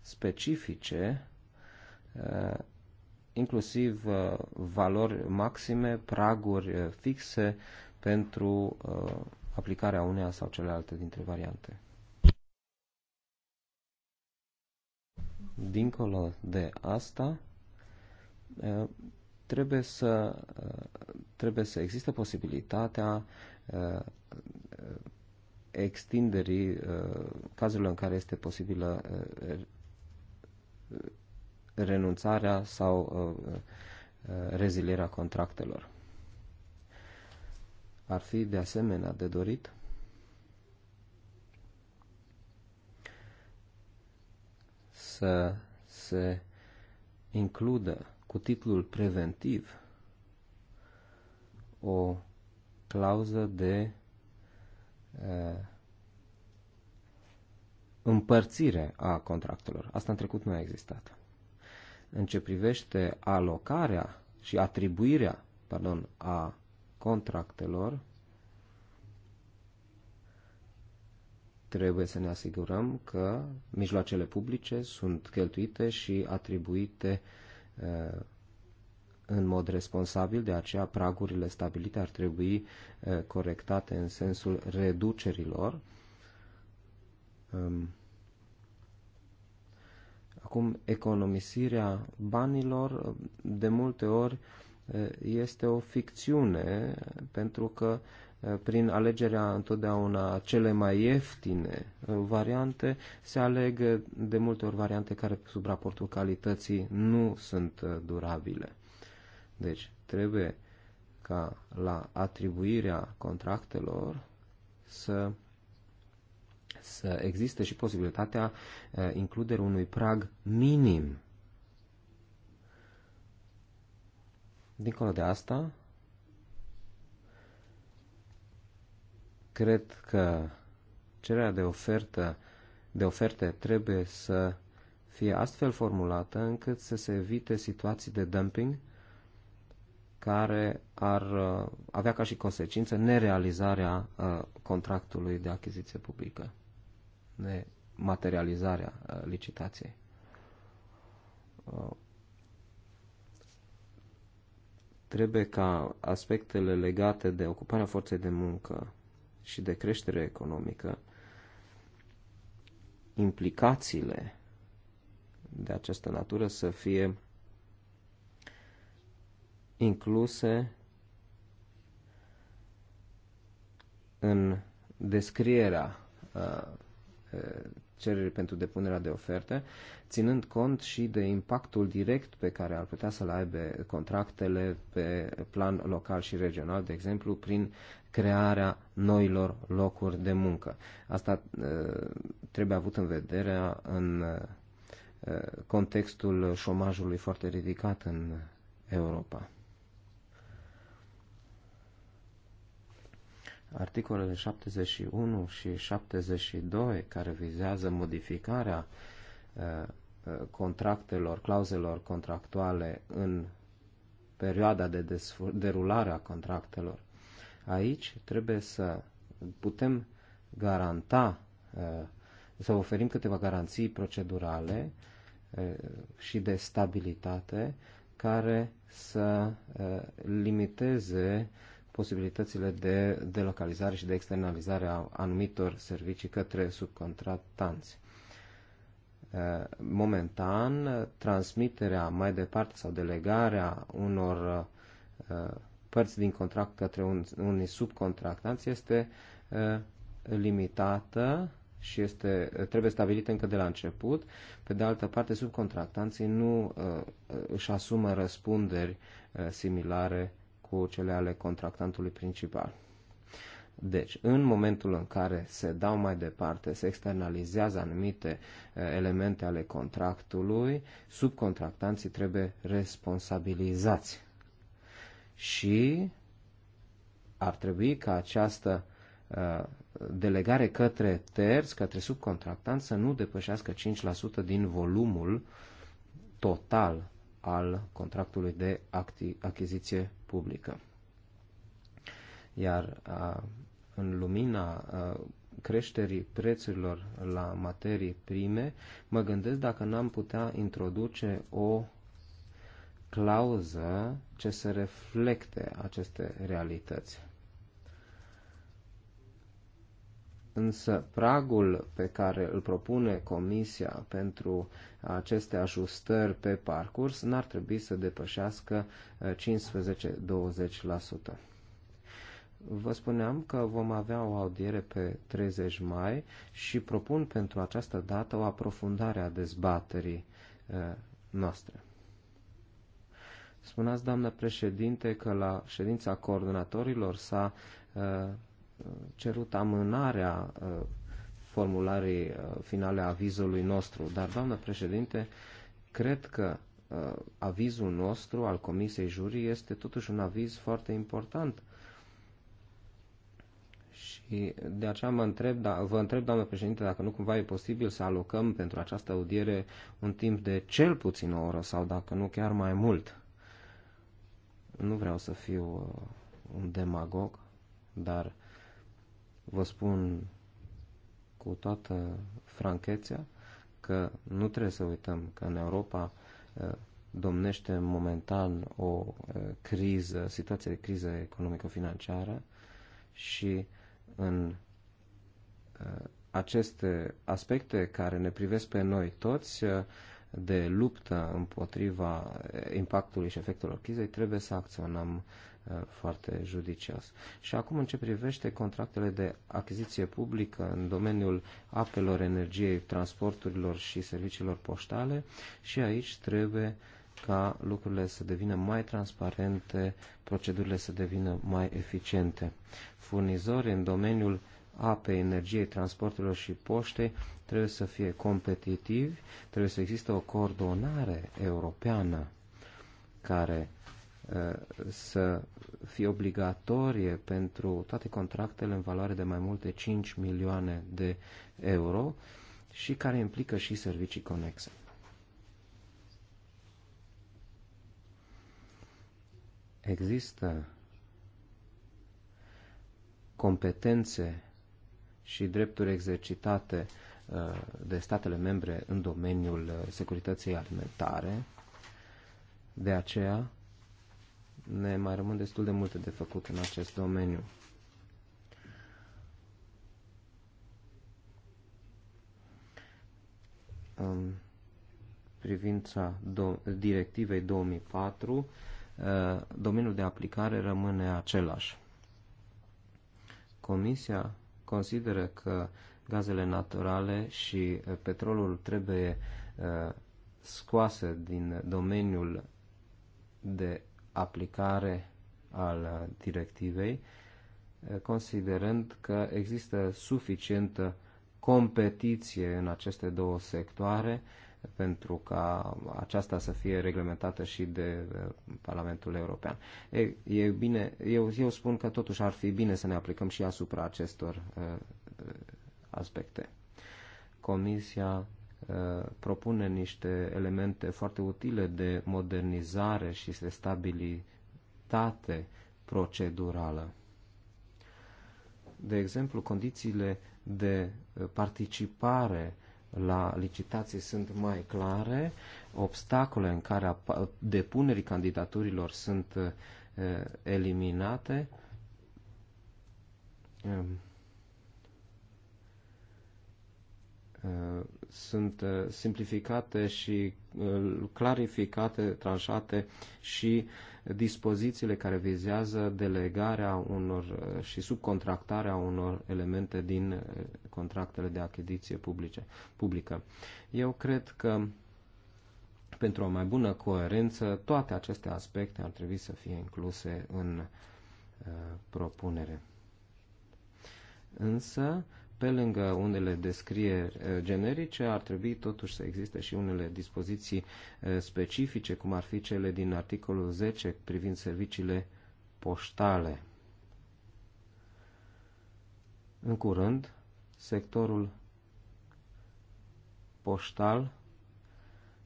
specifice uh, inclusiv uh, valori maxime, praguri uh, fixe pentru aplicarea uneia sau celelalte dintre variante. dincolo de asta, trebuie să, trebuie să existe posibilitatea extinderii cazurilor în care este posibilă renunțarea sau rezilierea contractelor. Ar fi de asemenea de dorit să se includă cu titlul preventiv o clauză de uh, împărțire a contractelor. Asta în trecut nu a existat. În ce privește alocarea și atribuirea pardon, a contractelor, Trebuie să ne asigurăm că mijloacele publice sunt cheltuite și atribuite uh, în mod responsabil, de aceea pragurile stabilite ar trebui uh, corectate în sensul reducerilor. Um, acum, economisirea banilor de multe ori uh, este o ficțiune pentru că Eh, prin alegerea întotdeauna a cele mai ieftine eh, variante, se aleg eh, de multe ori variante care sub raportul calității nu sunt durabile. Deci trebuie ca la atribuirea contractelor să, să existe și posibilitatea includerii unui prag minim. Dincolo de asta, Cred că cererea de ofertă de oferte trebuie să fie astfel formulată încât să se evite situații de dumping care ar uh, avea ca și consecință nerealizarea uh, contractului de achiziție publică, nematerializarea uh, licitației. Trebuie ca aspectele legate de ocuparea forței de muncă, și de creștere economică, implicațiile de această natură să fie incluse în descrierea uh, uh, cererii pentru depunerea de oferte, ținând cont și de impactul direct pe care ar putea să-l aibă contractele pe plan local și regional, de exemplu, prin crearea noilor locuri de muncă. Asta uh, trebuie avut în vedere uh, în uh, contextul șomajului foarte ridicat în Europa. Articolele 71 și 72 care vizează modificarea contractelor, clauzelor contractuale în perioada de derulare a contractelor Aici trebuie să putem garanta, uh, să oferim câteva garanții procedurale uh, și de stabilitate care să uh, limiteze posibilitățile de delocalizare și de externalizare a anumitor servicii către subcontractanți. Momentan, transmiterea mai departe sau delegarea unor părți din contract către un, unii subcontractanți este uh, limitată și este, uh, trebuie stabilită încă de la început. Pe de altă parte, subcontractanții nu uh, își asumă răspunderi uh, similare cu cele ale contractantului principal. Deci, în momentul în care se dau mai departe, se externalizează anumite uh, elemente ale contractului, subcontractanții trebuie responsabilizați și ar trebui ca această uh, delegare către terți, către subcontractanți, să nu depășească 5% din volumul total al contractului de achiziție publică. Iar uh, în lumina uh, creșterii prețurilor la materii prime, mă gândesc dacă n-am putea introduce o clauză ce să reflecte aceste realități. Însă pragul pe care îl propune Comisia pentru aceste ajustări pe parcurs n-ar trebui să depășească 15-20%. Uh, Vă spuneam că vom avea o audiere pe 30 mai și propun pentru această dată o aprofundare a dezbaterii uh, noastre. Spuneați, doamnă președinte, că la ședința coordonatorilor s-a uh, cerut amânarea uh, formularii uh, finale a avizului nostru. Dar, doamnă președinte, cred că avizul nostru al Comisiei Jurii este totuși un aviz foarte important. Și de aceea mă întreb, da, vă întreb, doamnă președinte, dacă nu cumva e posibil să alocăm pentru această audiere un timp de cel puțin o oră sau dacă nu chiar mai mult. Nu vreau să fiu uh, un demagog, dar vă spun cu toată franchețea că nu trebuie să uităm că în Europa uh, domnește momentan o uh, criză, situație de criză economico-financiară și în aceste aspecte care ne privesc pe noi toți, de luptă împotriva impactului și efectelor crizei, trebuie să acționăm uh, foarte judicios. Și acum în ce privește contractele de achiziție publică în domeniul apelor, energiei, transporturilor și serviciilor poștale, și aici trebuie ca lucrurile să devină mai transparente, procedurile să devină mai eficiente. Furnizori în domeniul uh, ape, energie, transporturilor și poște, trebuie să fie competitivi, trebuie să existe o coordonare europeană care uh, să fie obligatorie pentru toate contractele în valoare de mai mult de 5 milioane de euro și care implică și servicii conexe. Există competențe și drepturi exercitate uh, de statele membre în domeniul uh, securității alimentare. De aceea ne mai rămân destul de multe de făcut în acest domeniu. În um, privința directivei 2004, uh, domeniul de aplicare rămâne același. Comisia consideră că gazele naturale și uh, petrolul trebuie uh, scoase din domeniul de aplicare al uh, directivei, considerând că există suficientă competiție în aceste două sectoare pentru ca aceasta să fie reglementată și de eh, Parlamentul European. E, e bine, eu, eu spun că totuși ar fi bine să ne aplicăm și asupra acestor eh, aspecte. Comisia eh, propune niște elemente foarte utile de modernizare și de stabilitate procedurală. De exemplu, condițiile de participare uh, la licitații sunt mai clare, obstacole în care depunerii candidaturilor sunt uh, eliminate. Um, uh, sunt uh, simplificate și clarificate, tranșate și dispozițiile care vizează delegarea unor uh, și subcontractarea unor elemente din uh, contractele de achiziție publice, publică. Eu cred că pentru o mai bună coerență, toate aceste aspecte ar trebui să fie incluse în uh, propunere. Însă, pe lângă unele descrieri eh, generice, ar trebui totuși să existe și unele dispoziții eh, specifice, cum ar fi cele din articolul 10 privind serviciile poștale. În curând, sectorul poștal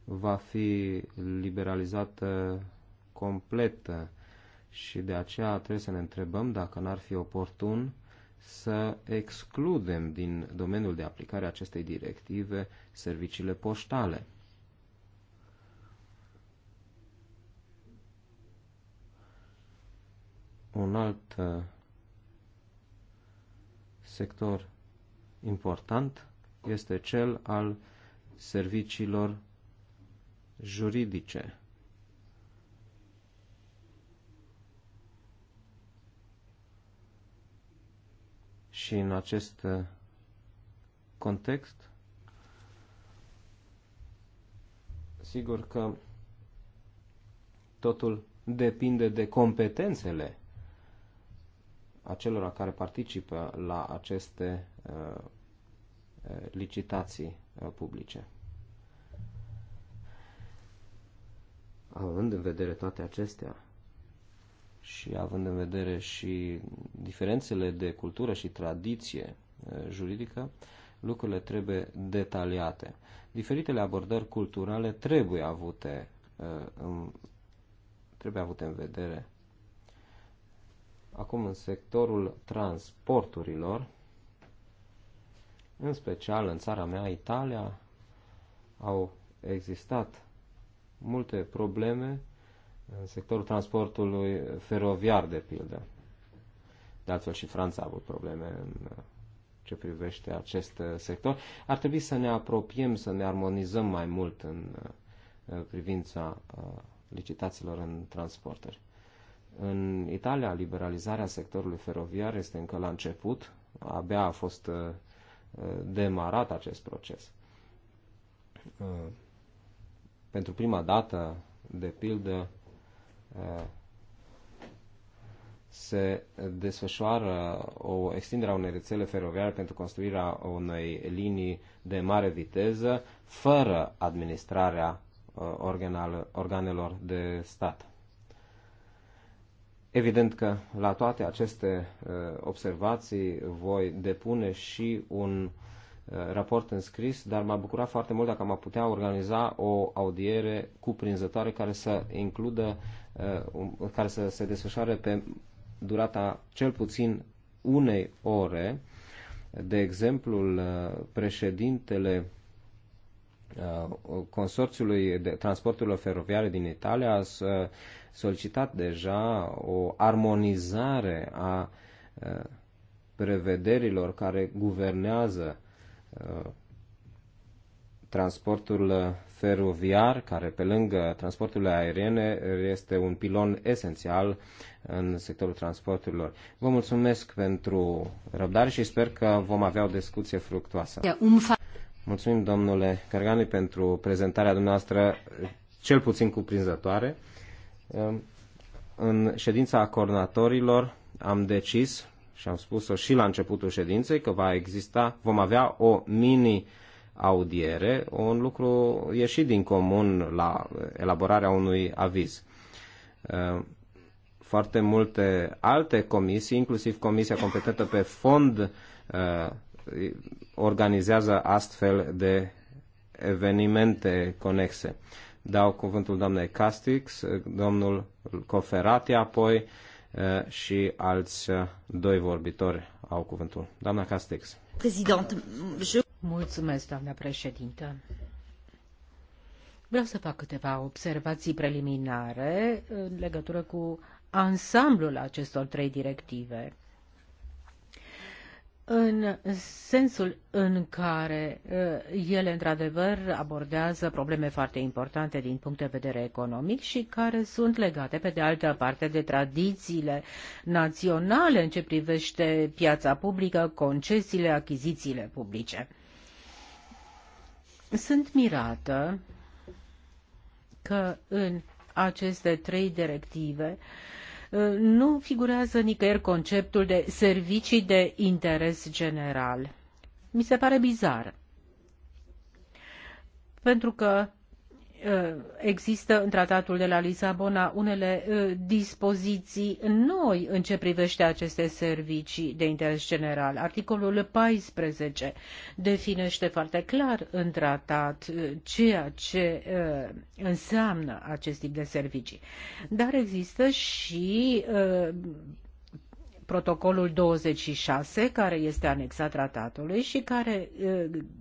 va fi liberalizat eh, complet și de aceea trebuie să ne întrebăm dacă n-ar fi oportun să excludem din domeniul de aplicare a acestei directive serviciile poștale. Un alt uh, sector important este cel al serviciilor juridice. Și în acest uh, context, sigur că totul depinde de competențele acelora care participă la aceste uh, uh, licitații publice. Având în vedere toate acestea, și având în vedere și diferențele de cultură și tradiție eh, juridică, lucrurile trebuie detaliate. Diferitele abordări culturale trebuie avute, eh, trebuie avute în vedere. Acum, în sectorul transporturilor, în special în țara mea, Italia, au existat multe probleme în sectorul transportului feroviar, de pildă. De altfel și Franța a avut probleme în uh, ce privește acest uh, sector. Ar trebui să ne apropiem, să ne armonizăm mai mult în uh, privința licitațiilor în transporturi. În Italia, liberalizarea sectorului feroviar este încă la început, abia a fost demarat acest proces. Pentru prima dată, de pildă, se desfășoară o extindere a unei rețele feroviare pentru construirea unei linii de mare viteză fără administrarea uh, organelor de stat. Evident că la toate aceste uh, observații voi depune și un uh, raport în scris, dar m-a bucurat foarte mult dacă am putea organiza o audiere cuprinzătoare care să includă, uh, care să se desfășoare pe durata cel puțin unei ore. De exemplu, uh, președintele uh, Consorțiului de Transporturilor Feroviare din Italia a solicitat deja o armonizare a prevederilor care guvernează transportul feroviar, care pe lângă transporturile aeriene este un pilon esențial în sectorul transporturilor. Vă mulțumesc pentru răbdare și sper că vom avea o discuție fructuoasă. Mulțumim, domnule Cărgani, pentru prezentarea dumneavoastră cel puțin cuprinzătoare. În ședința coordonatorilor am decis și am spus-o și la începutul ședinței, că va exista, vom avea o mini audiere, un lucru ieșit din comun la elaborarea unui aviz. Uh, foarte multe alte comisii, inclusiv Comisia competentă pe fond, uh, organizează astfel de evenimente conexe. Dau cuvântul doamnei Castix, domnul Coferati, apoi Eh, și alți eh, doi vorbitori au cuvântul. Doamna Castex. Prezident, je... Mulțumesc, doamna președintă. Vreau să fac câteva observații preliminare în legătură cu ansamblul acestor trei directive în sensul în care uh, ele, într-adevăr, abordează probleme foarte importante din punct de vedere economic și care sunt legate, pe de altă parte, de tradițiile naționale în ce privește piața publică, concesiile, achizițiile publice. Sunt mirată că în aceste trei directive uh, nu figurează nicăieri conceptul de servicii de interes general. Mi se pare bizar. Pentru că Uh, există în tratatul de la Lisabona unele uh, dispoziții noi în ce privește aceste servicii de interes general. Articolul 14 definește foarte clar în tratat uh, ceea ce înseamnă acest tip de servicii. Dar există și protocolul 26 care este anexat tratatului și care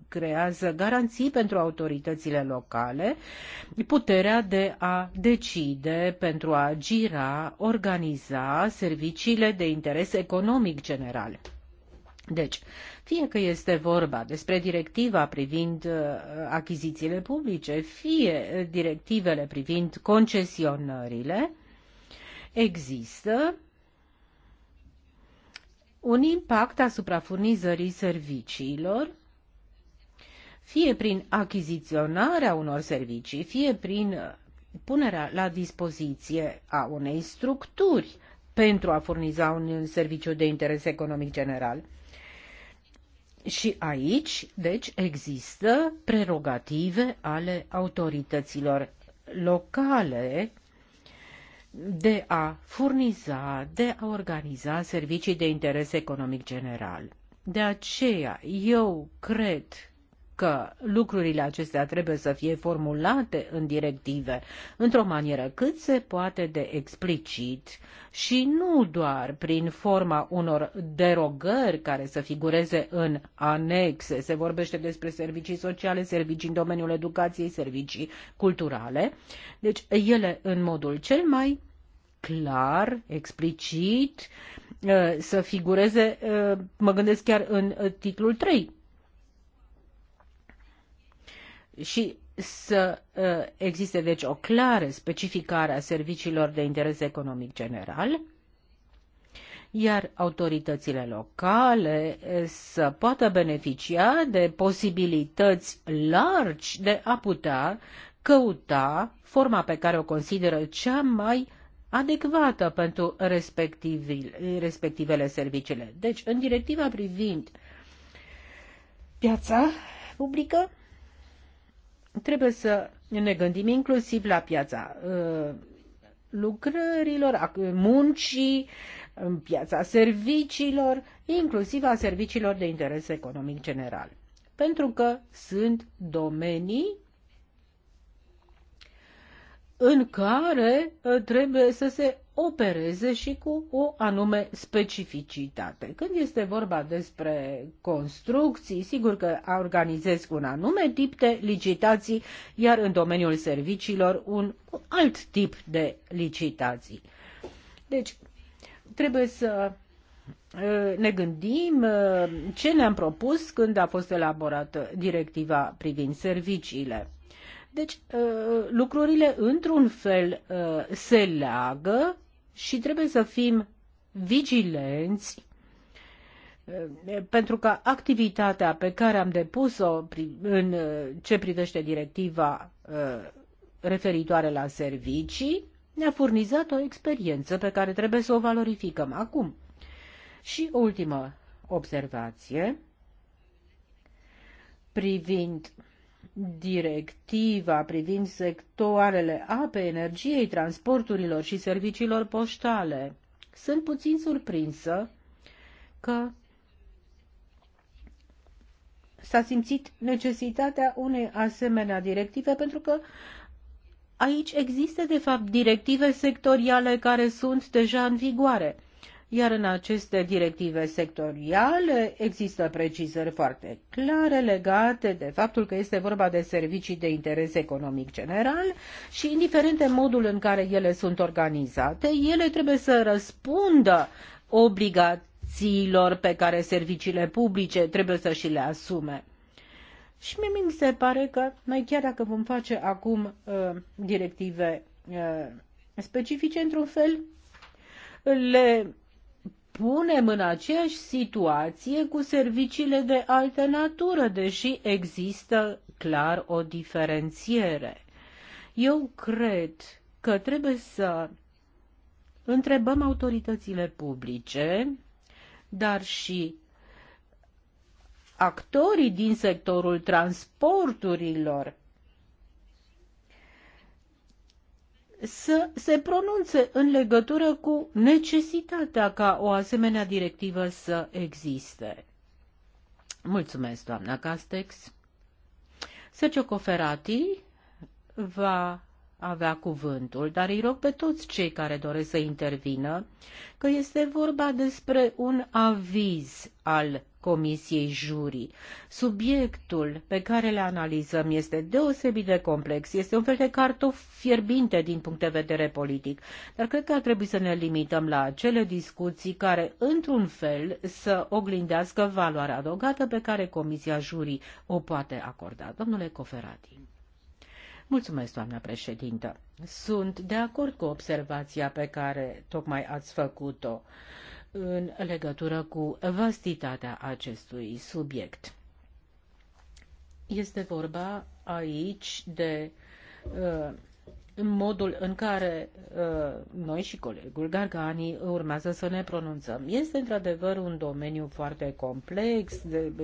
creează garanții pentru autoritățile locale puterea de a decide pentru a gira, organiza serviciile de interes economic general. Deci, fie că este vorba despre directiva privind achizițiile publice, fie directivele privind concesionările, există un impact asupra furnizării serviciilor, fie prin achiziționarea unor servicii, fie prin uh, punerea la dispoziție a unei structuri pentru a furniza un serviciu de interes economic general. Și aici, deci, există prerogative ale autorităților locale de a furniza, de a organiza servicii de interes economic general. De aceea, eu cred că lucrurile acestea trebuie să fie formulate în directive într-o manieră cât se poate de explicit și nu doar prin forma unor derogări care să figureze în anexe. Se vorbește despre servicii sociale, servicii în domeniul educației, servicii culturale. Deci ele în modul cel mai clar, explicit, uh, să figureze, uh, mă gândesc chiar în uh, titlul 3, și să uh, existe deci o clară specificare a serviciilor de interes economic general, iar autoritățile locale uh, să poată beneficia de posibilități largi de a putea căuta forma pe care o consideră cea mai adecvată pentru respectivele serviciile. Deci, în directiva privind piața publică, trebuie să ne gândim inclusiv la piața uh, lucrărilor, a muncii, piața serviciilor, inclusiv a serviciilor de interes economic general. Pentru că sunt domenii în care uh, trebuie să se opereze și cu o anume specificitate. Când este vorba despre construcții, sigur că organizez un anume tip de licitații, iar în domeniul serviciilor un alt tip de licitații. Deci, trebuie să ne gândim ce ne-am propus când a fost elaborată directiva privind serviciile. Deci lucrurile într-un fel se leagă și trebuie să fim vigilenți eh, pentru că activitatea pe care am depus-o în eh, ce privește directiva eh, referitoare la servicii ne-a furnizat o experiență pe care trebuie să o valorificăm acum. Și ultima observație privind directiva privind sectoarele apei, energiei, transporturilor și serviciilor poștale. Sunt puțin surprinsă că s-a simțit necesitatea unei asemenea directive pentru că aici există de fapt directive sectoriale care sunt deja în vigoare iar în aceste directive sectoriale există precizări foarte clare legate de faptul că este vorba de servicii de interes economic general și indiferent de modul în care ele sunt organizate, ele trebuie să răspundă obligațiilor pe care serviciile publice trebuie să și le asume. Și mie mi se pare că noi chiar dacă vom face acum uh, directive uh, specifice, într-un fel le punem în aceeași situație cu serviciile de altă natură, deși există clar o diferențiere. Eu cred că trebuie să întrebăm autoritățile publice, dar și actorii din sectorul transporturilor să se pronunțe în legătură cu necesitatea ca o asemenea directivă să existe. Mulțumesc, doamna Castex. Sergio Coferati va avea cuvântul, dar îi rog pe toți cei care doresc să intervină că este vorba despre un aviz al Comisiei Jurii. Subiectul pe care le analizăm este deosebit de complex, este un fel de cartof fierbinte din punct de vedere politic, dar cred că ar trebui să ne limităm la acele discuții care, într-un fel, să oglindească valoarea adăugată pe care Comisia Jurii o poate acorda. Domnule Coferati. Mulțumesc, doamna președintă. Sunt de acord cu observația pe care tocmai ați făcut-o în legătură cu vastitatea acestui subiect. Este vorba aici de uh, modul în care uh, noi și colegul Gargani urmează să ne pronunțăm. Este într-adevăr un domeniu foarte complex,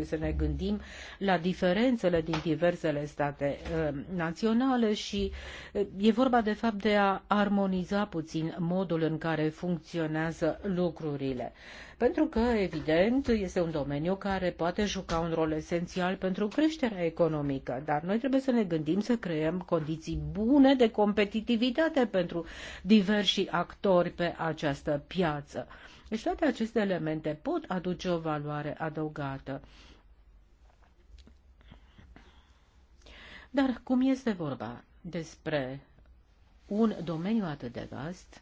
să ne gândim la diferențele din diversele state uh, naționale și uh, e vorba de fapt de a armoniza puțin modul în care funcționează lucrurile pentru că, evident, este un domeniu care poate juca un rol esențial pentru creșterea economică, dar noi trebuie să ne gândim să creăm condiții bune de competitivitate pentru diversi actori pe această piață. Deci toate aceste elemente pot aduce o valoare adăugată. Dar cum este vorba despre un domeniu atât de vast,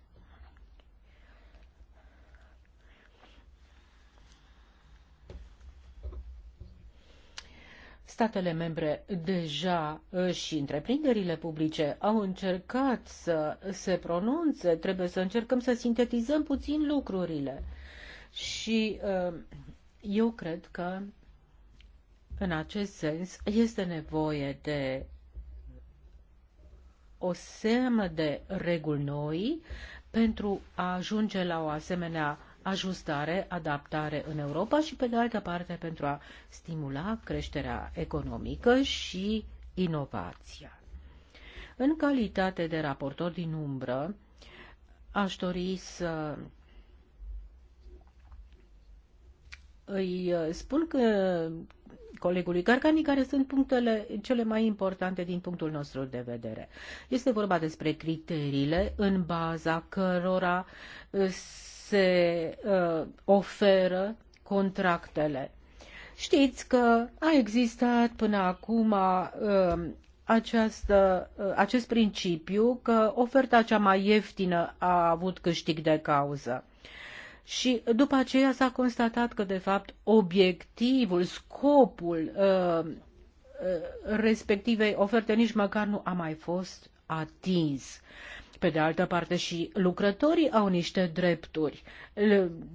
Statele membre deja uh, și întreprinderile publice au încercat să se pronunțe, trebuie să încercăm să sintetizăm puțin lucrurile. Și uh, eu cred că în acest sens este nevoie de o seamă de reguli noi pentru a ajunge la o asemenea ajustare, adaptare în Europa și, pe de altă parte, pentru a stimula creșterea economică și inovația. În calitate de raportor din umbră, aș dori să îi spun că colegului Carcani care sunt punctele cele mai importante din punctul nostru de vedere. Este vorba despre criteriile în baza cărora se uh, oferă contractele. Știți că a existat până acum uh, această, uh, acest principiu că oferta cea mai ieftină a avut câștig de cauză. Și după aceea s-a constatat că, de fapt, obiectivul, scopul uh, uh respectivei oferte nici măcar nu a mai fost atins. Uh, pe de altă parte și lucrătorii au niște drepturi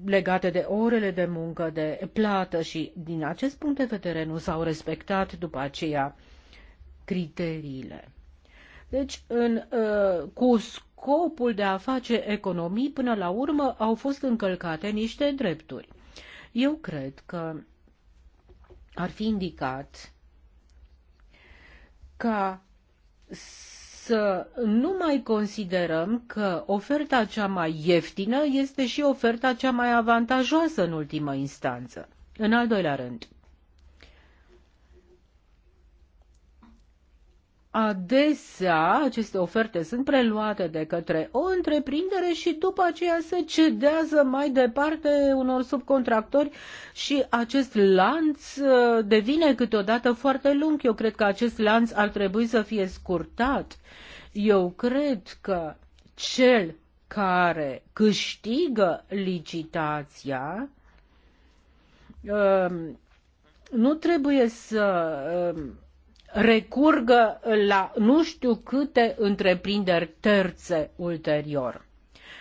legate de orele de muncă, de plată și din acest punct de vedere nu s-au respectat după aceea criteriile. Deci, în, ă, cu scopul de a face economii, până la urmă au fost încălcate niște drepturi. Eu cred că ar fi indicat ca să nu mai considerăm că oferta cea mai ieftină este și oferta cea mai avantajoasă în ultimă instanță. În al doilea rând, adesea aceste oferte sunt preluate de către o întreprindere și după aceea se cedează mai departe unor subcontractori și acest lanț uh, devine câteodată foarte lung. Eu cred că acest lanț ar trebui să fie scurtat. Eu cred că cel care câștigă licitația uh, nu trebuie să uh, recurgă la nu știu câte întreprinderi terțe ulterior.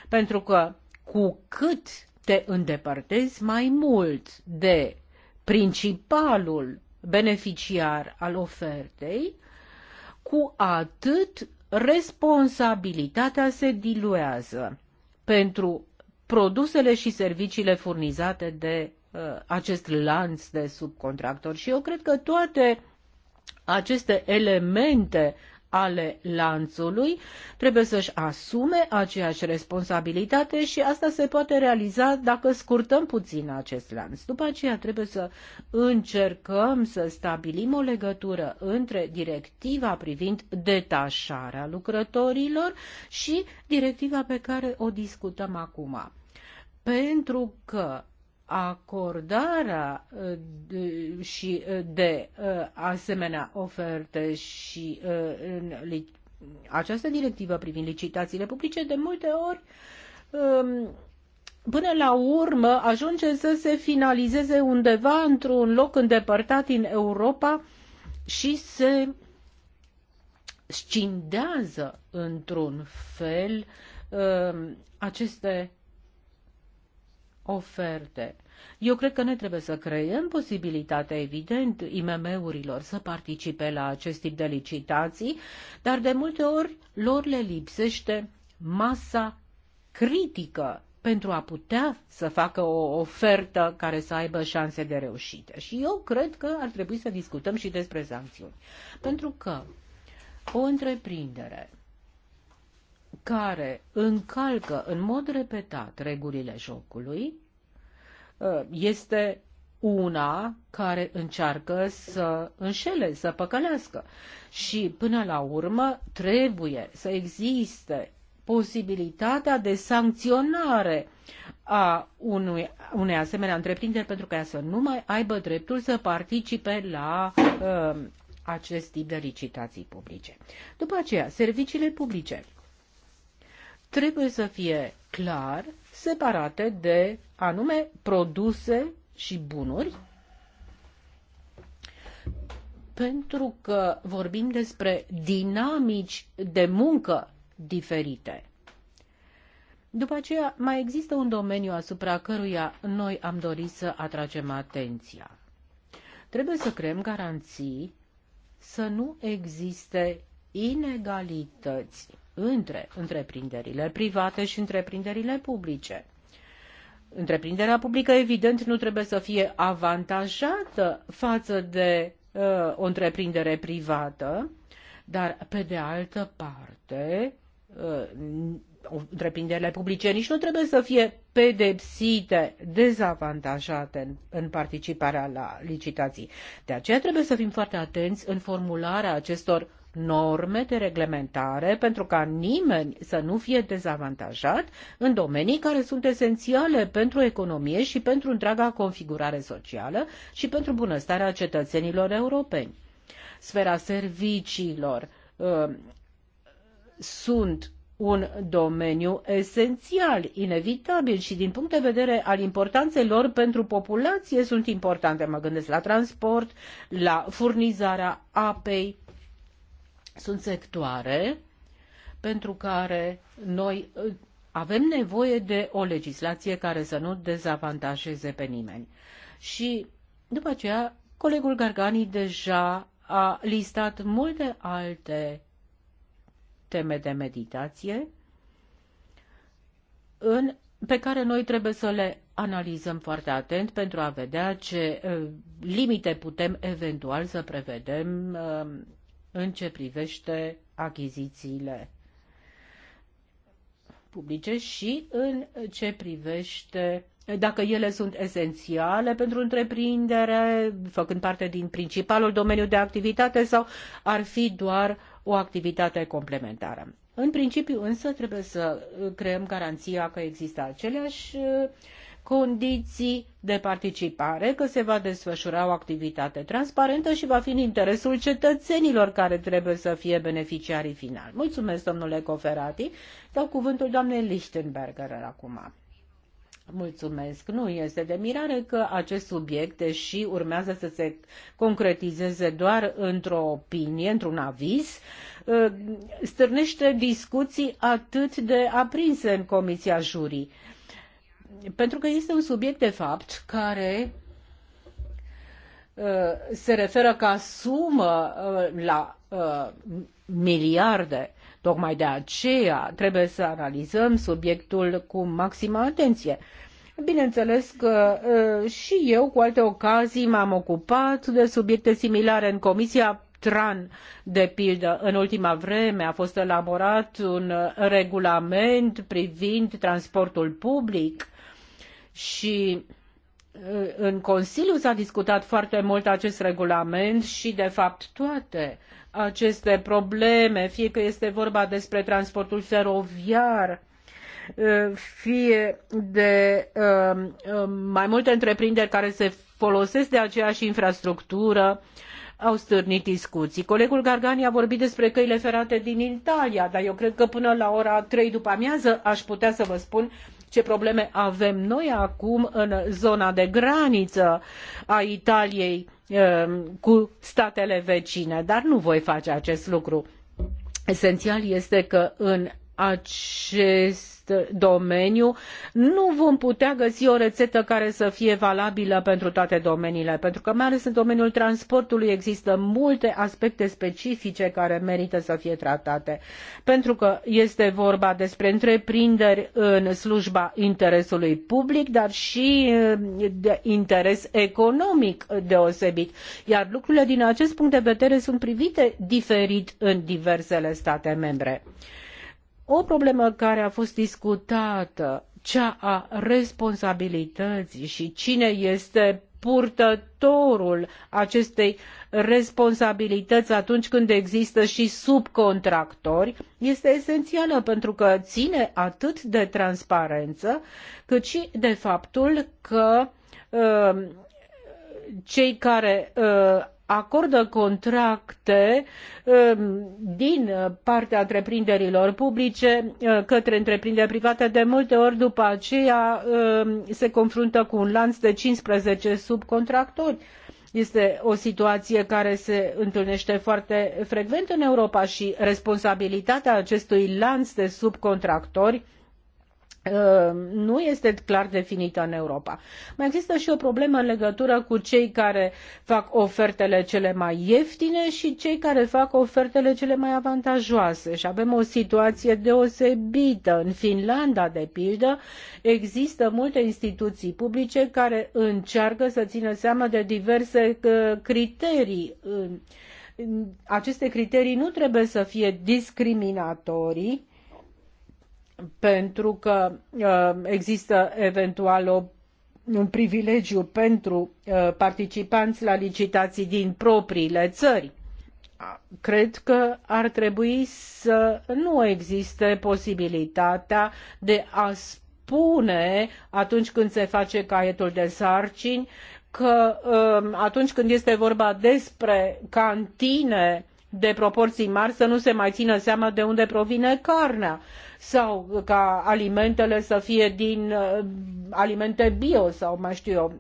Pentru că cu cât te îndepărtezi mai mult de principalul beneficiar al ofertei, cu atât responsabilitatea se diluează pentru produsele și serviciile furnizate de uh, acest lanț de subcontractori. Și eu cred că toate aceste elemente ale lanțului trebuie să-și asume aceeași responsabilitate și asta se poate realiza dacă scurtăm puțin acest lanț. După aceea trebuie să încercăm să stabilim o legătură între directiva privind detașarea lucrătorilor și directiva pe care o discutăm acum. Pentru că acordarea uh, și uh, de uh, asemenea oferte și această directivă privind licitațiile publice de multe ori um, până la urmă ajunge să se finalizeze undeva într-un loc îndepărtat în Europa și se scindează într-un fel um, aceste oferte. Eu cred că ne trebuie să creăm posibilitatea, evident, IMM-urilor să participe la acest tip de licitații, dar de multe ori lor le lipsește masa critică pentru a putea să facă o ofertă care să aibă șanse de reușită. Și eu cred că ar trebui să discutăm și despre sancțiuni. Pentru că o întreprindere care încalcă în mod repetat regulile jocului uh, este una care încearcă să înșele, să păcălească. Și până la urmă trebuie să existe posibilitatea de sancționare a unui, unei asemenea întreprinderi pentru ca ea să nu mai aibă dreptul să participe la uh, acest tip de licitații publice. După aceea, serviciile publice trebuie să fie clar separate de anume produse și bunuri, pentru că vorbim despre dinamici de muncă diferite. După aceea, mai există un domeniu asupra căruia noi am dorit să atragem atenția. Trebuie să creăm garanții să nu existe inegalități între întreprinderile private și întreprinderile publice. Întreprinderea publică, evident, nu trebuie să fie avantajată față de uh, o întreprindere privată, dar, pe de altă parte, uh, întreprinderile publice nici nu trebuie să fie pedepsite, dezavantajate în, în participarea la licitații. De aceea trebuie să fim foarte atenți în formularea acestor norme de reglementare pentru ca nimeni să nu fie dezavantajat în domenii care sunt esențiale pentru economie și pentru întreaga configurare socială și pentru bunăstarea cetățenilor europeni. Sfera serviciilor uh, sunt un domeniu esențial, inevitabil și din punct de vedere al importanței lor pentru populație sunt importante. Mă gândesc la transport, la furnizarea apei, sunt sectoare pentru care noi ă, avem nevoie de o legislație care să nu dezavantajeze pe nimeni. Și după aceea, colegul Gargani deja a listat multe alte teme de meditație în, pe care noi trebuie să le analizăm foarte atent pentru a vedea ce ă, limite putem eventual să prevedem ă, în ce privește achizițiile publice și în ce privește dacă ele sunt esențiale pentru întreprindere, făcând parte din principalul domeniu de activitate sau ar fi doar o activitate complementară. În principiu însă trebuie să creăm garanția că există aceleași uh, condiții de participare, că se va desfășura o activitate transparentă și va fi în interesul cetățenilor care trebuie să fie beneficiarii finali. Mulțumesc, domnule Coferati. Dau cuvântul doamnei Lichtenberger acum. Mulțumesc. Nu este de mirare că acest subiect, deși urmează să se concretizeze doar într-o opinie, într-un aviz, ă, stârnește discuții atât de aprinse în Comisia Jurii pentru că este un subiect de fapt care uh, se referă ca sumă uh, la uh, miliarde. Tocmai de aceea trebuie să analizăm subiectul cu maximă atenție. Bineînțeles că și eu cu alte ocazii m-am ocupat de subiecte similare în Comisia TRAN, de pildă. În ultima vreme a fost elaborat un regulament privind transportul public și în Consiliu s-a discutat foarte mult acest regulament și, de fapt, toate aceste probleme, fie că este vorba despre transportul feroviar, fie de mai multe întreprinderi care se folosesc de aceeași infrastructură, au stârnit discuții. Colegul Gargani a vorbit despre căile ferate din Italia, dar eu cred că până la ora trei după amiază aș putea să vă spun ce probleme avem noi acum în zona de graniță a Italiei ehm, cu statele vecine, dar nu voi face acest lucru. Esențial este că în acest domeniu, nu vom putea găsi o rețetă care să fie valabilă pentru toate domeniile, pentru că mai ales în domeniul transportului există multe aspecte specifice care merită să fie tratate, pentru că este vorba despre întreprinderi în slujba interesului public, dar și eh, de interes economic deosebit, iar lucrurile din acest punct de vedere sunt privite diferit în diversele state membre. O problemă care a fost discutată, cea a responsabilității și cine este purtătorul acestei responsabilități atunci când există și subcontractori este esențială pentru că ține atât de transparență cât și de faptul că uh, cei care uh, acordă contracte um, din partea întreprinderilor publice uh, către întreprinderi private, de multe ori după aceea um, se confruntă cu un lanț de 15 subcontractori. Este o situație care se întâlnește foarte frecvent în Europa și responsabilitatea acestui lanț de subcontractori Uh, nu este clar definită în Europa. Mai există și o problemă în legătură cu cei care fac ofertele cele mai ieftine și cei care fac ofertele cele mai avantajoase. Și avem o situație deosebită. În Finlanda, de pildă, există multe instituții publice care încearcă să țină seama de diverse uh, criterii. Aceste criterii nu trebuie să fie discriminatorii, pentru că uh, există eventual un privilegiu pentru uh, participanți la licitații din propriile țări. Cred că ar trebui să nu existe posibilitatea de a spune atunci când se face caietul de sarcini că um, atunci când este vorba despre cantine de proporții mari să nu se mai țină seama de unde provine carnea sau ca alimentele să fie din uh, alimente bio sau mai știu eu.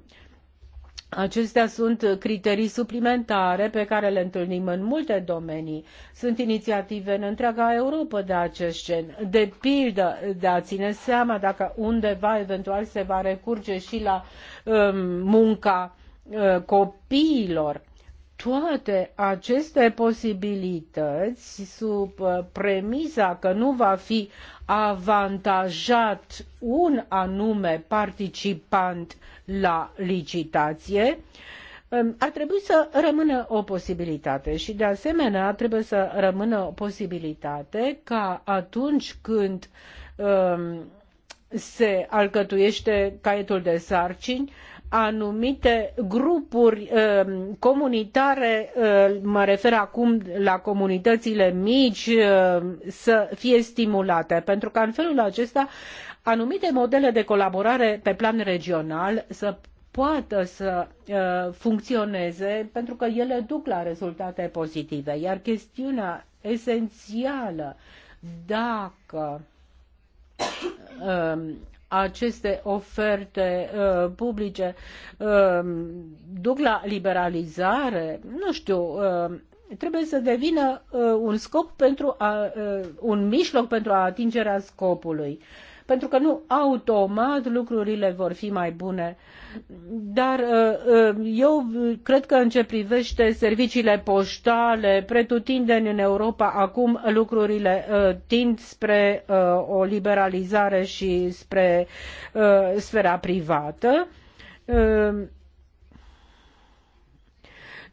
Acestea sunt criterii suplimentare pe care le întâlnim în multe domenii. Sunt inițiative în întreaga Europa de acest gen. De pildă, de a ține seama dacă undeva eventual se va recurge și la um, munca uh, copiilor toate aceste posibilități sub uh, premisa că nu va fi avantajat un anume participant la licitație, um, ar trebui să rămână o posibilitate și de asemenea trebuie să rămână o posibilitate ca atunci când um, se alcătuiește caietul de sarcini anumite grupuri ehm, comunitare, ehm, mă refer acum la comunitățile mici, ehm, să fie stimulate, pentru că în felul acesta anumite modele de colaborare pe plan regional să poată să funcționeze, pentru că ele duc la rezultate pozitive. Iar chestiunea esențială, dacă aceste oferte uh, publice uh, duc la liberalizare, nu știu, uh, trebuie să devină uh, un scop pentru a, uh, un mijloc pentru a atingerea scopului. Uh, pentru că nu automat lucrurile vor fi mai bune. Dar uh, uh, eu cred că în ce privește serviciile poștale, pretutindeni în Europa, acum lucrurile uh, tind spre o liberalizare și spre sfera privată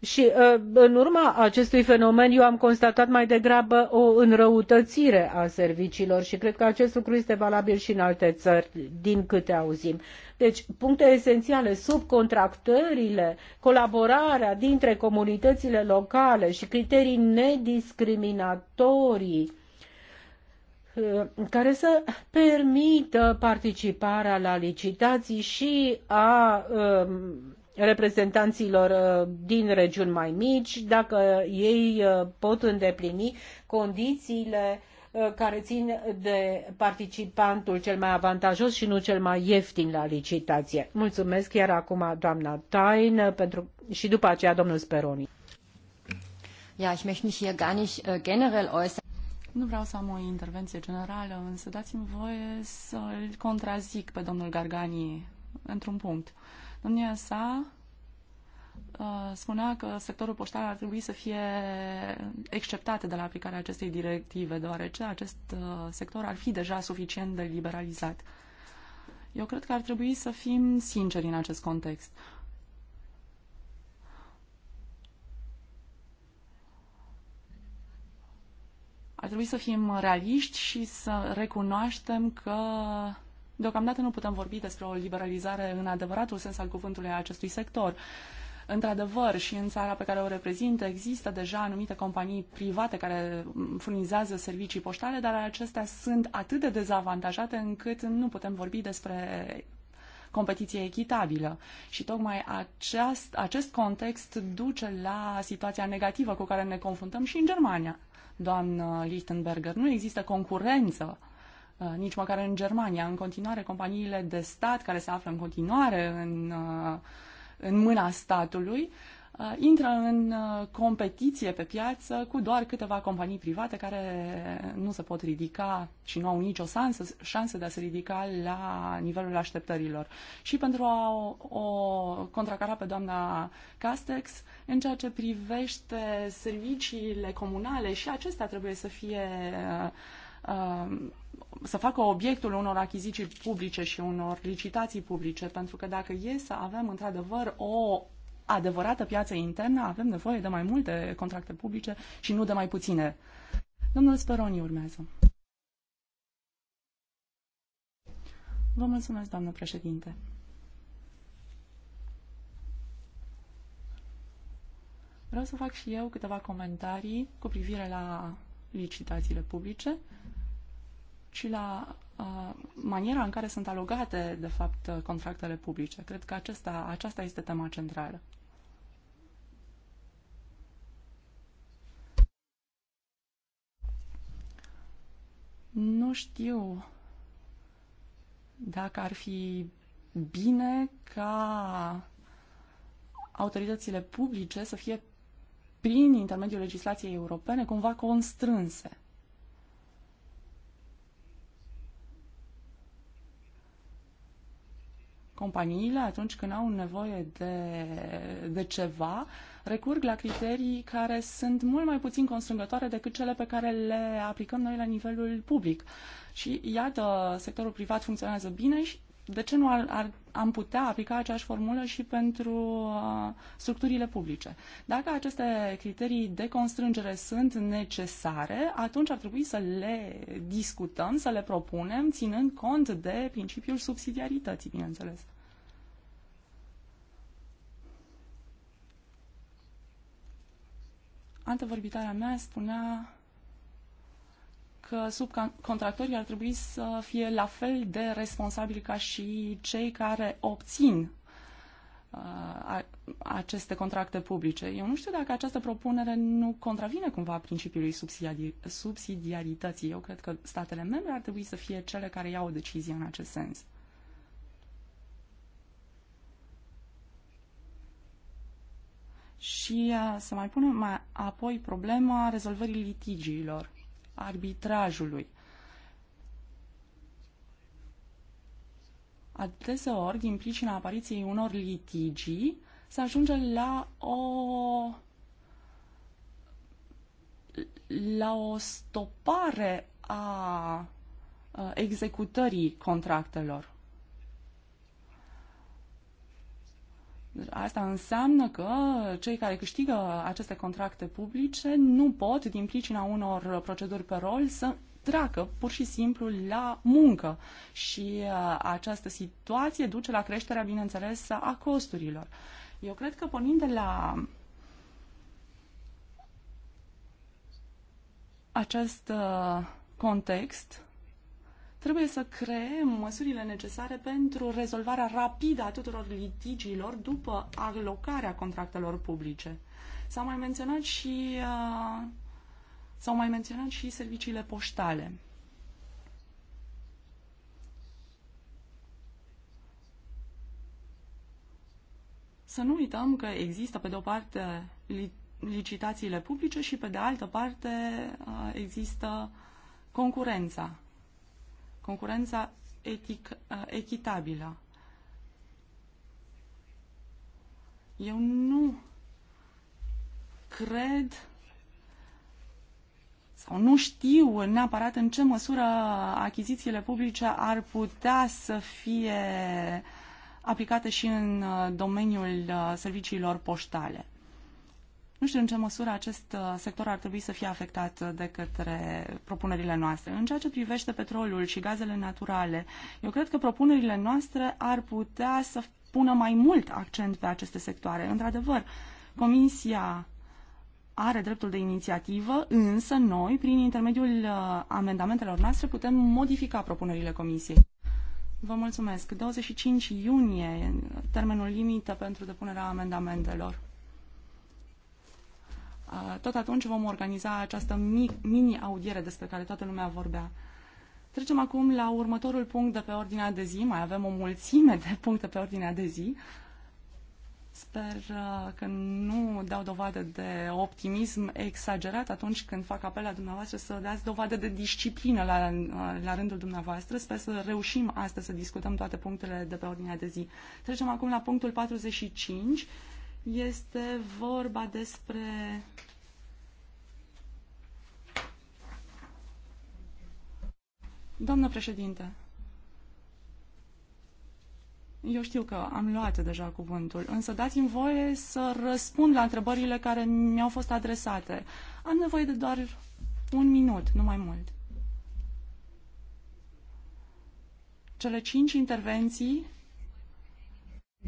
și uh, în urma acestui fenomen eu am constatat mai degrabă o înrăutățire a serviciilor și cred că acest lucru este valabil și în alte țări, din câte auzim. Deci, puncte esențiale, subcontractările, colaborarea dintre comunitățile locale și criterii nediscriminatorii uh, care să permită participarea la licitații și a um, reprezentanților uh, din regiuni mai mici, dacă ei uh, pot îndeplini condițiile uh, care țin de participantul cel mai avantajos și nu cel mai ieftin la licitație. Mulțumesc chiar acum doamna Tain pentru, și după aceea domnul Speroni. Ja, ich möchte mich hier gar nicht äh, generell äußern. Nu vreau să am o intervenție generală, însă dați-mi voie să-l contrazic pe domnul Gargani într-un punct. Uh, Domnia sa uh, spunea că sectorul poștal ar trebui să fie exceptat de la aplicarea acestei directive, deoarece acest uh, sector ar fi deja suficient de liberalizat. Eu cred că ar trebui să fim sinceri în acest context. Ar trebui să fim realiști și să recunoaștem că Deocamdată nu putem vorbi despre o liberalizare în adevăratul sens al cuvântului a acestui sector. Într-adevăr, și în țara pe care o reprezintă există deja anumite companii private care mm, furnizează servicii poștale, dar acestea sunt atât de dezavantajate încât nu putem vorbi despre competiție echitabilă. Și tocmai aceast, acest context duce la situația negativă cu care ne confruntăm și în Germania. Doamnă Lichtenberger, nu există concurență Uh, nici măcar în Germania. În continuare, companiile de stat, care se află în continuare în, uh, în mâna statului, uh, intră în competiție pe piață cu doar câteva companii private care nu se pot ridica și nu au nicio șansă, șansă de a se ridica la nivelul așteptărilor. Și pentru a o, o contracara pe doamna Castex, în ceea ce privește serviciile comunale, și acestea trebuie să fie uh, Um, să facă obiectul unor achiziții publice și unor licitații publice, pentru că dacă e să avem într-adevăr o adevărată piață internă, avem nevoie de mai multe contracte publice și nu de mai puține. Domnul Speroni urmează. Vă mulțumesc, doamnă președinte. Vreau să fac și eu câteva comentarii cu privire la licitațiile publice ci la maniera în care sunt alogate, de fapt, contractele publice. Cred că acesta, aceasta este tema centrală. Nu știu dacă ar fi bine ca autoritățile publice să fie, prin intermediul legislației europene, cumva constrânse companiile, atunci când au nevoie de, de ceva, recurg la criterii care sunt mult mai puțin constrângătoare decât cele pe care le aplicăm noi la nivelul public. Și iată, sectorul privat funcționează bine și de ce nu ar, ar, am putea aplica aceeași formulă și pentru uh, structurile publice? Dacă aceste criterii de constrângere sunt necesare, atunci ar trebui să le discutăm, să le propunem, ținând cont de principiul subsidiarității, bineînțeles. Antevorbitarea mea spunea că subcontractorii ar trebui să fie la fel de responsabili ca și cei care obțin uh, aceste contracte publice. Eu nu știu dacă această propunere nu contravine cumva principiului subsidiarității. Eu cred că statele membre ar trebui să fie cele care iau o decizie în acest sens. Și uh, să mai punem mai apoi problema rezolvării litigiilor arbitrajului. Adeseori, din pricina apariției unor litigii, se ajunge la o la o stopare a executării contractelor. asta înseamnă că cei care câștigă aceste contracte publice nu pot, din pricina unor proceduri pe rol, să treacă pur și simplu la muncă. Și uh, această situație duce la creșterea, bineînțeles, a costurilor. Eu cred că pornind de la acest uh, context, Trebuie să creăm măsurile necesare pentru rezolvarea rapidă a tuturor litigiilor după alocarea contractelor publice. S-au mai menționat și uh, s-au mai menționat și serviciile poștale. Să nu uităm că există, pe de o parte, licitațiile publice și, pe de altă parte, uh, există concurența concurența etic, echitabilă. Eu nu cred sau nu știu neapărat în ce măsură achizițiile publice ar putea să fie aplicate și în uh, domeniul uh, serviciilor poștale. Nu știu în ce măsură acest uh, sector ar trebui să fie afectat uh, de către propunerile noastre. În ceea ce privește petrolul și gazele naturale, eu cred că propunerile noastre ar putea să pună mai mult accent pe aceste sectoare. Într-adevăr, Comisia are dreptul de inițiativă, însă noi, prin intermediul uh, amendamentelor noastre, putem modifica propunerile Comisiei. Vă mulțumesc. 25 iunie, termenul limită pentru depunerea amendamentelor. Uh, tot atunci vom organiza această mini-audiere despre care toată lumea vorbea. Trecem acum la următorul punct de pe ordinea de zi. Mai avem o mulțime de puncte pe ordinea de zi. Sper uh, că nu dau dovadă de optimism exagerat atunci când fac apel la dumneavoastră să dați dovadă de disciplină la, uh, la rândul dumneavoastră. Sper să reușim astăzi să discutăm toate punctele de pe ordinea de zi. Trecem acum la punctul 45 este vorba despre Doamnă președinte, eu știu că am luat deja cuvântul, însă dați-mi voie să răspund la întrebările care mi-au fost adresate. Am nevoie de doar un minut, nu mai mult. Cele cinci intervenții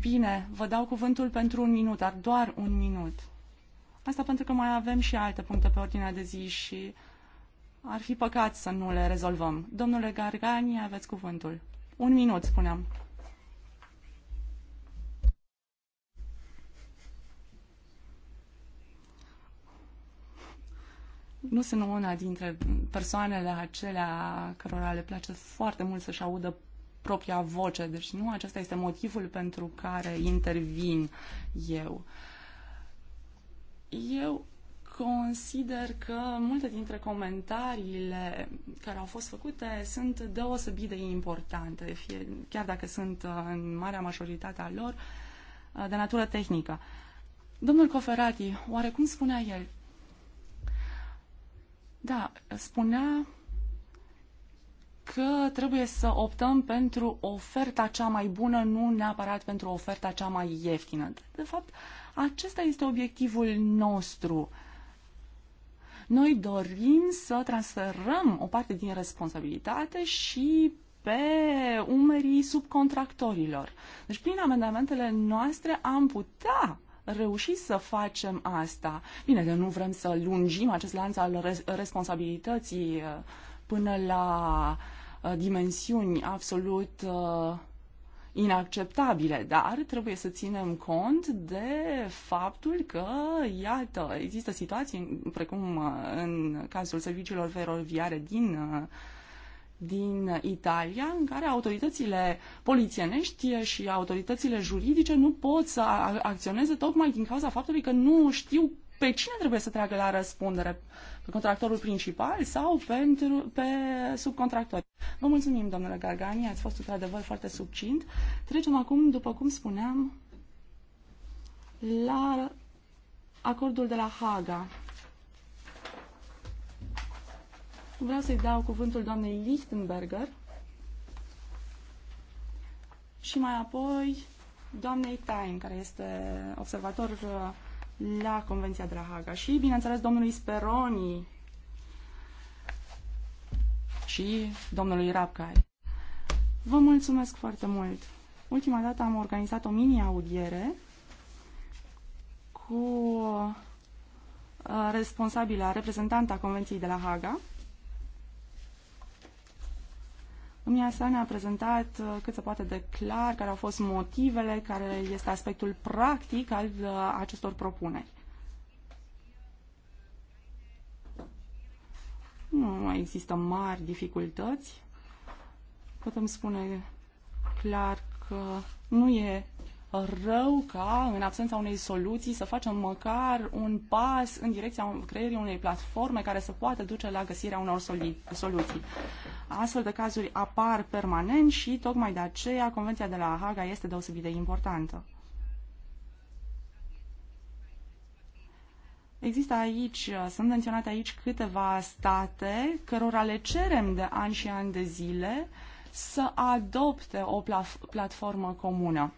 Bine, vă dau cuvântul pentru un minut, dar doar un minut. Asta pentru că mai avem și alte puncte pe ordinea de zi și ar fi păcat să nu le rezolvăm. Domnule Gargani, aveți cuvântul. Un minut, spuneam. nu sunt una dintre persoanele acelea cărora le place foarte mult să-și audă propria voce. Deci nu acesta este motivul pentru care intervin eu. Eu consider că multe dintre comentariile care au fost făcute sunt deosebit de importante, fie, chiar dacă sunt uh, în marea majoritate a lor uh, de natură tehnică. Domnul Coferati, oare cum spunea el? Da, spunea că trebuie să optăm pentru oferta cea mai bună, nu neapărat pentru oferta cea mai ieftină. De fapt, acesta este obiectivul nostru. Noi dorim să transferăm o parte din responsabilitate și pe umerii subcontractorilor. Deci, prin amendamentele noastre am putea reuși să facem asta. Bine că nu vrem să lungim acest lanț al responsabilității uh, până la Uh, dimensiuni absolut uh, inacceptabile, dar trebuie să ținem cont de faptul că, iată, există situații precum uh, în cazul serviciilor feroviare din din Italia, în care autoritățile polițienești și autoritățile juridice nu pot să acționeze tocmai din cauza faptului că nu știu pe cine trebuie să treacă la răspundere uh, contractorul principal sau pentru, pe subcontractori. Vă mulțumim, domnule Gargani, ați fost într-adevăr foarte subcint. Trecem acum, după cum spuneam, la acordul de la Haga. Vreau să-i dau cuvântul doamnei Lichtenberger și mai apoi doamnei Tain, care este observator uh, la Convenția de la Haga și, bineînțeles, domnului Speroni și domnului Rapcai. Vă mulțumesc foarte mult! Ultima dată am organizat o mini-audiere cu uh, responsabila, reprezentanta Convenției de la Haga, Domnia sa ne-a prezentat uh, cât se poate de clar care au fost motivele, care este aspectul practic al uh, acestor propuneri. Nu mai există mari dificultăți. Putem spune clar că nu e rău ca, în absența unei soluții, să facem măcar un pas în direcția creierii unei platforme care să poată duce la găsirea unor soluții. Astfel de cazuri apar permanent și tocmai de aceea Convenția de la Haga este deosebit de importantă. Există aici, sunt menționate aici câteva state cărora le cerem de ani și ani de zile să adopte o platformă comună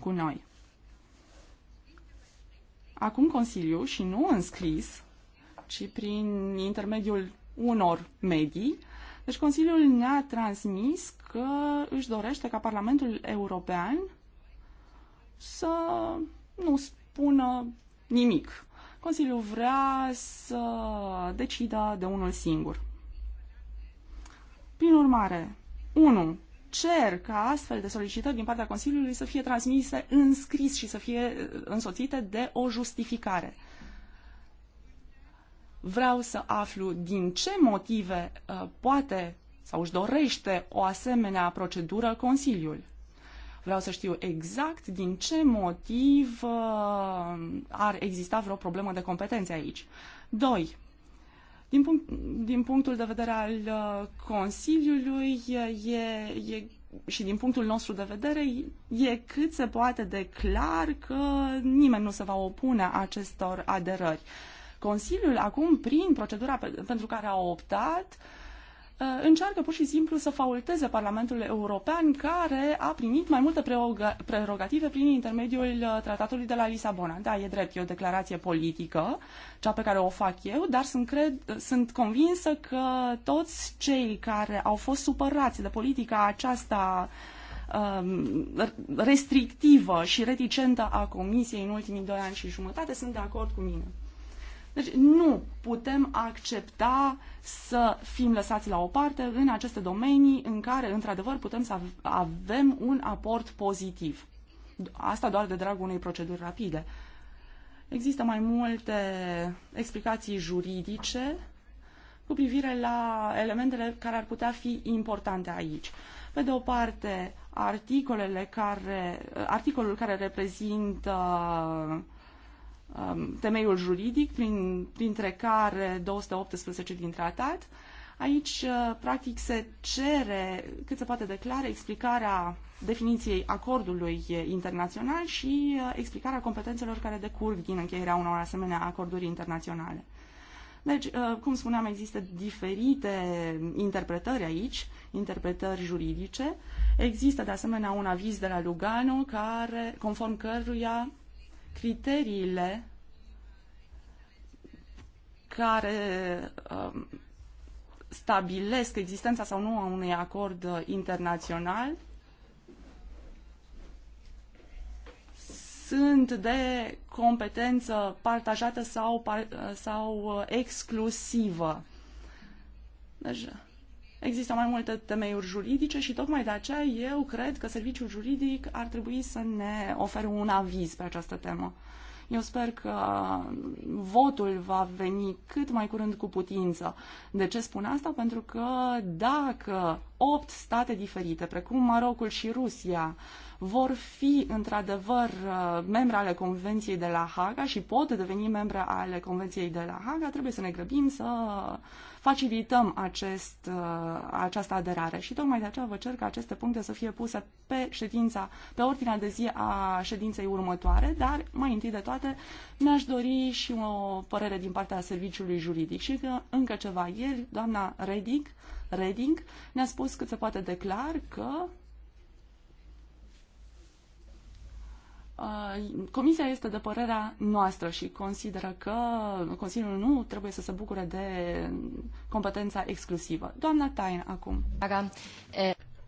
cu noi. Acum Consiliu și nu în scris, ci prin intermediul unor medii, deci Consiliul ne-a transmis că își dorește ca Parlamentul European să nu spună nimic. Consiliul vrea să decida de unul singur. Prin urmare, 1 cer ca astfel de solicitări din partea Consiliului să fie transmise în scris și să fie uh, însoțite de o justificare. Vreau să aflu din ce motive uh, poate sau își dorește o asemenea procedură Consiliul. Vreau să știu exact din ce motiv uh, ar exista vreo problemă de competență aici. 2. Din, punct, din punctul de vedere al uh, Consiliului e, e, și din punctul nostru de vedere e cât se poate de clar că nimeni nu se va opune acestor aderări. Consiliul acum, prin procedura pe, pentru care a optat, uh, Uh, încearcă pur și simplu să faulteze Parlamentul European, care a primit mai multe prerogative prin intermediul uh, tratatului de la Lisabona. Da, e drept, e o declarație politică, cea pe care o fac eu, dar sunt, cred, sunt convinsă că toți cei care au fost supărați de politica aceasta um, restrictivă și reticentă a Comisiei în ultimii doi ani și jumătate sunt de acord cu mine. Deci nu putem accepta să fim lăsați la o parte în aceste domenii în care, într-adevăr, putem să avem un aport pozitiv. Asta doar de dragul unei proceduri rapide. Există mai multe explicații juridice cu privire la elementele care ar putea fi importante aici. Pe de o parte, articolele care, articolul care reprezintă uh, Um, temeiul juridic, prin, printre care 218 din tratat. Aici, uh, practic, se cere cât se poate declara explicarea definiției acordului internațional și uh, explicarea competențelor care decurg din încheierea unor asemenea acorduri internaționale. Deci, uh, cum spuneam, există diferite interpretări aici, interpretări juridice. Există, de asemenea, un aviz de la Lugano, care, conform căruia criteriile care um, stabilesc existența sau nu a unui acord internațional sunt de competență partajată sau, par, sau uh, exclusivă. Deci, Există mai multe temeiuri juridice și tocmai de aceea eu cred că serviciul juridic ar trebui să ne ofere un aviz pe această temă. Eu sper că votul va veni cât mai curând cu putință. De ce spun asta? Pentru că dacă opt state diferite, precum Marocul și Rusia, vor fi într-adevăr uh, membre ale Convenției de la Haga și pot deveni membre ale Convenției de la Haga, trebuie să ne grăbim să facilităm acest, uh, această aderare. Și tocmai de aceea vă cer ca aceste puncte să fie puse pe ședința, pe ordinea de zi a ședinței următoare, dar mai întâi de toate mi-aș dori și o părere din partea serviciului juridic. Și că încă ceva ieri, doamna Redic, Reding ne-a spus cât se poate declar că Uh, comisia este de părerea noastră și consideră că Consiliul nu trebuie să se bucure de competența exclusivă. Doamna Tain, acum.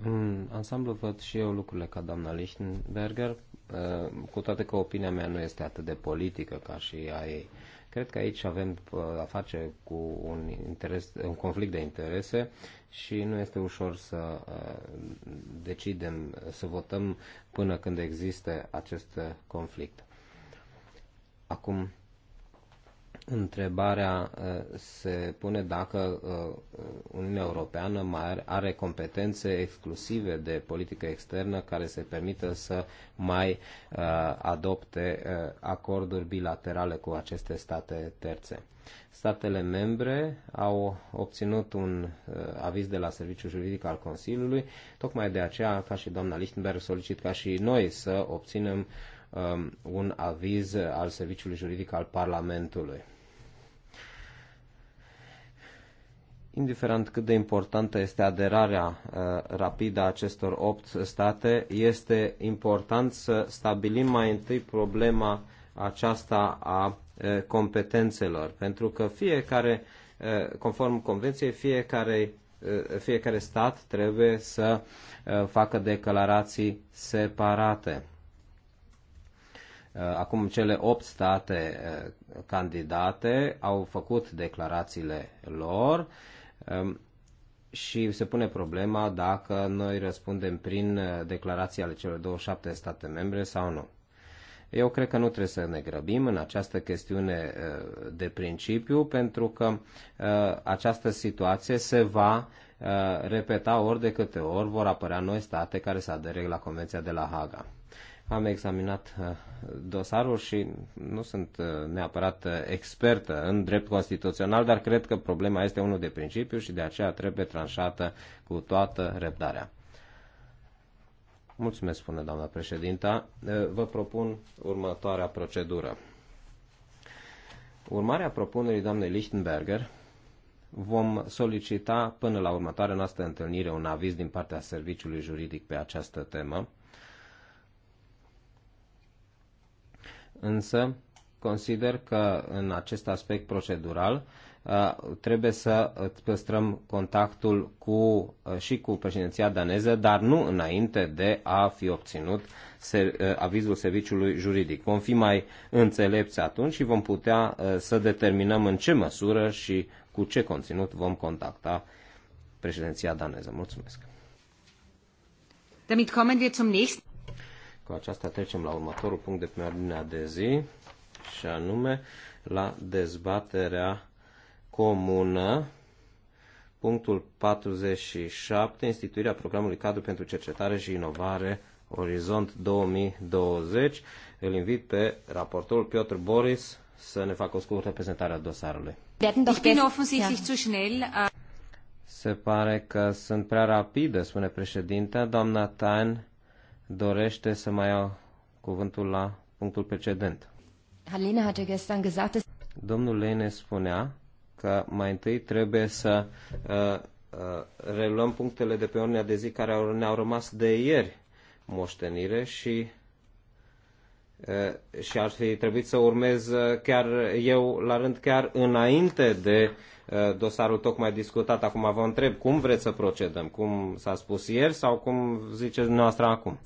În ansamblu văd și eu lucrurile ca doamna Lichtenberger, uh, cu toate că opinia mea nu este atât de politică ca și a ei. Cred că aici avem uh, a face cu un, interes, un conflict de interese și nu este ușor să uh, decidem, să votăm până când există acest conflict. Acum, întrebarea uh, se pune dacă uh, Uniunea Europeană mai are competențe exclusive de politică externă care se permită să mai adopte acorduri bilaterale cu aceste state terțe statele membre au obținut un uh, aviz de la Serviciul Juridic al Consiliului. Tocmai de aceea, ca și doamna Lichtenberg, solicit ca și noi să obținem um, un aviz al Serviciului Juridic al Parlamentului. indiferent cât de importantă este aderarea uh, rapidă a acestor opt state, este important să stabilim mai întâi problema aceasta a Eh, competențelor, pentru că fiecare, eh, conform convenției, fiecare, eh, fiecare stat trebuie să facă declarații separate. Acum cele opt state candidate au făcut declarațiile lor ehm, și se pune problema dacă noi răspundem prin declarația ale celor 27 state membre sau nu. Eu cred că nu trebuie să ne grăbim în această chestiune uh, de principiu, pentru că uh, această situație se va uh, repeta ori de câte ori vor apărea noi state care să adere la Convenția de la Haga. Am examinat dosarul și nu sunt neapărat expertă în drept constituțional, dar cred că problema este unul de principiu și de aceea trebuie tranșată cu toată răbdarea. Mulțumesc, spune doamna președinta. Vă propun următoarea procedură. Urmarea propunerii doamnei Lichtenberger, vom solicita până la următoarea noastră întâlnire un aviz din partea serviciului juridic pe această temă. Însă, consider că în acest aspect procedural Uh, trebuie să păstrăm contactul cu, uh, și cu președinția daneză, dar nu înainte de a fi obținut uh, avizul serviciului juridic. Vom fi mai înțelepți atunci și vom putea să determinăm în ce măsură și cu ce conținut vom contacta președinția daneză. Mulțumesc! Damit kommen wir zum nächsten. Cu aceasta trecem la următorul punct de pe ordinea de zi și anume la dezbaterea comună, punctul 47, instituirea programului cadru pentru cercetare și inovare Orizont 2020. Îl invit pe raportorul Piotr Boris să ne facă o scurtă prezentare a dosarului. Ich bin offensichtlich zu schnell. Äh, Se pare că sunt prea rapidă, spune președinta. Doamna Tan dorește să mai iau cuvântul la punctul precedent. Domnul Lene spunea că mai întâi trebuie să uh, uh, reluăm punctele de pe ordinea de zi care au, ne-au rămas de ieri moștenire și uh, și ar fi trebuit să urmez uh, chiar eu, la rând, chiar înainte de uh, dosarul tocmai discutat. Acum vă întreb cum vreți să procedăm, cum s-a spus ieri sau cum ziceți dumneavoastră acum.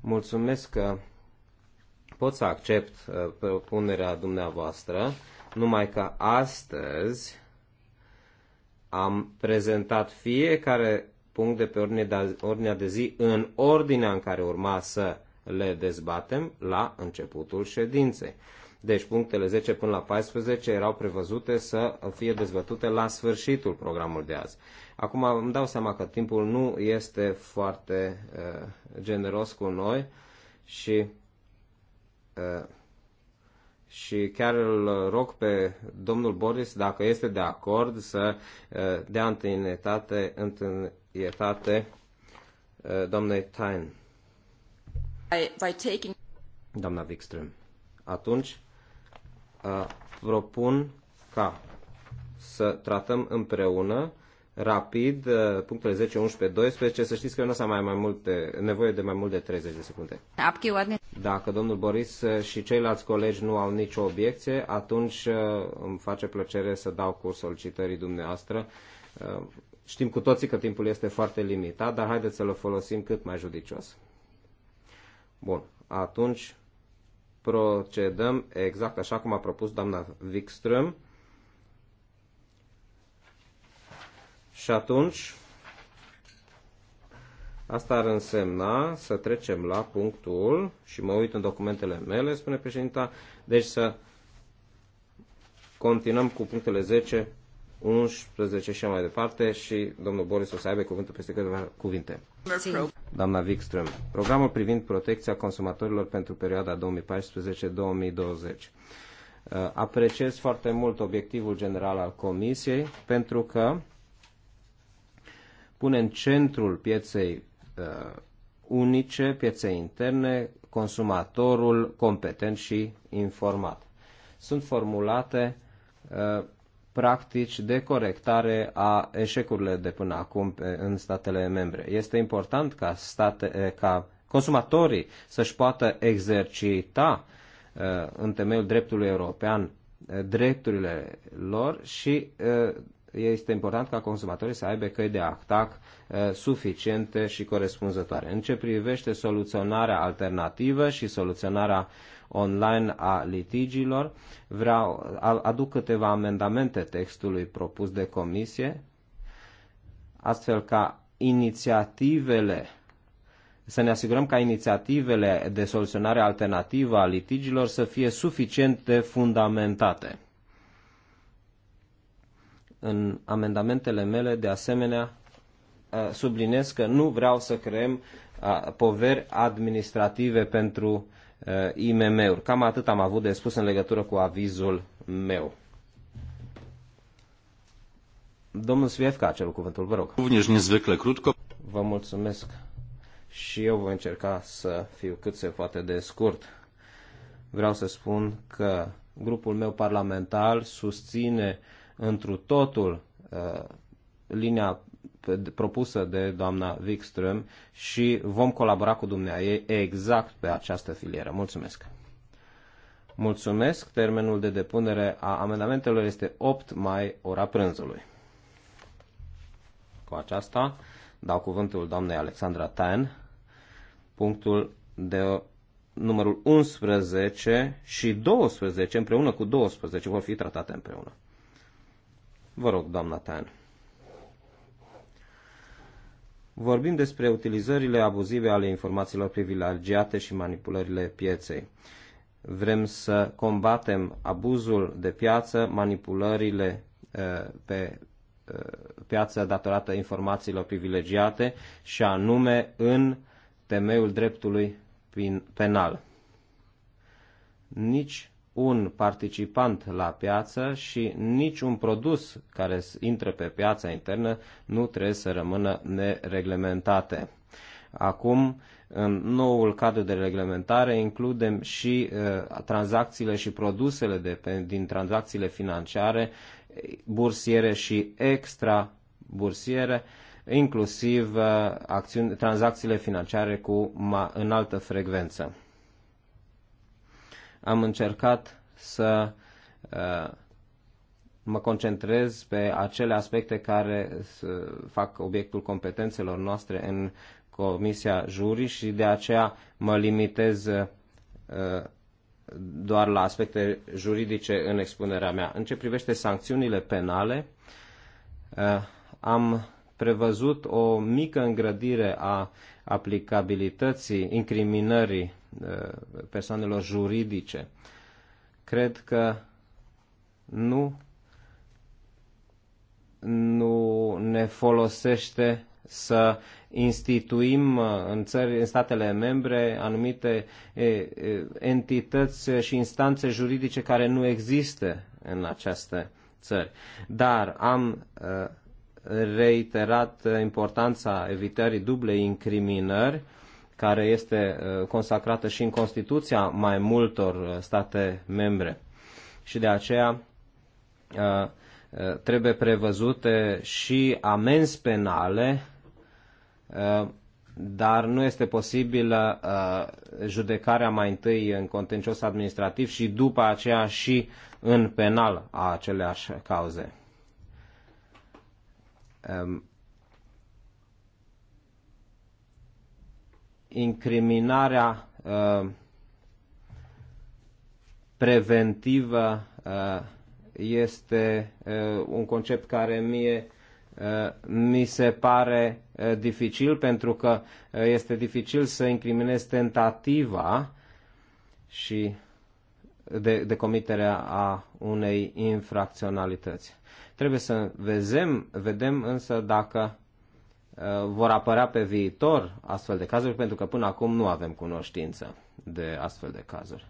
Mulțumesc că pot să accept uh, propunerea dumneavoastră numai că astăzi am prezentat fiecare punct de pe ordine de, ordinea de zi în ordinea în care urma să le dezbatem la începutul ședinței. Deci punctele 10 până la 14 erau prevăzute să fie dezbătute la sfârșitul programului de azi. Acum îmi dau seama că timpul nu este foarte uh, generos cu noi și uh, și chiar îl rog pe domnul Boris, dacă este de acord, să dea întâlnietate, întâlnietate doamnei Tain. By taking... Doamna Wikström. Atunci, propun ca să tratăm împreună rapid uh, punctele 10, 11, 12. Să știți că nu o să mai mai multe, nevoie de mai mult de 30 de secunde. Dacă domnul Boris uh, și ceilalți colegi nu au nicio obiecție, atunci uh, îmi face plăcere să dau curs solicitării dumneavoastră. Știm cu toții că timpul este foarte limitat, dar haideți să-l folosim cât mai judicios. Bun, atunci procedăm exact așa cum a propus doamna Wikström Și atunci, asta ar însemna să trecem la punctul, și mă uit în documentele mele, spune președinta, deci să continuăm cu punctele 10, 11 și mai departe și domnul Boris o să aibă cuvântul peste câteva cuvinte. Doamna Wikström, programul privind protecția consumatorilor pentru perioada 2014-2020. Apreciez foarte mult obiectivul general al Comisiei pentru că pune în centrul pieței uh, unice, pieței interne, consumatorul competent și informat. Sunt formulate uh, practici de corectare a eșecurilor de până acum în statele membre. Este important ca, state, eh, ca consumatorii să-și poată exercita eh, în temeiul dreptului european eh, drepturile lor și este important ca consumatorii să aibă căi de atac uh, suficiente și corespunzătoare. În ce privește soluționarea alternativă și soluționarea online a litigiilor, vreau, aduc câteva amendamente textului propus de comisie, astfel ca inițiativele să ne asigurăm ca inițiativele de soluționare alternativă a litigilor să fie suficient de fundamentate în amendamentele mele, de asemenea, subliniez că nu vreau să creăm poveri administrative pentru IMM-uri. Cam atât am avut de spus în legătură cu avizul meu. Domnul Sviefka a cerut cuvântul, vă rog. Vă mulțumesc și eu voi încerca să fiu cât se poate de scurt. Vreau să spun că grupul meu parlamentar susține uh, întru totul uh, linia propusă de doamna Wikström și vom colabora cu dumneavoastră exact pe această filieră. Mulțumesc! Mulțumesc! Termenul de depunere a amendamentelor este 8 mai, ora prânzului. Cu aceasta dau cuvântul doamnei Alexandra Tan, punctul de numărul 11 și 12, împreună cu 12, vor fi tratate împreună. Vă rog, doamna Tan. Vorbim despre utilizările abuzive ale informațiilor privilegiate și manipulările pieței. Vrem să combatem abuzul de piață, manipulările uh, pe uh, piață datorată informațiilor privilegiate și anume în temeiul dreptului penal. Nici un participant la piață și niciun produs care intră pe piața internă nu trebuie să rămână nereglementate. Acum, în noul cadru de reglementare, includem și uh, tranzacțiile și produsele de pe, din tranzacțiile financiare, bursiere și extra bursiere, inclusiv uh, acțiuni, tranzacțiile financiare cu ma, înaltă frecvență am încercat să uh, mă concentrez pe acele aspecte care uh, fac obiectul competențelor noastre în comisia juri și de aceea mă limitez uh, doar la aspecte juridice în expunerea mea. În ce privește sancțiunile penale, am prevăzut o mică îngrădire a aplicabilității incriminării Eh, persoanelor juridice. Cred că nu, nu ne folosește să instituim eh, în, țări, în statele membre anumite eh, entități și instanțe juridice care nu există în aceste țări. Dar am reiterat importanța evitării dublei incriminări care este uh, consacrată și în Constituția mai multor uh, state membre. Și de aceea uh, trebuie prevăzute și amenzi penale, dar nu este posibilă judecarea mai întâi în contencios administrativ și după aceea și în penal a aceleași cauze um, incriminarea uh, preventivă uh, este uh, un concept care mie mi se pare dificil pentru că este dificil să incriminezi tentativa și de, de comiterea a unei infracționalități. Trebuie să vedem, vedem însă dacă Uh, vor apărea pe viitor astfel de cazuri, pentru că până acum nu avem cunoștință de astfel de cazuri.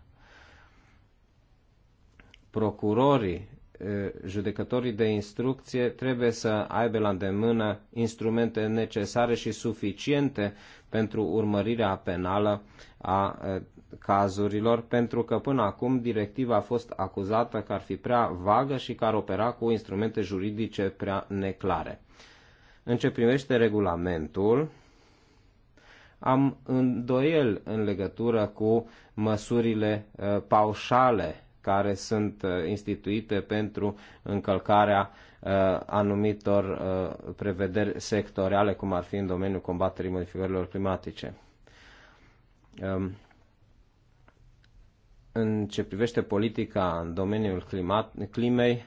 Procurorii, uh, judecătorii de instrucție trebuie să aibă la îndemână instrumente necesare și suficiente pentru urmărirea penală a uh, cazurilor, pentru că până acum directiva a fost acuzată că ar fi prea vagă și că ar opera cu instrumente juridice prea neclare. În ce privește regulamentul, am îndoiel în legătură cu măsurile uh, paușale care sunt uh, instituite pentru încălcarea uh, anumitor prevederi sectoriale, cum ar fi în domeniul combaterii modificărilor climatice. Um, în ce privește politica în domeniul climat, climei,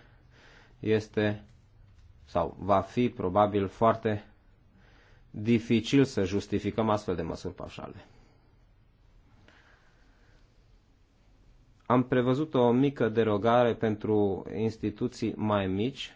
este sau va fi probabil foarte dificil să justificăm astfel de măsuri pașale. Am prevăzut o mică derogare pentru instituții mai mici,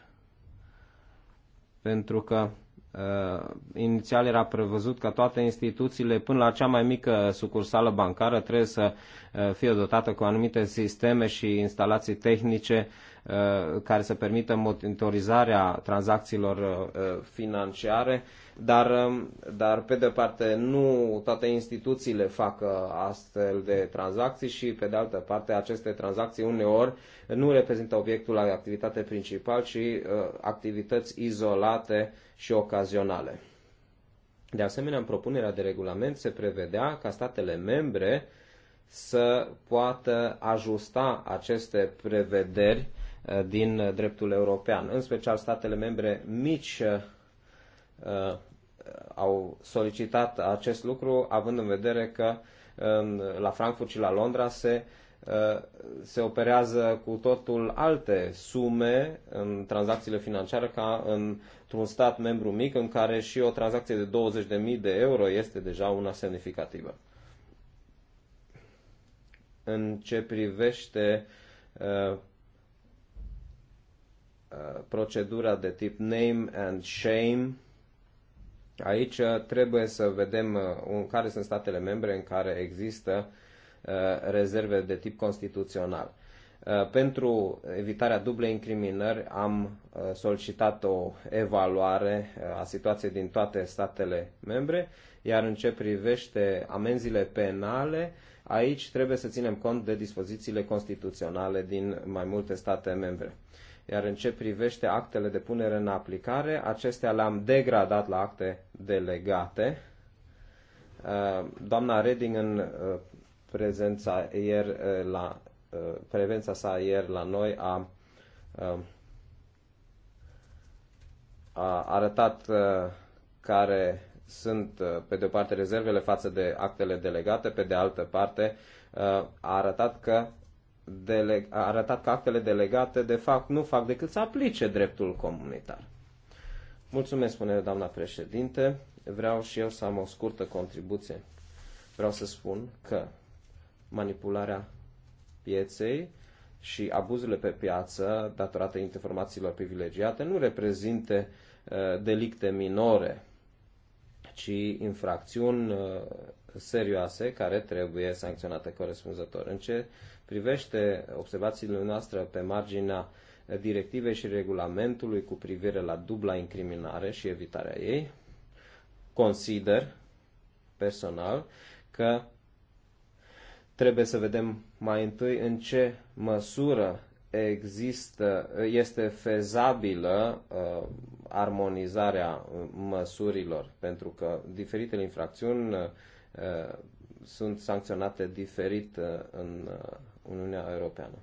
pentru că uh, inițial era prevăzut că toate instituțiile, până la cea mai mică sucursală bancară, trebuie să uh, fie dotată cu anumite sisteme și instalații tehnice uh, Uh, care să permită monitorizarea tranzacțiilor uh, uh, financiare, dar, um, dar pe de parte nu toate instituțiile fac astfel de tranzacții și pe de altă parte aceste tranzacții uneori nu reprezintă obiectul la activitate principal, ci activități izolate și ocazionale. De asemenea, în propunerea de regulament se prevedea ca statele membre să poată ajusta aceste prevederi Uh, din uh, dreptul european. În special statele membre mici uh, au solicitat acest lucru, având în vedere că um, la Frankfurt și la Londra se, se operează cu totul alte sume în tranzacțiile financiare ca într-un stat membru mic în care și o tranzacție de 20.000 de euro este deja una semnificativă. În ce privește Uh, procedura de tip name and shame. Aici uh, trebuie să vedem uh, care sunt statele membre în care există rezerve de tip constituțional. Pentru evitarea dublei incriminări am solicitat o evaluare a situației din toate statele membre, iar în ce privește amenziile penale, aici trebuie să ținem cont de dispozițiile constituționale din mai multe state membre. Iar în ce privește actele de punere în aplicare, acestea le-am degradat la acte delegate. Uh, doamna Reding în uh, prezența ieri uh, la prevența sa ieri la noi a, a arătat care sunt, pe de o parte, rezervele față de actele delegate, pe de altă parte, a arătat că a arătat că actele delegate, de fapt, nu fac decât să aplice dreptul comunitar. Mulțumesc, spune doamna președinte. Vreau și eu să am o scurtă contribuție. Vreau să spun că manipularea pieței și abuzurile pe piață, datorate informațiilor privilegiate, nu reprezintă uh, delicte minore, ci infracțiuni uh, serioase care trebuie sancționate corespunzător. În ce privește observațiile noastre pe marginea directivei și regulamentului cu privire la dubla incriminare și evitarea ei, consider personal că trebuie să vedem mai întâi în ce măsură există, este fezabilă uh, armonizarea măsurilor, pentru că diferitele infracțiuni uh, sunt sancționate diferit uh, în uh, Uniunea Europeană.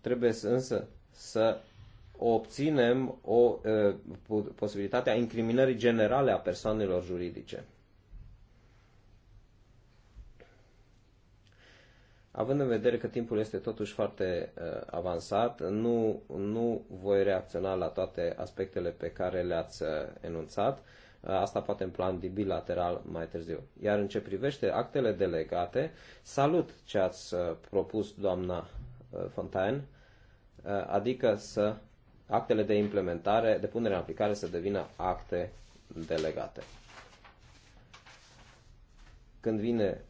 Trebuie însă să obținem o posibilitate a incriminării generale a persoanelor juridice. Având în vedere că timpul este totuși foarte uh, avansat, nu, nu voi reacționa la toate aspectele pe care le-ați uh, enunțat. Uh, Uh, asta poate în plan bilateral mai târziu. Iar în ce privește actele delegate, salut ce ați uh, propus, doamna uh, Fontaine, adică să actele de implementare, de punere în aplicare să devină acte delegate. Când vine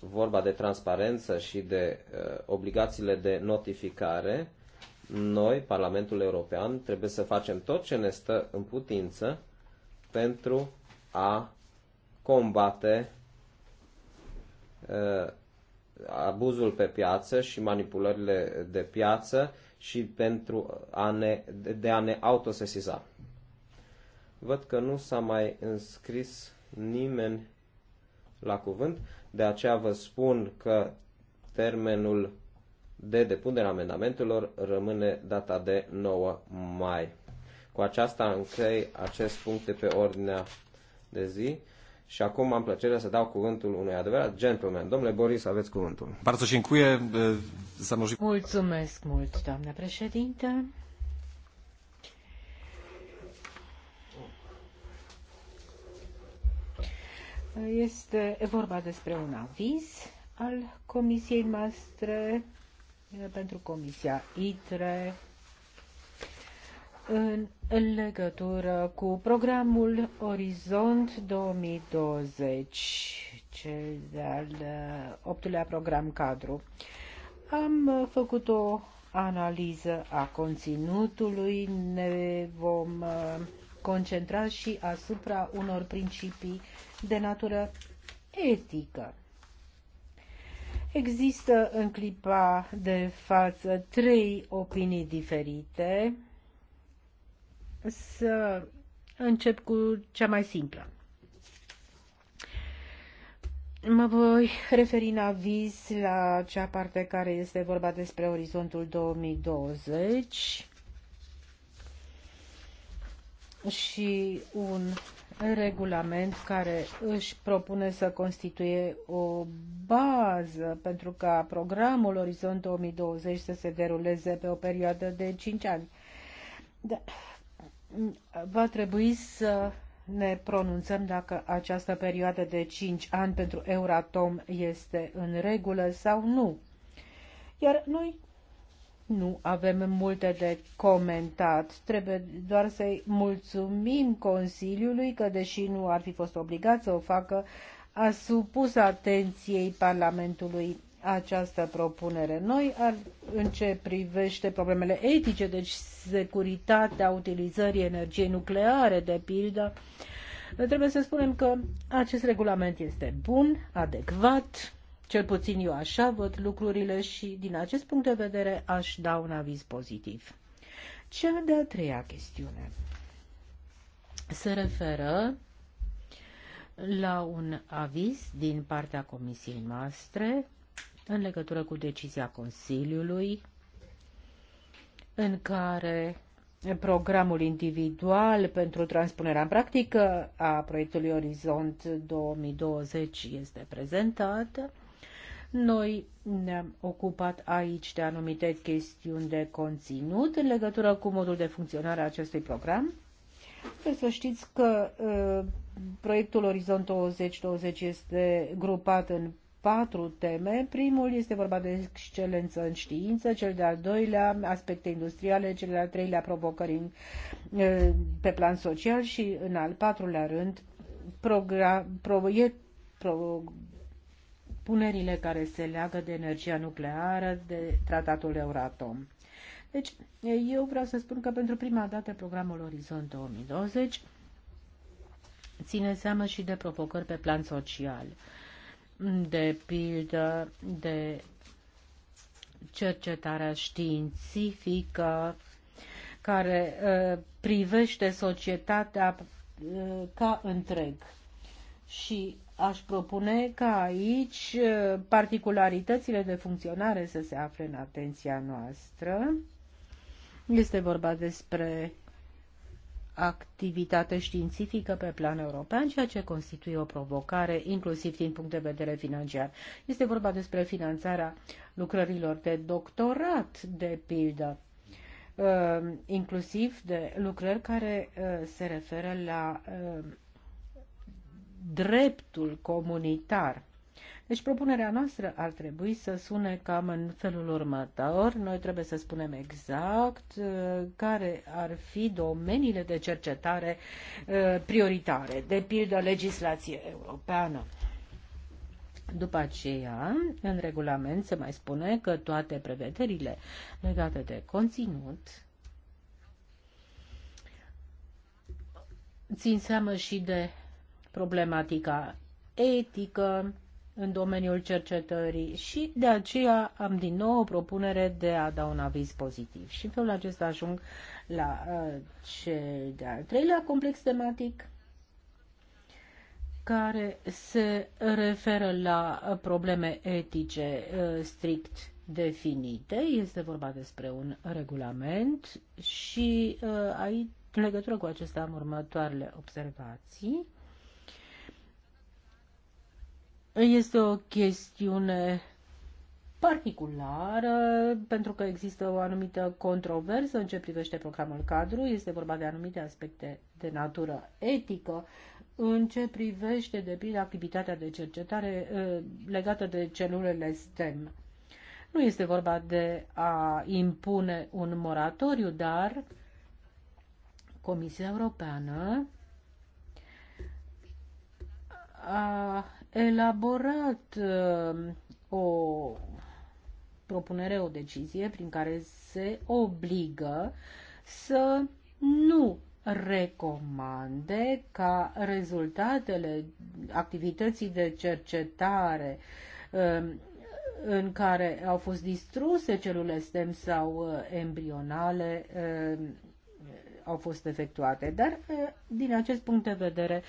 vorba de transparență și de uh, obligațiile de notificare, noi, Parlamentul European, trebuie să facem tot ce ne stă în putință pentru a combate uh, abuzul pe piață și manipulările de piață și pentru a ne, de a ne autosesiza. Văd că nu s-a mai înscris nimeni la cuvânt, de aceea vă spun că termenul de depunere a amendamentelor rămâne data de 9 mai. Cu aceasta închei acest punct de pe ordinea de zi. Și acum am plăcerea să dau cuvântul unui adevărat gentleman. Domnule Boris, aveți cuvântul. Bardzo să za Mulțumesc mult, doamna președinte. Este vorba despre un aviz al comisiei noastre pentru Comisia ITRE în legătură cu programul Orizont 2020, cel de-al uh, optulea program cadru. Am uh, făcut o analiză a conținutului, ne vom uh, concentra și asupra unor principii de natură etică. Există în clipa de față trei opinii diferite să încep cu cea mai simplă. Mă voi referi în aviz la cea parte care este vorba despre orizontul 2020 și un regulament care își propune să constituie o bază pentru ca programul Orizont 2020 să se deruleze pe o perioadă de 5 ani. Da, va trebui să ne pronunțăm dacă această perioadă de 5 ani pentru Euratom este în regulă sau nu. Iar noi nu avem multe de comentat. Trebuie doar să-i mulțumim Consiliului că, deși nu ar fi fost obligat să o facă, a supus atenției Parlamentului această propunere. Noi, în ce privește problemele etice, deci securitatea utilizării energiei nucleare, de pildă, trebuie să spunem că acest regulament este bun, adecvat, cel puțin eu așa văd lucrurile și din acest punct de vedere aș da un aviz pozitiv. Cea de-a treia chestiune se referă la un aviz din partea comisiei noastre în legătură cu decizia Consiliului în care programul individual pentru transpunerea în practică a proiectului Orizont 2020 este prezentat. Noi ne-am ocupat aici de anumite chestiuni de conținut în legătură cu modul de funcționare a acestui program. Trebuie să știți că uh, proiectul Orizont 2020 este grupat în patru teme. Primul este vorba de excelență în știință, cel de-al doilea aspecte industriale, cel de-al treilea provocări pe plan social și în al patrulea rând propunerile pro, punerile care se leagă de energia nucleară, de tratatul Euratom. Deci, eu vreau să spun că pentru prima dată programul Orizont 2020 ține seamă și de provocări pe plan social. Uh, de pildă de cercetarea științifică care uh, privește societatea uh, ca întreg. Și aș propune ca aici uh, particularitățile de funcționare să se afle în atenția noastră. Este vorba despre activitate științifică pe plan european, ceea ce constituie o provocare, inclusiv din punct de vedere financiar. Este vorba despre finanțarea lucrărilor de doctorat, de pildă, uh, inclusiv de lucrări care uh, se referă la uh, dreptul comunitar. Deci propunerea noastră ar trebui să sune cam în felul următor. Noi trebuie să spunem exact uh, care ar fi domeniile de cercetare uh, prioritare, de pildă legislație europeană. După aceea, în regulament se mai spune că toate prevederile legate de conținut țin seamă și de problematica etică, în domeniul cercetării și de aceea am din nou o propunere de a da un aviz pozitiv. Și în felul acesta ajung la uh, cel de-al treilea complex tematic care se referă la probleme etice uh, strict definite. Este vorba despre un regulament și uh, aici, în legătură cu acestea am următoarele observații este o chestiune particulară, pentru că există o anumită controversă în ce privește programul cadru, este vorba de anumite aspecte de natură etică, în ce privește, de pildă, activitatea de cercetare eh, legată de celulele STEM. Nu este vorba de a impune un moratoriu, dar Comisia Europeană a elaborat uh, o propunere, o decizie prin care se obligă să nu recomande ca rezultatele activității de cercetare um, în care au fost distruse celule stem sau uh, embrionale um, au fost efectuate, dar din acest punct de vedere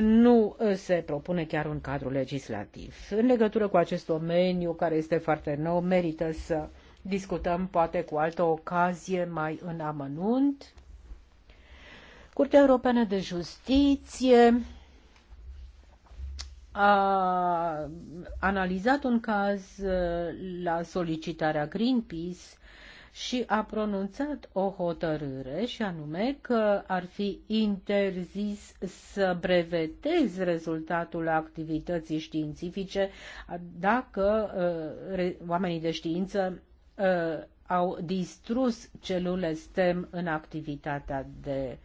nu se propune chiar un cadru legislativ. În legătură cu acest domeniu, care este foarte nou, merită să discutăm poate cu altă ocazie mai în amănunt. Curtea Europeană de Justiție a analizat un caz la solicitarea Greenpeace și a pronunțat o hotărâre și anume că ar fi interzis să brevetezi rezultatul activității științifice dacă uh, oamenii de știință uh, au distrus celule STEM în activitatea de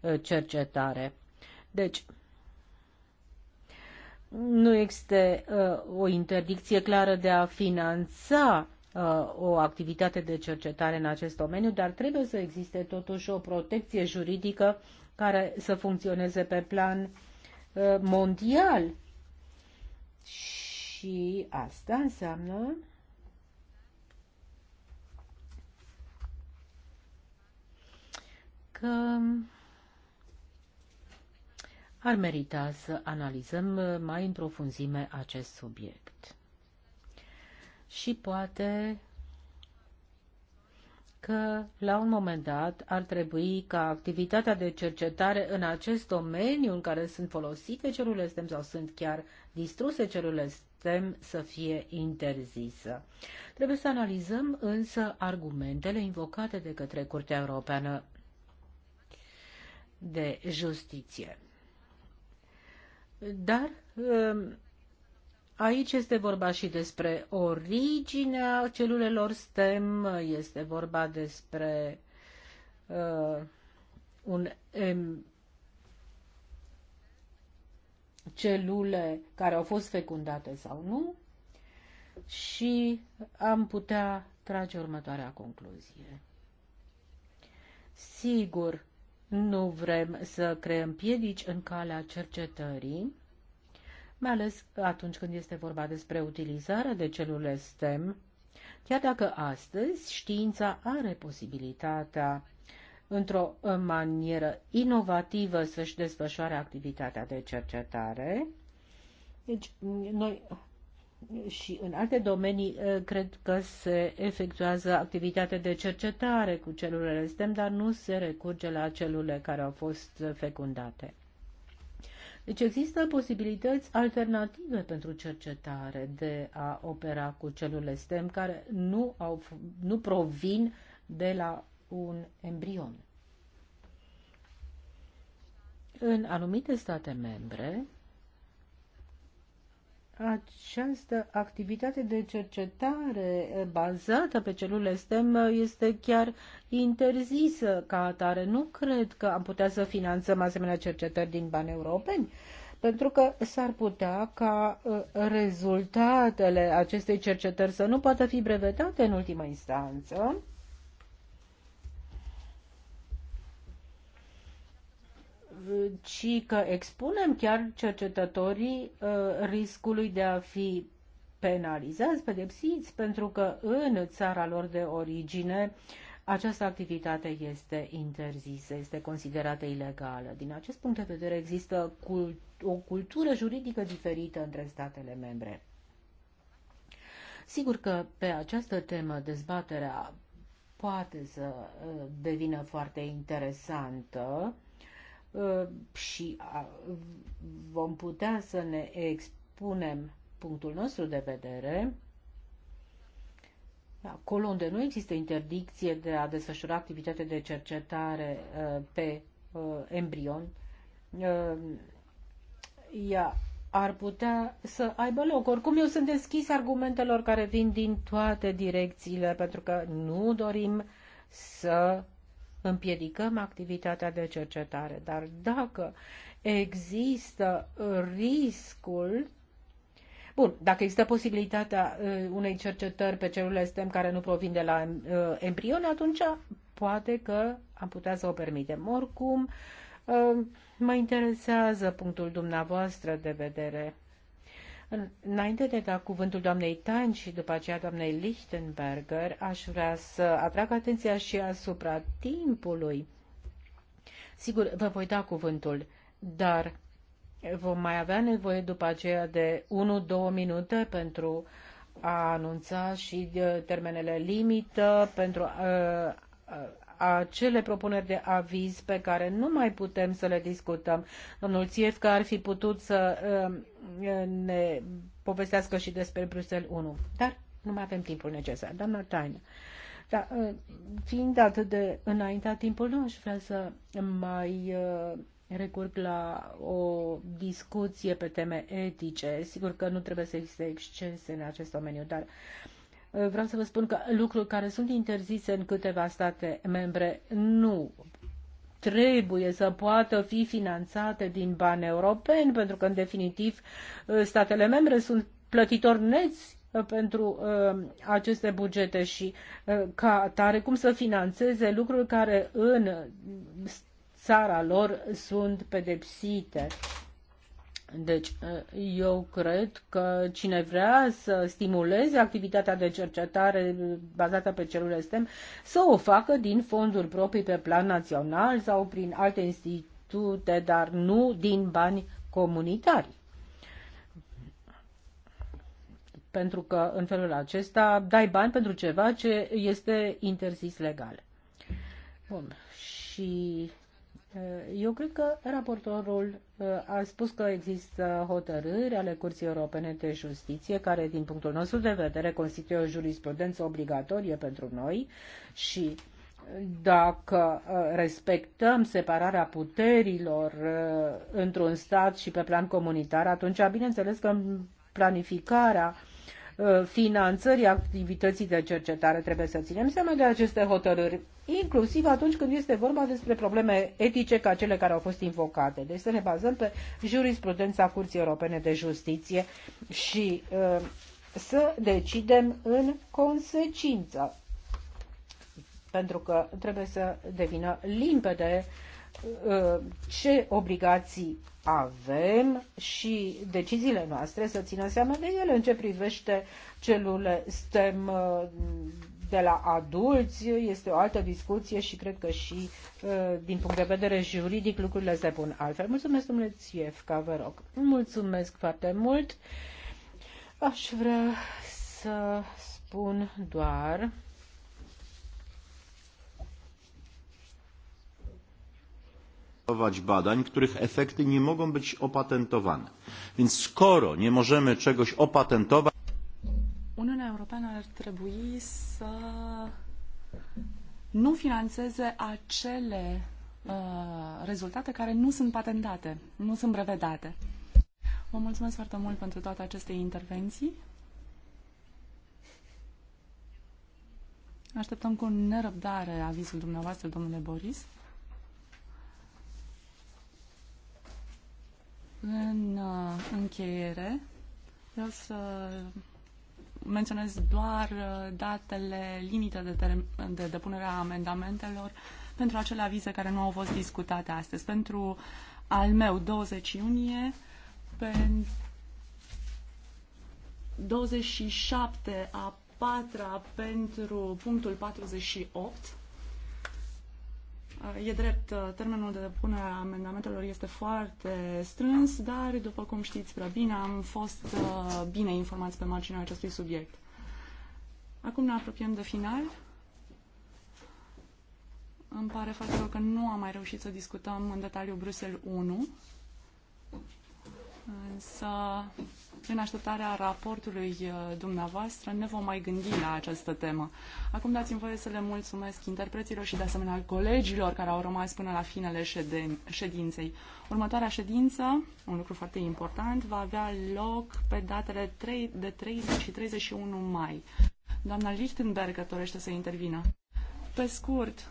uh, cercetare. Deci, nu există uh, o interdicție clară de a finanța Uh, o activitate de cercetare în acest domeniu, dar trebuie să existe totuși o protecție juridică care să funcționeze pe plan uh, mondial. Și asta înseamnă că ar merita să analizăm uh, mai în profunzime acest subiect și poate că la un moment dat ar trebui ca activitatea de cercetare în acest domeniu în care sunt folosite celulele stem sau sunt chiar distruse celulele stem să fie interzisă. Trebuie să analizăm însă argumentele invocate de către Curtea Europeană de Justiție. Dar um, Aici este vorba și despre originea celulelor STEM, este vorba despre uh, un um, celule care au fost fecundate sau nu și am putea trage următoarea concluzie. Sigur, nu vrem să creăm piedici în calea cercetării, mai ales atunci când este vorba despre utilizarea de celule STEM, chiar dacă astăzi știința are posibilitatea într-o manieră inovativă să-și desfășoare activitatea de cercetare. Deci, noi și în alte domenii eh, cred că se efectuează activitate de cercetare cu celulele STEM, dar nu se recurge la celule care au fost fecundate. Deci există posibilități alternative pentru cercetare de a opera cu celule STEM care nu, au, nu provin de la un embrion. În anumite state membre, această activitate de cercetare bazată pe celule STEM este chiar interzisă ca atare. Nu cred că am putea să finanțăm asemenea cercetări din bani europeni, pentru că s-ar putea ca uh, rezultatele acestei cercetări să nu poată fi brevetate în ultima instanță ci că expunem chiar cercetătorii uh, riscului de a fi penalizați, pedepsiți, pentru că în țara lor de origine această activitate este interzisă, este considerată ilegală. Din acest punct de vedere există cult o cultură juridică diferită între statele membre. Sigur că pe această temă dezbaterea poate să uh, devină foarte interesantă Uh, și uh, vom putea să ne expunem punctul nostru de vedere acolo unde nu există interdicție de a desfășura activitate de cercetare uh, pe embrion, ea ar putea să aibă loc. Oricum, eu sunt deschis argumentelor care vin din toate direcțiile, pentru că nu dorim să împiedicăm activitatea de cercetare. Dar dacă există riscul Bun, dacă există posibilitatea uh, unei cercetări pe celule STEM care nu provin de la uh, embrion, atunci poate că am putea să o permitem. Oricum, uh, mă interesează punctul dumneavoastră de vedere. Înainte de da cuvântul doamnei Tan și după aceea doamnei Lichtenberger, aș vrea să atrag atenția și asupra timpului. Sigur, vă voi da cuvântul, dar vom mai avea nevoie după aceea de 1-2 minute pentru a anunța și uh, termenele limită, pentru a, uh, a, uh, acele propuneri de aviz pe care nu mai putem să le discutăm. Domnul Țiefca ar fi putut să ne povestească și despre Bruxelles 1. Dar nu mai avem timpul necesar. Doamna Taină, da, ă, fiind atât de înaintat timpul, nu aș vrea să mai ă, recurg la o discuție pe teme etice. Sigur că nu trebuie să existe excese în acest domeniu, dar ă, vreau să vă spun că lucruri care sunt interzise în câteva state membre nu trebuie să poată fi finanțate din bani europeni, pentru că, în definitiv, uh, statele membre sunt plătitori neți uh, pentru uh, aceste bugete și uh, ca tare cum să financeze lucruri care în țara lor sunt pedepsite. Deci, ă, eu cred că cine vrea să stimuleze activitatea de cercetare bazată pe celule STEM, să o facă din fonduri proprii pe plan național sau prin alte institute, dar nu din bani comunitari. Pentru că, în felul acesta, dai bani pentru ceva ce este interzis legal. Bun. Și Eh, eu cred că raportorul eh, a spus că există hotărâri ale Curții Europene de Justiție care, din punctul nostru de vedere, constituie o jurisprudență obligatorie pentru noi și eh, dacă respectăm separarea puterilor într-un stat și pe plan comunitar, atunci, bineînțeles că planificarea finanțării activității de cercetare. Trebuie să ținem seama de aceste hotărâri, inclusiv atunci când este vorba despre probleme etice ca cele care au fost invocate. Deci să ne bazăm pe jurisprudența Curții Europene de Justiție și uh, să decidem în consecință pentru că trebuie să devină limpede uh, ce obligații avem și deciziile noastre să țină seama de ele în ce privește celule STEM uh, de la adulți este o altă discuție și cred că și uh, din punct de vedere juridic lucrurile se pun altfel. Mulțumesc, domnule Țiefca, vă rog. Mulțumesc foarte mult. Aș vrea să spun doar badań, których efekty nie mogą być opatentowane. Więc skoro nie możemy czegoś opatentować... Uniunea Europeană ar trebui să nu financeze acele uh, rezultate care nu sunt patentate, nu sunt brevedate. Vă mulțumesc foarte mult pentru toate aceste intervenții. Așteptăm cu nerăbdare avizul dumneavoastră, domnule Boris. În uh, încheiere, vreau să menționez doar uh, datele limite de, de depunere a amendamentelor pentru acele avize care nu au fost discutate astăzi. Pentru al meu, 20 iunie, pentru 27 a patra pentru punctul 48 E drept, uh, termenul de depunere a amendamentelor este foarte strâns, dar, după cum știți prea bine, am fost uh, bine informați pe marginea acestui subiect. Acum ne apropiem de final. Îmi pare foarte rău că nu am mai reușit să discutăm în detaliu Bruxelles 1, însă în așteptarea raportului uh, dumneavoastră ne vom mai gândi la această temă. Acum dați-mi voie să le mulțumesc interpreților și de asemenea colegilor care au rămas până la finele ședinței. Următoarea ședință, un lucru foarte important, va avea loc pe datele 3 de 30 și 31 mai. Doamna Lichtenberg dorește să intervină. Pe scurt,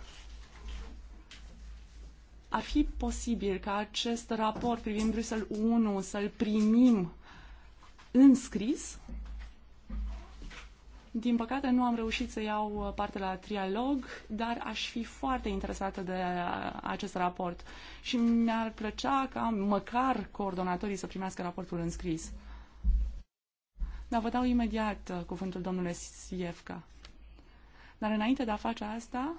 ar fi posibil ca acest raport privind Bruxelles 1 să-l primim scris. Din păcate nu am reușit să iau uh, parte la trialog, dar aș fi foarte interesată de uh, acest raport și mi-ar plăcea ca măcar coordonatorii să primească raportul scris. Dar vă dau imediat uh, cuvântul domnule Siefka. Dar înainte de a face asta,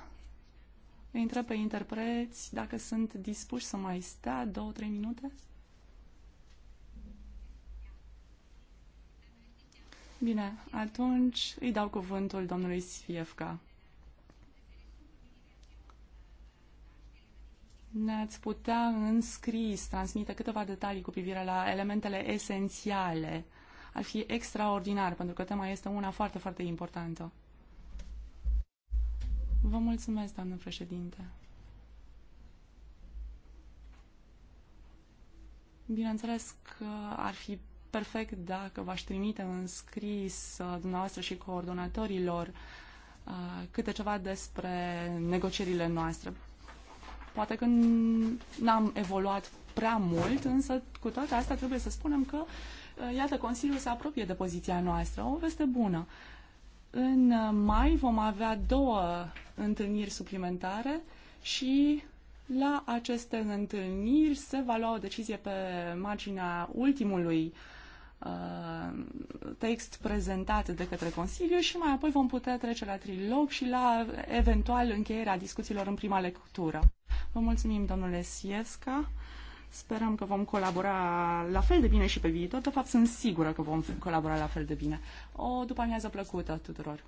îi întreb pe interpreți dacă sunt dispuși să mai stea două, trei minute. Bine, atunci îi dau cuvântul domnului Sfiefca. Ne-ați putea înscris, transmite câteva detalii cu privire la elementele esențiale. Ar fi extraordinar, pentru că tema este una foarte, foarte importantă. Vă mulțumesc, doamnă președinte. Bineînțeles că ar fi perfect dacă v-aș trimite în scris uh, dumneavoastră și coordonatorilor uh, câte ceva despre negocierile noastre. Poate că n-am evoluat prea mult, însă cu toate astea trebuie să spunem că, uh, iată, Consiliul se apropie de poziția noastră. O veste bună. În mai vom avea două întâlniri suplimentare și la aceste întâlniri se va lua o decizie pe marginea ultimului uh, Uh, text prezentat de către Consiliu și mai apoi vom putea trece la trilog și la eventual încheierea discuțiilor în prima lectură. Vă mulțumim, domnule Siesca. Sperăm că vom colabora la fel de bine și pe viitor. De fapt, sunt sigură că vom colabora la fel de bine. O după amiază plăcută tuturor!